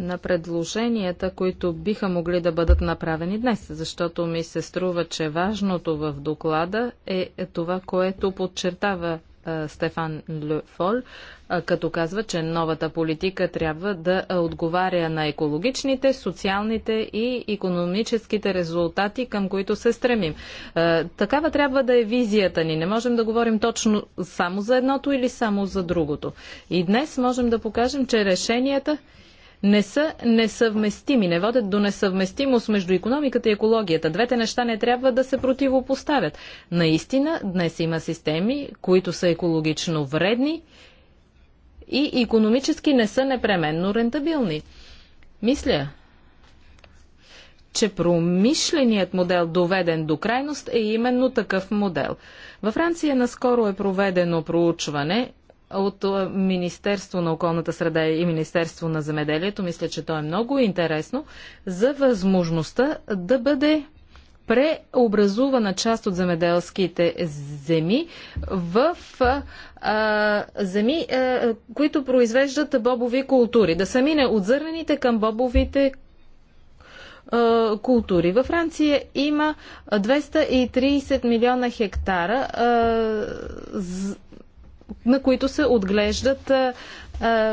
на предложенията, които биха могли да бъдат направени днес, защото ми се струва, че важното в доклада е това, което подчертава Стефан Лефол, като казва, че новата политика трябва да отговаря на екологичните, социалните и економическите резултати, към които се стремим. Такава трябва да е визията ни. Не можем да говорим точно само за едното или само за другото. И днес можем да покажем, че решенията не са несъвместими, не водят до несъвместимост между економиката и екологията. Двете неща не трябва да се противопоставят. Наистина, днес има системи, които са екологично вредни и економически не са непременно рентабилни. Мисля, че промишленият модел, доведен до крайност, е именно такъв модел. Във Франция наскоро е проведено проучване от Министерство на околната среда и Министерство на земеделието, мисля, че то е много интересно, за възможността да бъде преобразувана част от земеделските земи в а, земи, а, които произвеждат бобови култури. Да се мине от зърнените към бобовите култури. Във Франция има 230 милиона хектара а, на които се отглеждат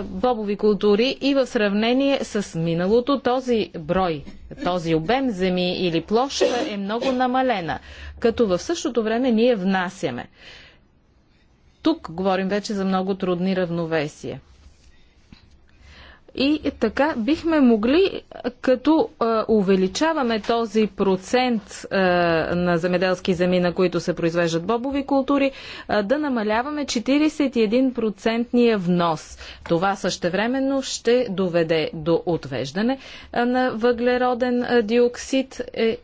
бобови култури и в сравнение с миналото този брой, този обем земи или площ е много намалена, като в същото време ние внасяме. Тук говорим вече за много трудни равновесия. И така бихме могли, като а, увеличаваме този процент а, на земеделски земи, на които се произвеждат бобови култури, а, да намаляваме 41% внос. Това същевременно ще доведе до отвеждане а, на въглероден а, диоксид е,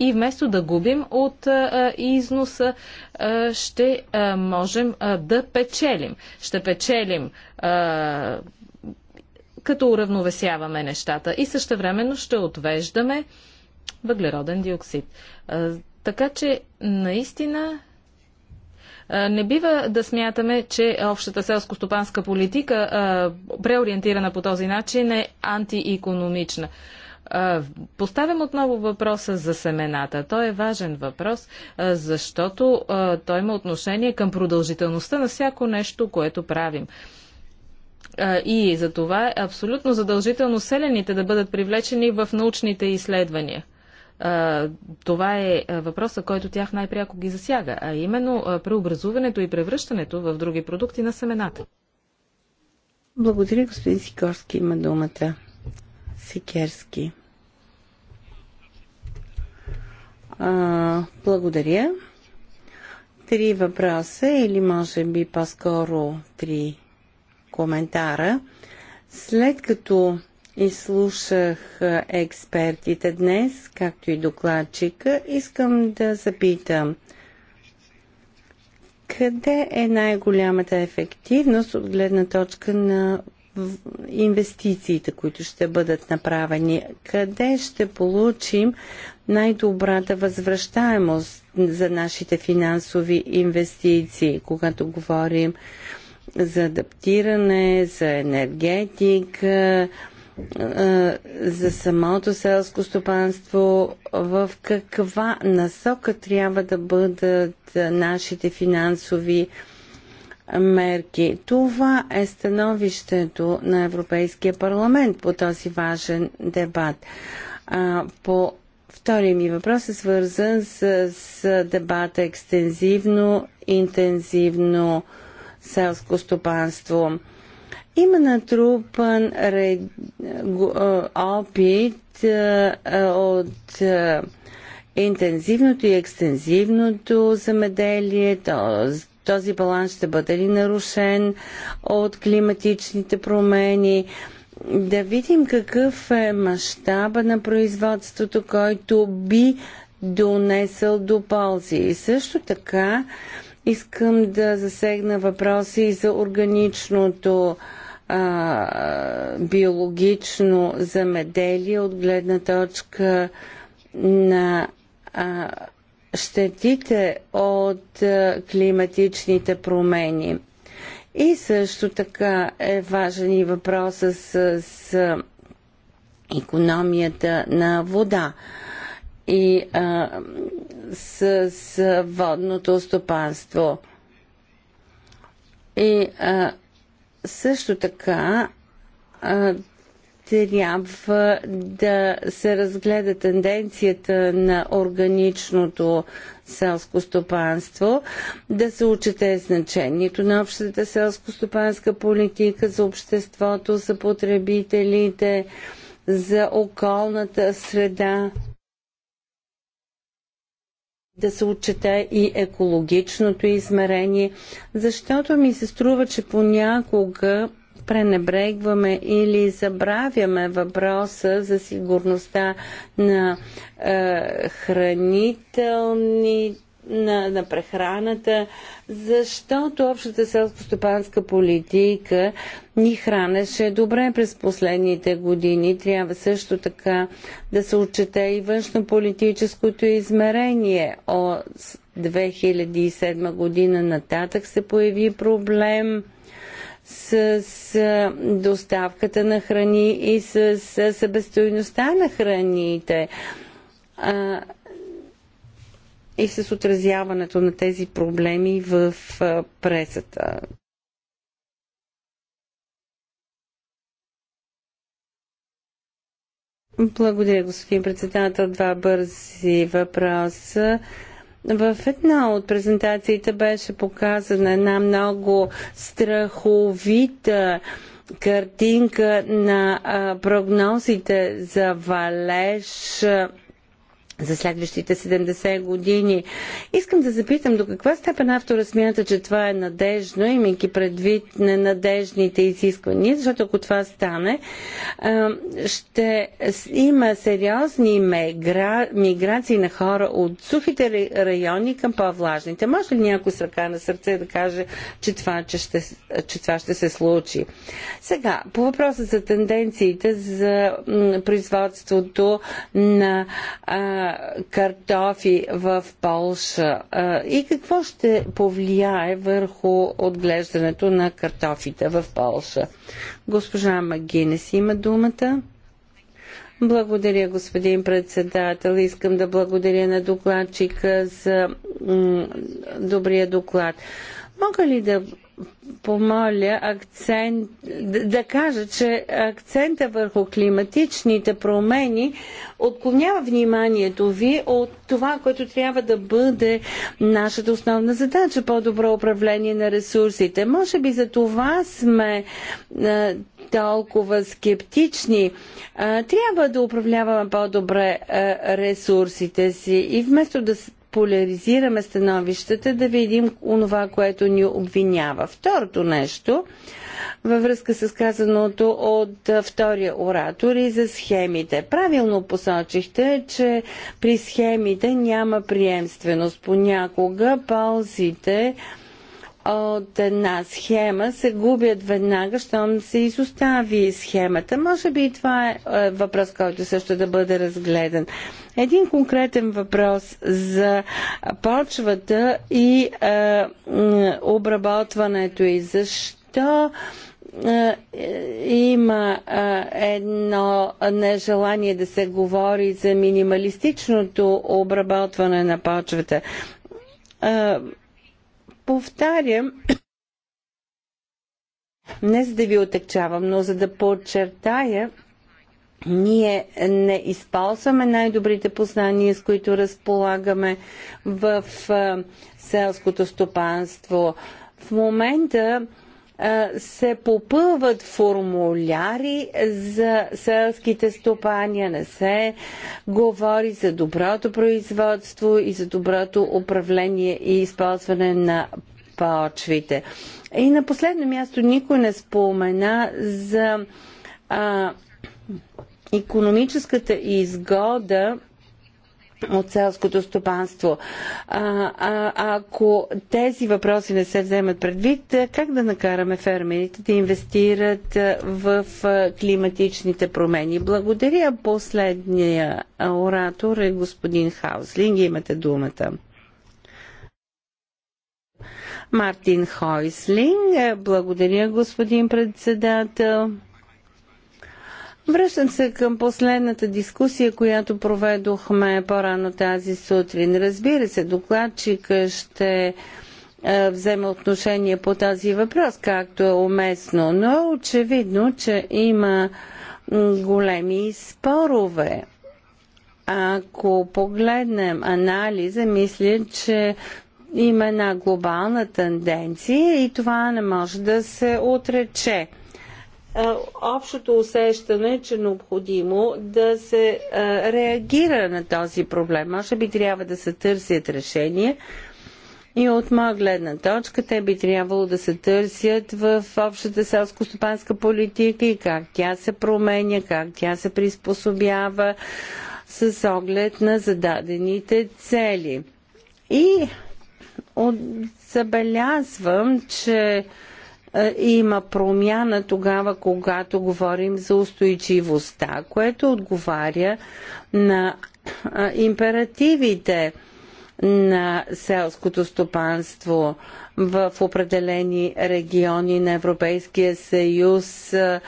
и вместо да губим от а, износа, а, ще а, можем а, да печелим. Ще печелим а, като уравновесяваме нещата и също времено ще отвеждаме въглероден диоксид. Така че наистина не бива да смятаме, че общата селско-стопанска политика, преориентирана по този начин, е антиекономична. Поставям отново въпроса за семената. Той е важен въпрос, защото той има отношение към продължителността на всяко нещо, което правим. И за това е абсолютно задължително селените да бъдат привлечени в научните изследвания. Това е въпроса, който тях най-пряко ги засяга, а именно преобразуването и превръщането в други продукти на семената. Благодаря, господин Сикорски. Има думата. Сикерски. А, благодаря. Три въпроса или може би по-скоро три коментара. След като изслушах експертите днес, както и докладчика, искам да запитам къде е най-голямата ефективност от гледна точка на инвестициите, които ще бъдат направени, къде ще получим най-добрата възвръщаемост за нашите финансови инвестиции, когато говорим за адаптиране, за енергетика, за самото селско стопанство, в каква насока трябва да бъдат нашите финансови мерки. Това е становището на Европейския парламент по този важен дебат. по втория ми въпрос е свързан с, с дебата екстензивно, интензивно, селско стопанство. Има натрупан опит от интензивното и екстензивното замеделие, този баланс ще бъде ли нарушен от климатичните промени. Да видим какъв е мащаба на производството, който би донесъл до ползи. И също така Искам да засегна въпроси за органичното а, биологично замеделие от гледна точка на а, щетите от а, климатичните промени. И също така е важен и въпросът с, с економията на вода. А, и а, с, с водното стопанство. И а, също така а, трябва да се разгледа тенденцията на органичното селско стопанство, да се учете значението на общата селско-стопанска политика за обществото, за потребителите, за околната среда да се отчете и екологичното измерение, защото ми се струва, че понякога пренебрегваме или забравяме въпроса за сигурността на е, хранителните на, на прехраната, защото общата селско-стопанска политика ни хранеше добре през последните години. Трябва също така да се отчете и външно-политическото измерение. От 2007 година нататък се появи проблем с, с доставката на храни и с, с себестойността на храните. А, и с отразяването на тези проблеми в пресата. Благодаря, господин председател. Два бързи въпроса. В една от презентациите беше показана една много страховита картинка на прогнозите за валеж за следващите 70 години. Искам да запитам до каква степен автора смята, че това е надежно, имайки предвид ненадежните изисквания, защото ако това стане, ще има сериозни мегра... миграции на хора от сухите райони към по-влажните. Може ли някой с ръка на сърце да каже, че това, че ще, че това ще се случи? Сега, по въпроса за тенденциите за производството на а, картофи в Полша и какво ще повлияе върху отглеждането на картофите в Полша? Госпожа Магинес има думата. Благодаря, господин председател. Искам да благодаря на докладчика за добрия доклад. Мога ли да помоля акцент, да, да кажа, че акцента върху климатичните промени отклонява вниманието ви от това, което трябва да бъде нашата основна задача по-добро управление на ресурсите. Може би за това сме е, толкова скептични. Е, трябва да управляваме по-добре е, ресурсите си и вместо да поляризираме становищата, да видим онова, което ни обвинява. Второто нещо, във връзка с казаното от втория оратор и за схемите. Правилно посочихте, че при схемите няма приемственост. Понякога ползите от една схема се губят веднага, щом се изостави схемата. Може би и това е, е въпрос, който също да бъде разгледан. Един конкретен въпрос за почвата и е, обработването и защо е, е, има едно нежелание да се говори за минималистичното обработване на почвата повтарям, не за да ви отекчавам, но за да подчертая, ние не използваме най-добрите познания, с които разполагаме в селското стопанство. В момента се попълват формуляри за селските стопания, не се говори за доброто производство и за доброто управление и използване на почвите. И на последно място никой не спомена за а, економическата изгода от селското стопанство. А, а, ако тези въпроси не се вземат предвид, е, как да накараме фермерите да инвестират е, в е, климатичните промени? Благодаря. Последния оратор е господин Хауслинг. Имате думата. Мартин Хойслинг. Благодаря, господин председател. Връщам се към последната дискусия, която проведохме по-рано тази сутрин. Разбира се, докладчика ще е, вземе отношение по този въпрос, както е уместно, но е очевидно, че има големи спорове. Ако погледнем анализа, мисля, че има една глобална тенденция и това не може да се отрече общото усещане, че е необходимо да се реагира на този проблем. Може би трябва да се търсят решения и от моя гледна точка те би трябвало да се търсят в общата селско-стопанска политика и как тя се променя, как тя се приспособява с оглед на зададените цели. И от... забелязвам, че е, има промяна тогава, когато говорим за устойчивостта, което отговаря на е, императивите на селското стопанство в определени региони на Европейския съюз е,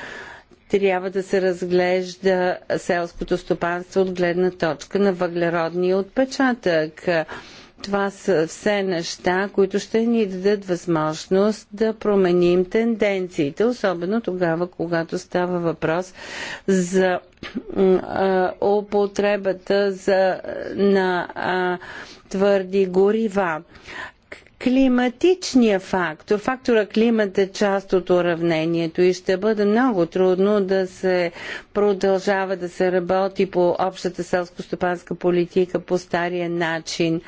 трябва да се разглежда селското стопанство от гледна точка на въглеродния отпечатък. Това са все неща, които ще ни дадат възможност да променим тенденциите, особено тогава, когато става въпрос за употребата за, на а, твърди горива Климатичният фактор. Фактора климат е част от уравнението и ще бъде много трудно да се продължава да се работи по общата селско-стопанска политика по стария начин.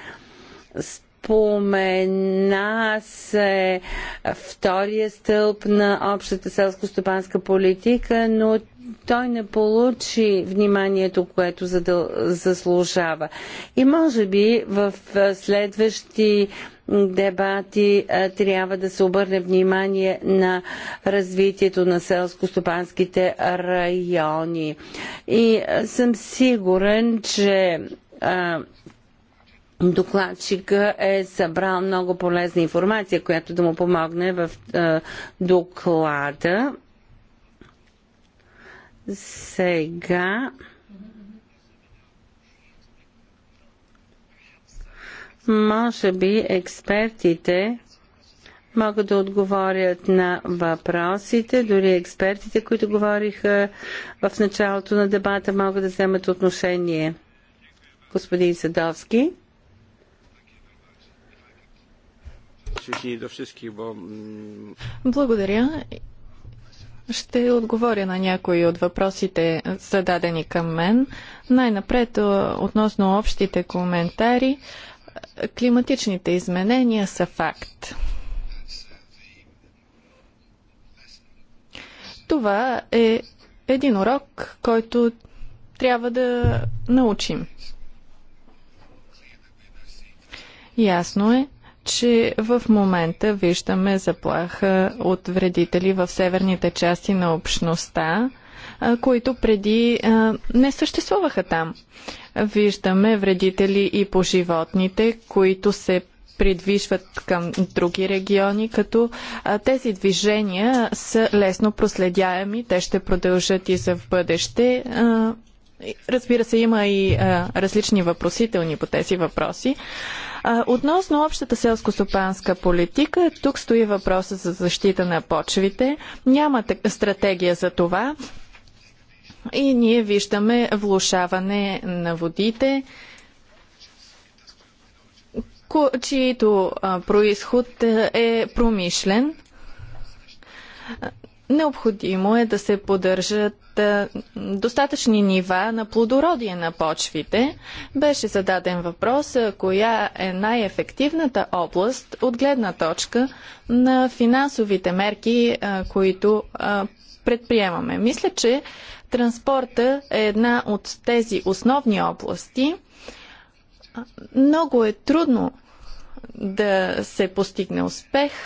Спомена се втория стълб на общата селско-стопанска политика, но той не получи вниманието, което задъл... заслужава. И може би в следващи дебати трябва да се обърне внимание на развитието на селско-стопанските райони. И съм сигурен, че докладчика е събрал много полезна информация, която да му помогне в е, доклада. Сега. Може би експертите могат да отговорят на въпросите. Дори експертите, които говориха в началото на дебата, могат да вземат отношение. Господин Садовски. Благодаря. Ще отговоря на някои от въпросите, зададени към мен. Най-напред, относно общите коментари, климатичните изменения са факт. Това е един урок, който трябва да научим. Ясно е, че в момента виждаме заплаха от вредители в северните части на общността, които преди не съществуваха там. Виждаме вредители и по животните, които се придвижват към други региони, като тези движения са лесно проследяеми, те ще продължат и за в бъдеще. Разбира се, има и различни въпросителни по тези въпроси. Относно общата селско-стопанска политика, тук стои въпроса за защита на почвите. Няма стратегия за това. И ние виждаме влушаване на водите, чието происход е промишлен. Необходимо е да се поддържат достатъчни нива на плодородие на почвите. Беше зададен въпрос коя е най-ефективната област от гледна точка на финансовите мерки, които предприемаме. Мисля, че транспорта е една от тези основни области. Много е трудно да се постигне успех –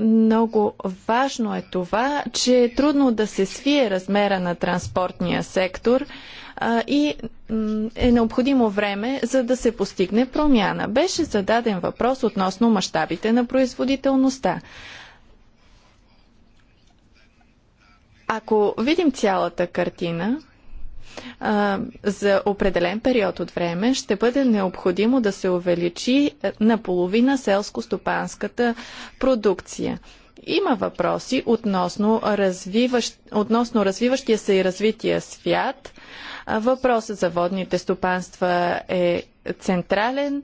Много важно е това, че е трудно да се свие размера на транспортния сектор а, и е необходимо време, за да се постигне промяна. Беше зададен въпрос относно мащабите на производителността. Ако видим цялата картина, а, за определен период от време ще бъде необходимо да се увеличи е, наполовина селско-стопанската продукция. Има въпроси относно, развиващ, относно развиващия се и развития свят. Въпросът за водните стопанства е централен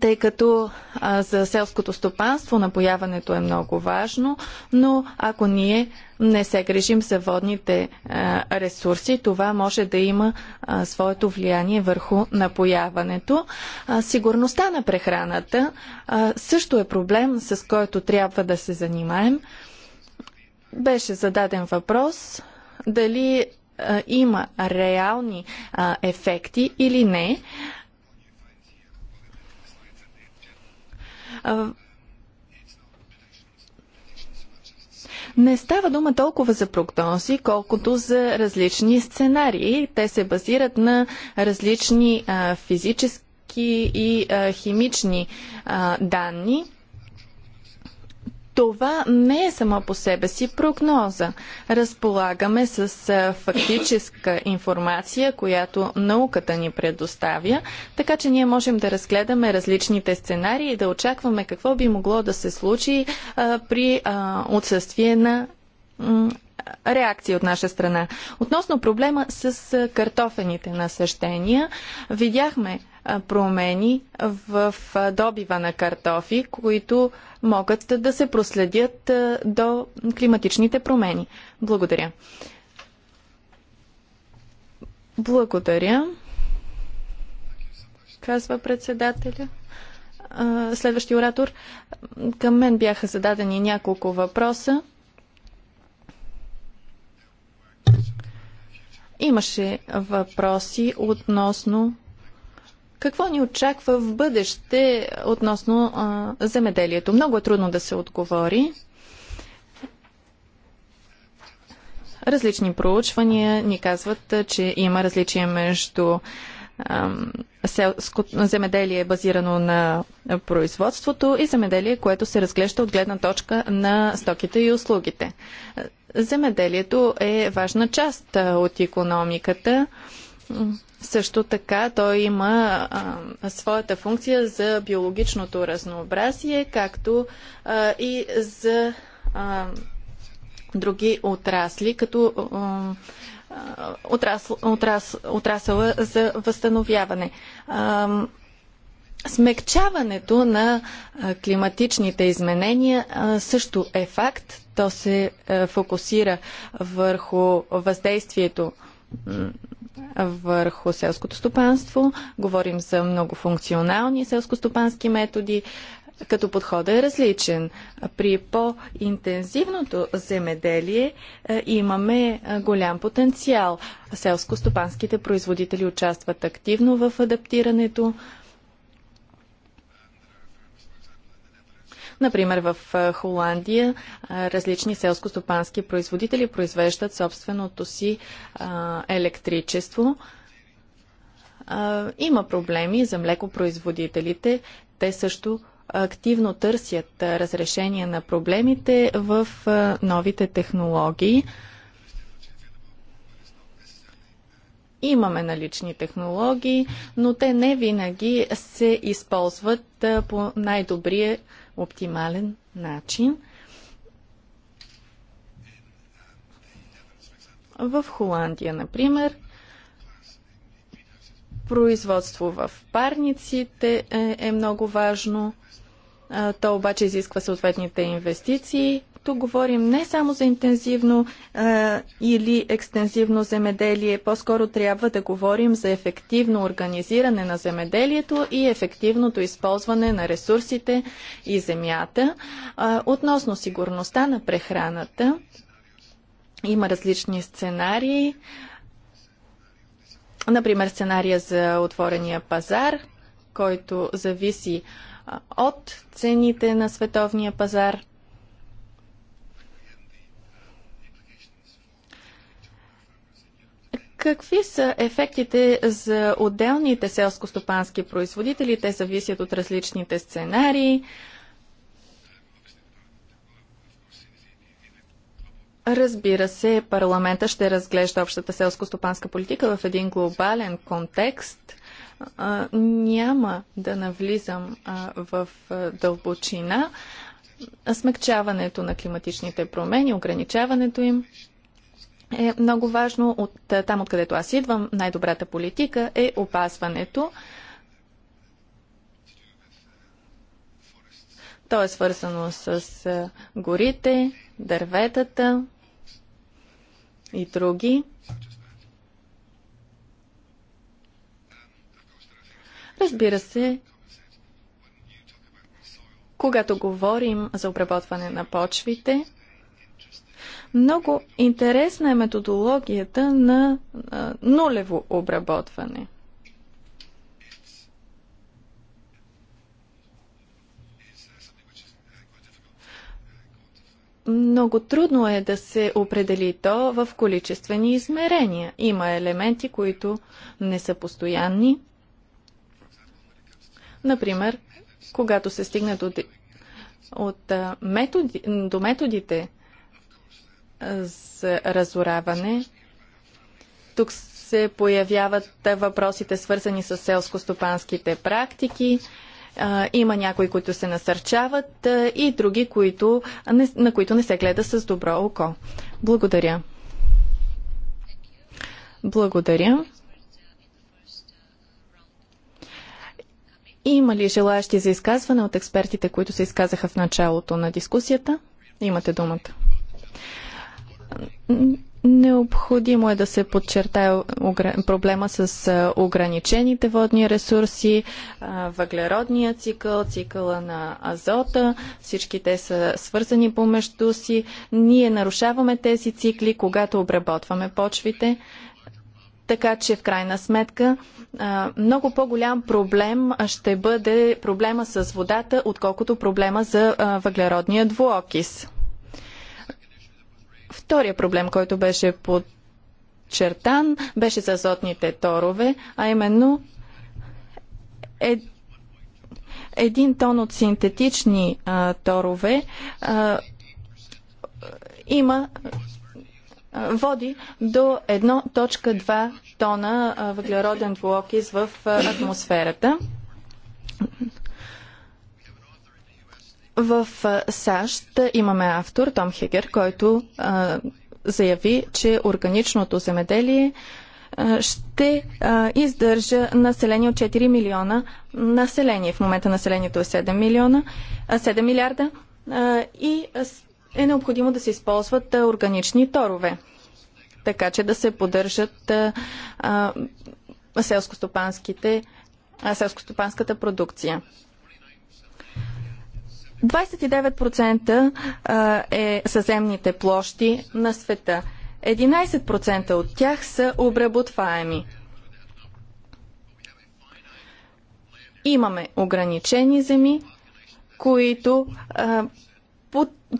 тъй като а, за селското стопанство напояването е много важно, но ако ние не се грижим за водните а, ресурси, това може да има а, своето влияние върху напояването. А, сигурността на прехраната а, също е проблем, с който трябва да се занимаем. Беше зададен въпрос дали а, има реални а, ефекти или не. Не става дума толкова за прогнози, колкото за различни сценарии. Те се базират на различни а, физически и а, химични а, данни това не е само по себе си прогноза. Разполагаме с фактическа информация, която науката ни предоставя, така че ние можем да разгледаме различните сценарии и да очакваме какво би могло да се случи а, при а, отсъствие на реакции от наша страна. Относно проблема с картофените насъщения, видяхме промени в добива на картофи, които могат да се проследят до климатичните промени. Благодаря. Благодаря. Казва председателя. Следващия оратор. Към мен бяха зададени няколко въпроса. Имаше въпроси относно какво ни очаква в бъдеще относно а, земеделието. Много е трудно да се отговори. Различни проучвания ни казват, че има различие между земеделие базирано на производството и земеделие, което се разглежда от гледна точка на стоките и услугите. Земеделието е важна част от економиката. Също така той има а, своята функция за биологичното разнообразие, както а, и за а, други отрасли, като а, отрасъл, отрас, отрасъла за възстановяване. А, смекчаването на климатичните изменения също е факт то се е, фокусира върху въздействието върху селското стопанство. Говорим за многофункционални селскостопански методи, като подходът е различен. При по-интензивното земеделие е, имаме е, голям потенциал. Селскостопанските производители участват активно в адаптирането Например, в Холандия различни селско-стопански производители произвеждат собственото си електричество. Има проблеми за млекопроизводителите. Те също активно търсят разрешение на проблемите в новите технологии. Имаме налични технологии, но те не винаги се използват по най-добрия оптимален начин. В Холандия, например, производство в парниците е, е много важно. То обаче изисква съответните инвестиции тук говорим не само за интензивно а, или екстензивно земеделие, по-скоро трябва да говорим за ефективно организиране на земеделието и ефективното използване на ресурсите и земята. А, относно сигурността на прехраната, има различни сценарии. Например, сценария за отворения пазар, който зависи от цените на световния пазар. Какви са ефектите за отделните селско-стопански производители? Те зависят от различните сценарии. Разбира се, парламента ще разглежда общата селско-стопанска политика в един глобален контекст. няма да навлизам в дълбочина. Смягчаването на климатичните промени, ограничаването им е много важно. От, е, там, откъдето аз идвам, най-добрата политика е опасването. То е свързано с е, горите, дърветата и други. Разбира се, когато говорим за обработване на почвите, много интересна е методологията на а, нулево обработване. Много трудно е да се определи то в количествени измерения. Има елементи, които не са постоянни. Например, когато се стигне до, от, методи, до методите за разораване. Тук се появяват въпросите свързани с селско-стопанските практики. Има някои, които се насърчават и други, които, на които не се гледа с добро око. Благодаря. Благодаря. Има ли желаящи за изказване от експертите, които се изказаха в началото на дискусията? Имате думата. Необходимо е да се подчертае проблема с ограничените водни ресурси, въглеродния цикъл, цикъла на азота. Всички те са свързани помежду си. Ние нарушаваме тези цикли, когато обработваме почвите. Така че в крайна сметка много по-голям проблем ще бъде проблема с водата, отколкото проблема за въглеродния двуокис. Втория проблем, който беше подчертан, беше с азотните торове, а именно е, един тон от синтетични а, торове а, има води до 1.2 тона въглероден двуокис в атмосферата. В САЩ имаме автор, Том Хегер, който а, заяви, че органичното земеделие ще а, издържа население от 4 милиона население. В момента населението е 7 милиона, 7 милиарда а, и е необходимо да се използват а, органични торове, така че да се поддържат селскостопанската селско продукция. 29% е съземните площи на света. 11% от тях са обработваеми. Имаме ограничени земи, които,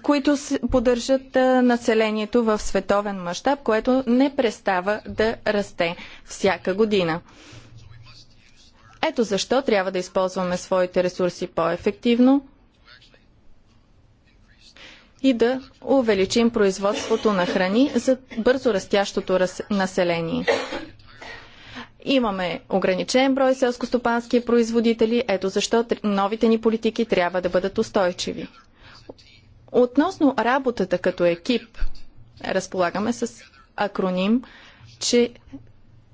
които поддържат населението в световен мащаб, което не престава да расте всяка година. Ето защо трябва да използваме своите ресурси по-ефективно – и да увеличим производството на храни за бързо растящото население. Имаме ограничен брой селскостопански производители, ето защо новите ни политики трябва да бъдат устойчиви. Относно работата като екип, разполагаме с акроним, че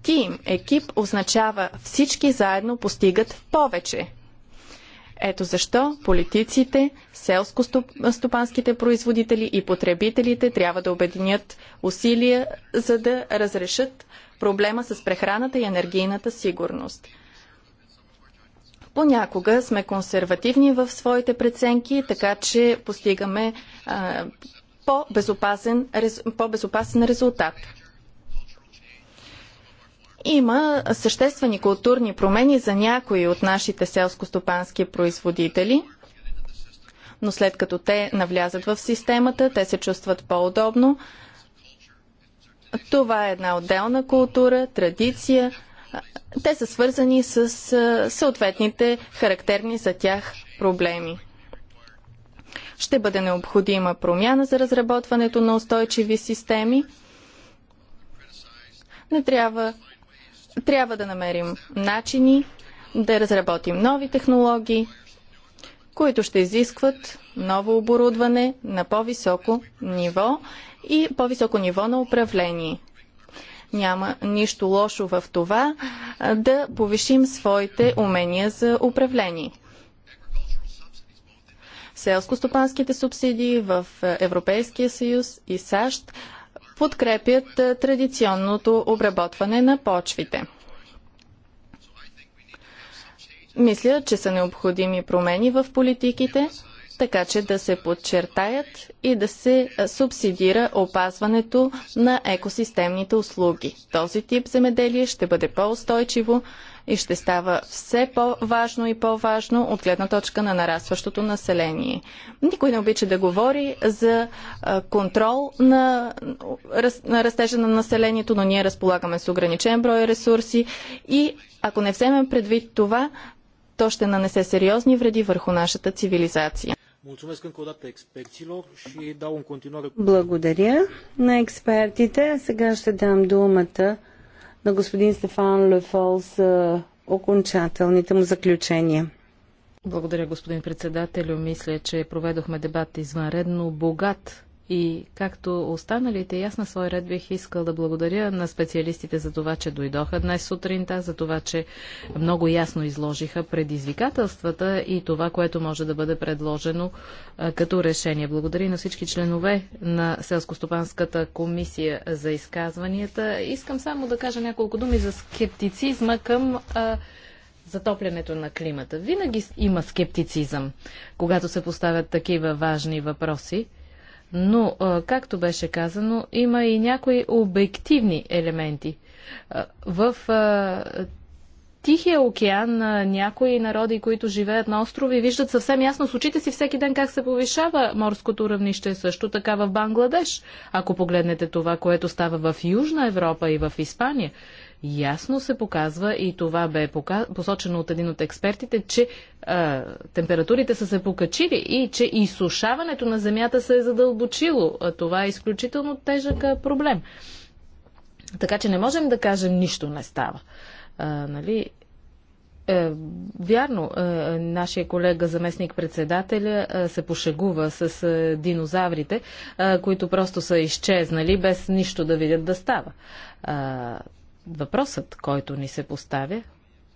Тим, екип означава всички заедно постигат повече. Ето защо политиците, селско-стопанските производители и потребителите трябва да обединят усилия, за да разрешат проблема с прехраната и енергийната сигурност. Понякога сме консервативни в своите преценки, така че постигаме по-безопасен, по-безопасен резултат. Има съществени културни промени за някои от нашите селскостопански производители, но след като те навлязат в системата, те се чувстват по-удобно. Това е една отделна култура, традиция. Те са свързани с съответните характерни за тях проблеми. Ще бъде необходима промяна за разработването на устойчиви системи. Не трябва трябва да намерим начини да разработим нови технологии, които ще изискват ново оборудване на по-високо ниво и по-високо ниво на управление. Няма нищо лошо в това да повишим своите умения за управление. Селско-стопанските субсидии в Европейския съюз и САЩ подкрепят традиционното обработване на почвите. Мисля, че са необходими промени в политиките, така че да се подчертаят и да се субсидира опазването на екосистемните услуги. Този тип земеделие ще бъде по-устойчиво, и ще става все по-важно и по-важно от гледна точка на нарастващото население. Никой не обича да говори за контрол на, на растежа на населението, но ние разполагаме с ограничен брой ресурси и ако не вземем предвид това, то ще нанесе сериозни вреди върху нашата цивилизация. Благодаря на експертите. Сега ще дам думата на господин Стефан Лефол за окончателните му заключения. Благодаря, господин председателю. Мисля, че проведохме дебат извънредно богат и както останалите, аз на свой ред бих искал да благодаря на специалистите за това, че дойдоха днес сутринта, за това, че много ясно изложиха предизвикателствата и това, което може да бъде предложено а, като решение. Благодаря на всички членове на Селскостопанската комисия за изказванията. Искам само да кажа няколко думи за скептицизма към а, затоплянето на климата. Винаги има скептицизъм, когато се поставят такива важни въпроси. Но, както беше казано, има и някои обективни елементи. В Тихия океан някои народи, които живеят на острови, виждат съвсем ясно с очите си всеки ден как се повишава морското равнище. Също така в Бангладеш, ако погледнете това, което става в Южна Европа и в Испания ясно се показва и това бе посочено от един от експертите, че а, температурите са се покачили и че изсушаването на земята се е задълбочило. А това е изключително тежък проблем. Така че не можем да кажем нищо не става. А, нали? Е, вярно, е, нашия колега заместник-председателя е, се пошегува с е, динозаврите, е, които просто са изчезнали без нищо да видят да става. Е, Въпросът, който ни се поставя,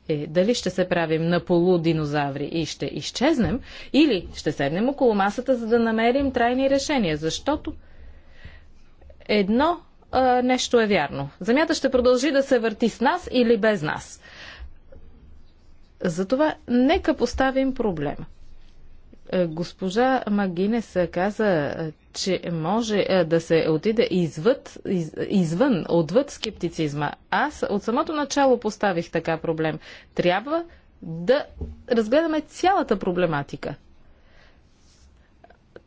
е дали ще се правим на полудинозаври и ще изчезнем, или ще седнем около масата, за да намерим трайни решения. Защото едно а, нещо е вярно. Земята ще продължи да се върти с нас или без нас. Затова нека поставим проблема. Е, госпожа Магинес каза, е, че може е, да се отиде извъд, из, извън, отвъд скептицизма. Аз от самото начало поставих така проблем. Трябва да разгледаме цялата проблематика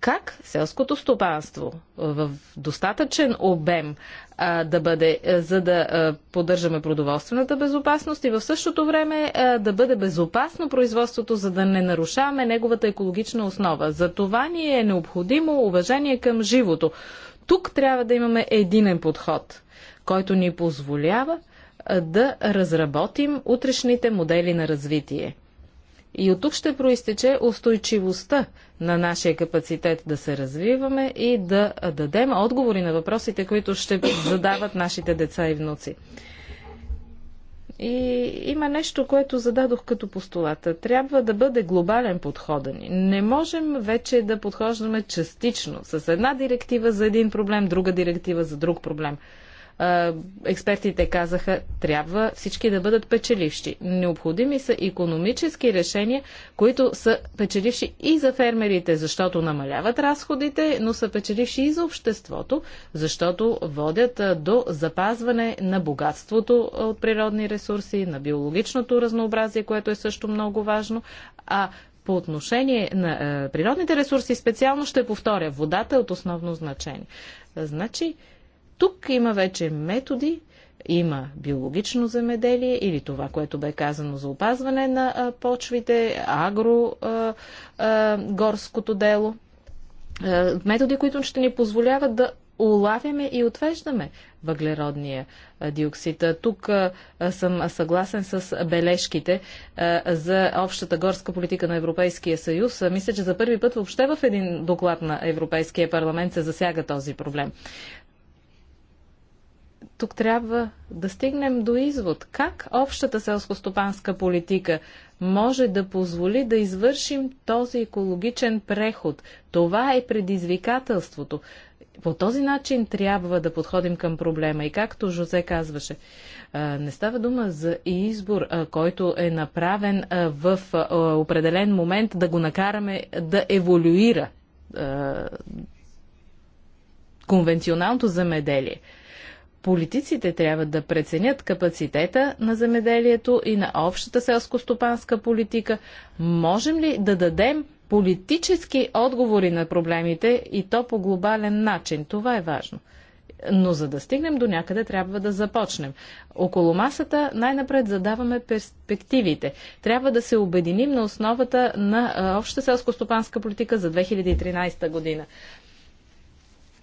как селското стопанство в достатъчен обем а, да бъде, а, е, за да а, е, поддържаме продоволствената безопасност и в същото време а, е, да бъде безопасно производството, за да не нарушаваме неговата екологична основа. За това ни е необходимо уважение към живото. Тук трябва да имаме единен подход, който ни позволява а, да разработим утрешните модели на развитие. И от тук ще проистече устойчивостта на нашия капацитет да се развиваме и да дадем отговори на въпросите, които ще задават нашите деца и внуци. И има нещо, което зададох като постулата. Трябва да бъде глобален подхода ни. Не можем вече да подхождаме частично с една директива за един проблем, друга директива за друг проблем експертите казаха, трябва всички да бъдат печеливши. Необходими са економически решения, които са печеливши и за фермерите, защото намаляват разходите, но са печеливши и за обществото, защото водят до запазване на богатството от природни ресурси, на биологичното разнообразие, което е също много важно, а по отношение на природните ресурси специално ще повторя, водата е от основно значение. Значи, тук има вече методи, има биологично земеделие или това, което бе казано за опазване на почвите, агрогорското дело. Методи, които ще ни позволяват да улавяме и отвеждаме въглеродния диоксид. Тук съм съгласен с бележките за общата горска политика на Европейския съюз. Мисля, че за първи път въобще в един доклад на Европейския парламент се засяга този проблем тук трябва да стигнем до извод как общата селскостопанска политика може да позволи да извършим този екологичен преход. Това е предизвикателството. По този начин трябва да подходим към проблема. И както Жозе казваше, не става дума за избор, който е направен в определен момент да го накараме да еволюира конвенционалното замеделие. Политиците трябва да преценят капацитета на земеделието и на общата селско-стопанска политика. Можем ли да дадем политически отговори на проблемите и то по глобален начин? Това е важно. Но за да стигнем до някъде, трябва да започнем. Около масата най-напред задаваме перспективите. Трябва да се обединим на основата на обща селско-стопанска политика за 2013 година.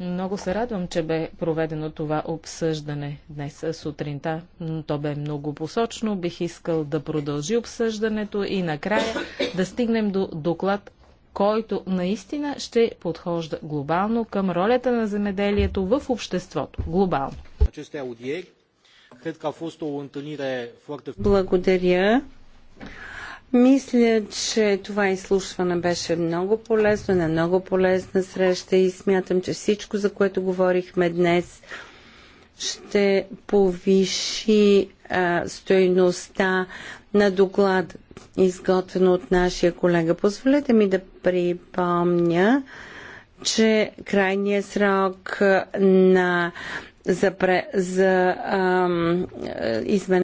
Много се радвам, че бе проведено това обсъждане днес сутринта. То бе много посочно. Бих искал да продължи обсъждането и накрая да стигнем до доклад който наистина ще подхожда глобално към ролята на земеделието в обществото. Глобално. Благодаря. Мисля, че това изслушване беше много полезно, на много полезна среща и смятам, че всичко, за което говорихме днес, ще повиши а, стойността на доклад, изготвен от нашия колега. Позволете ми да припомня, че крайният срок на за, за изменение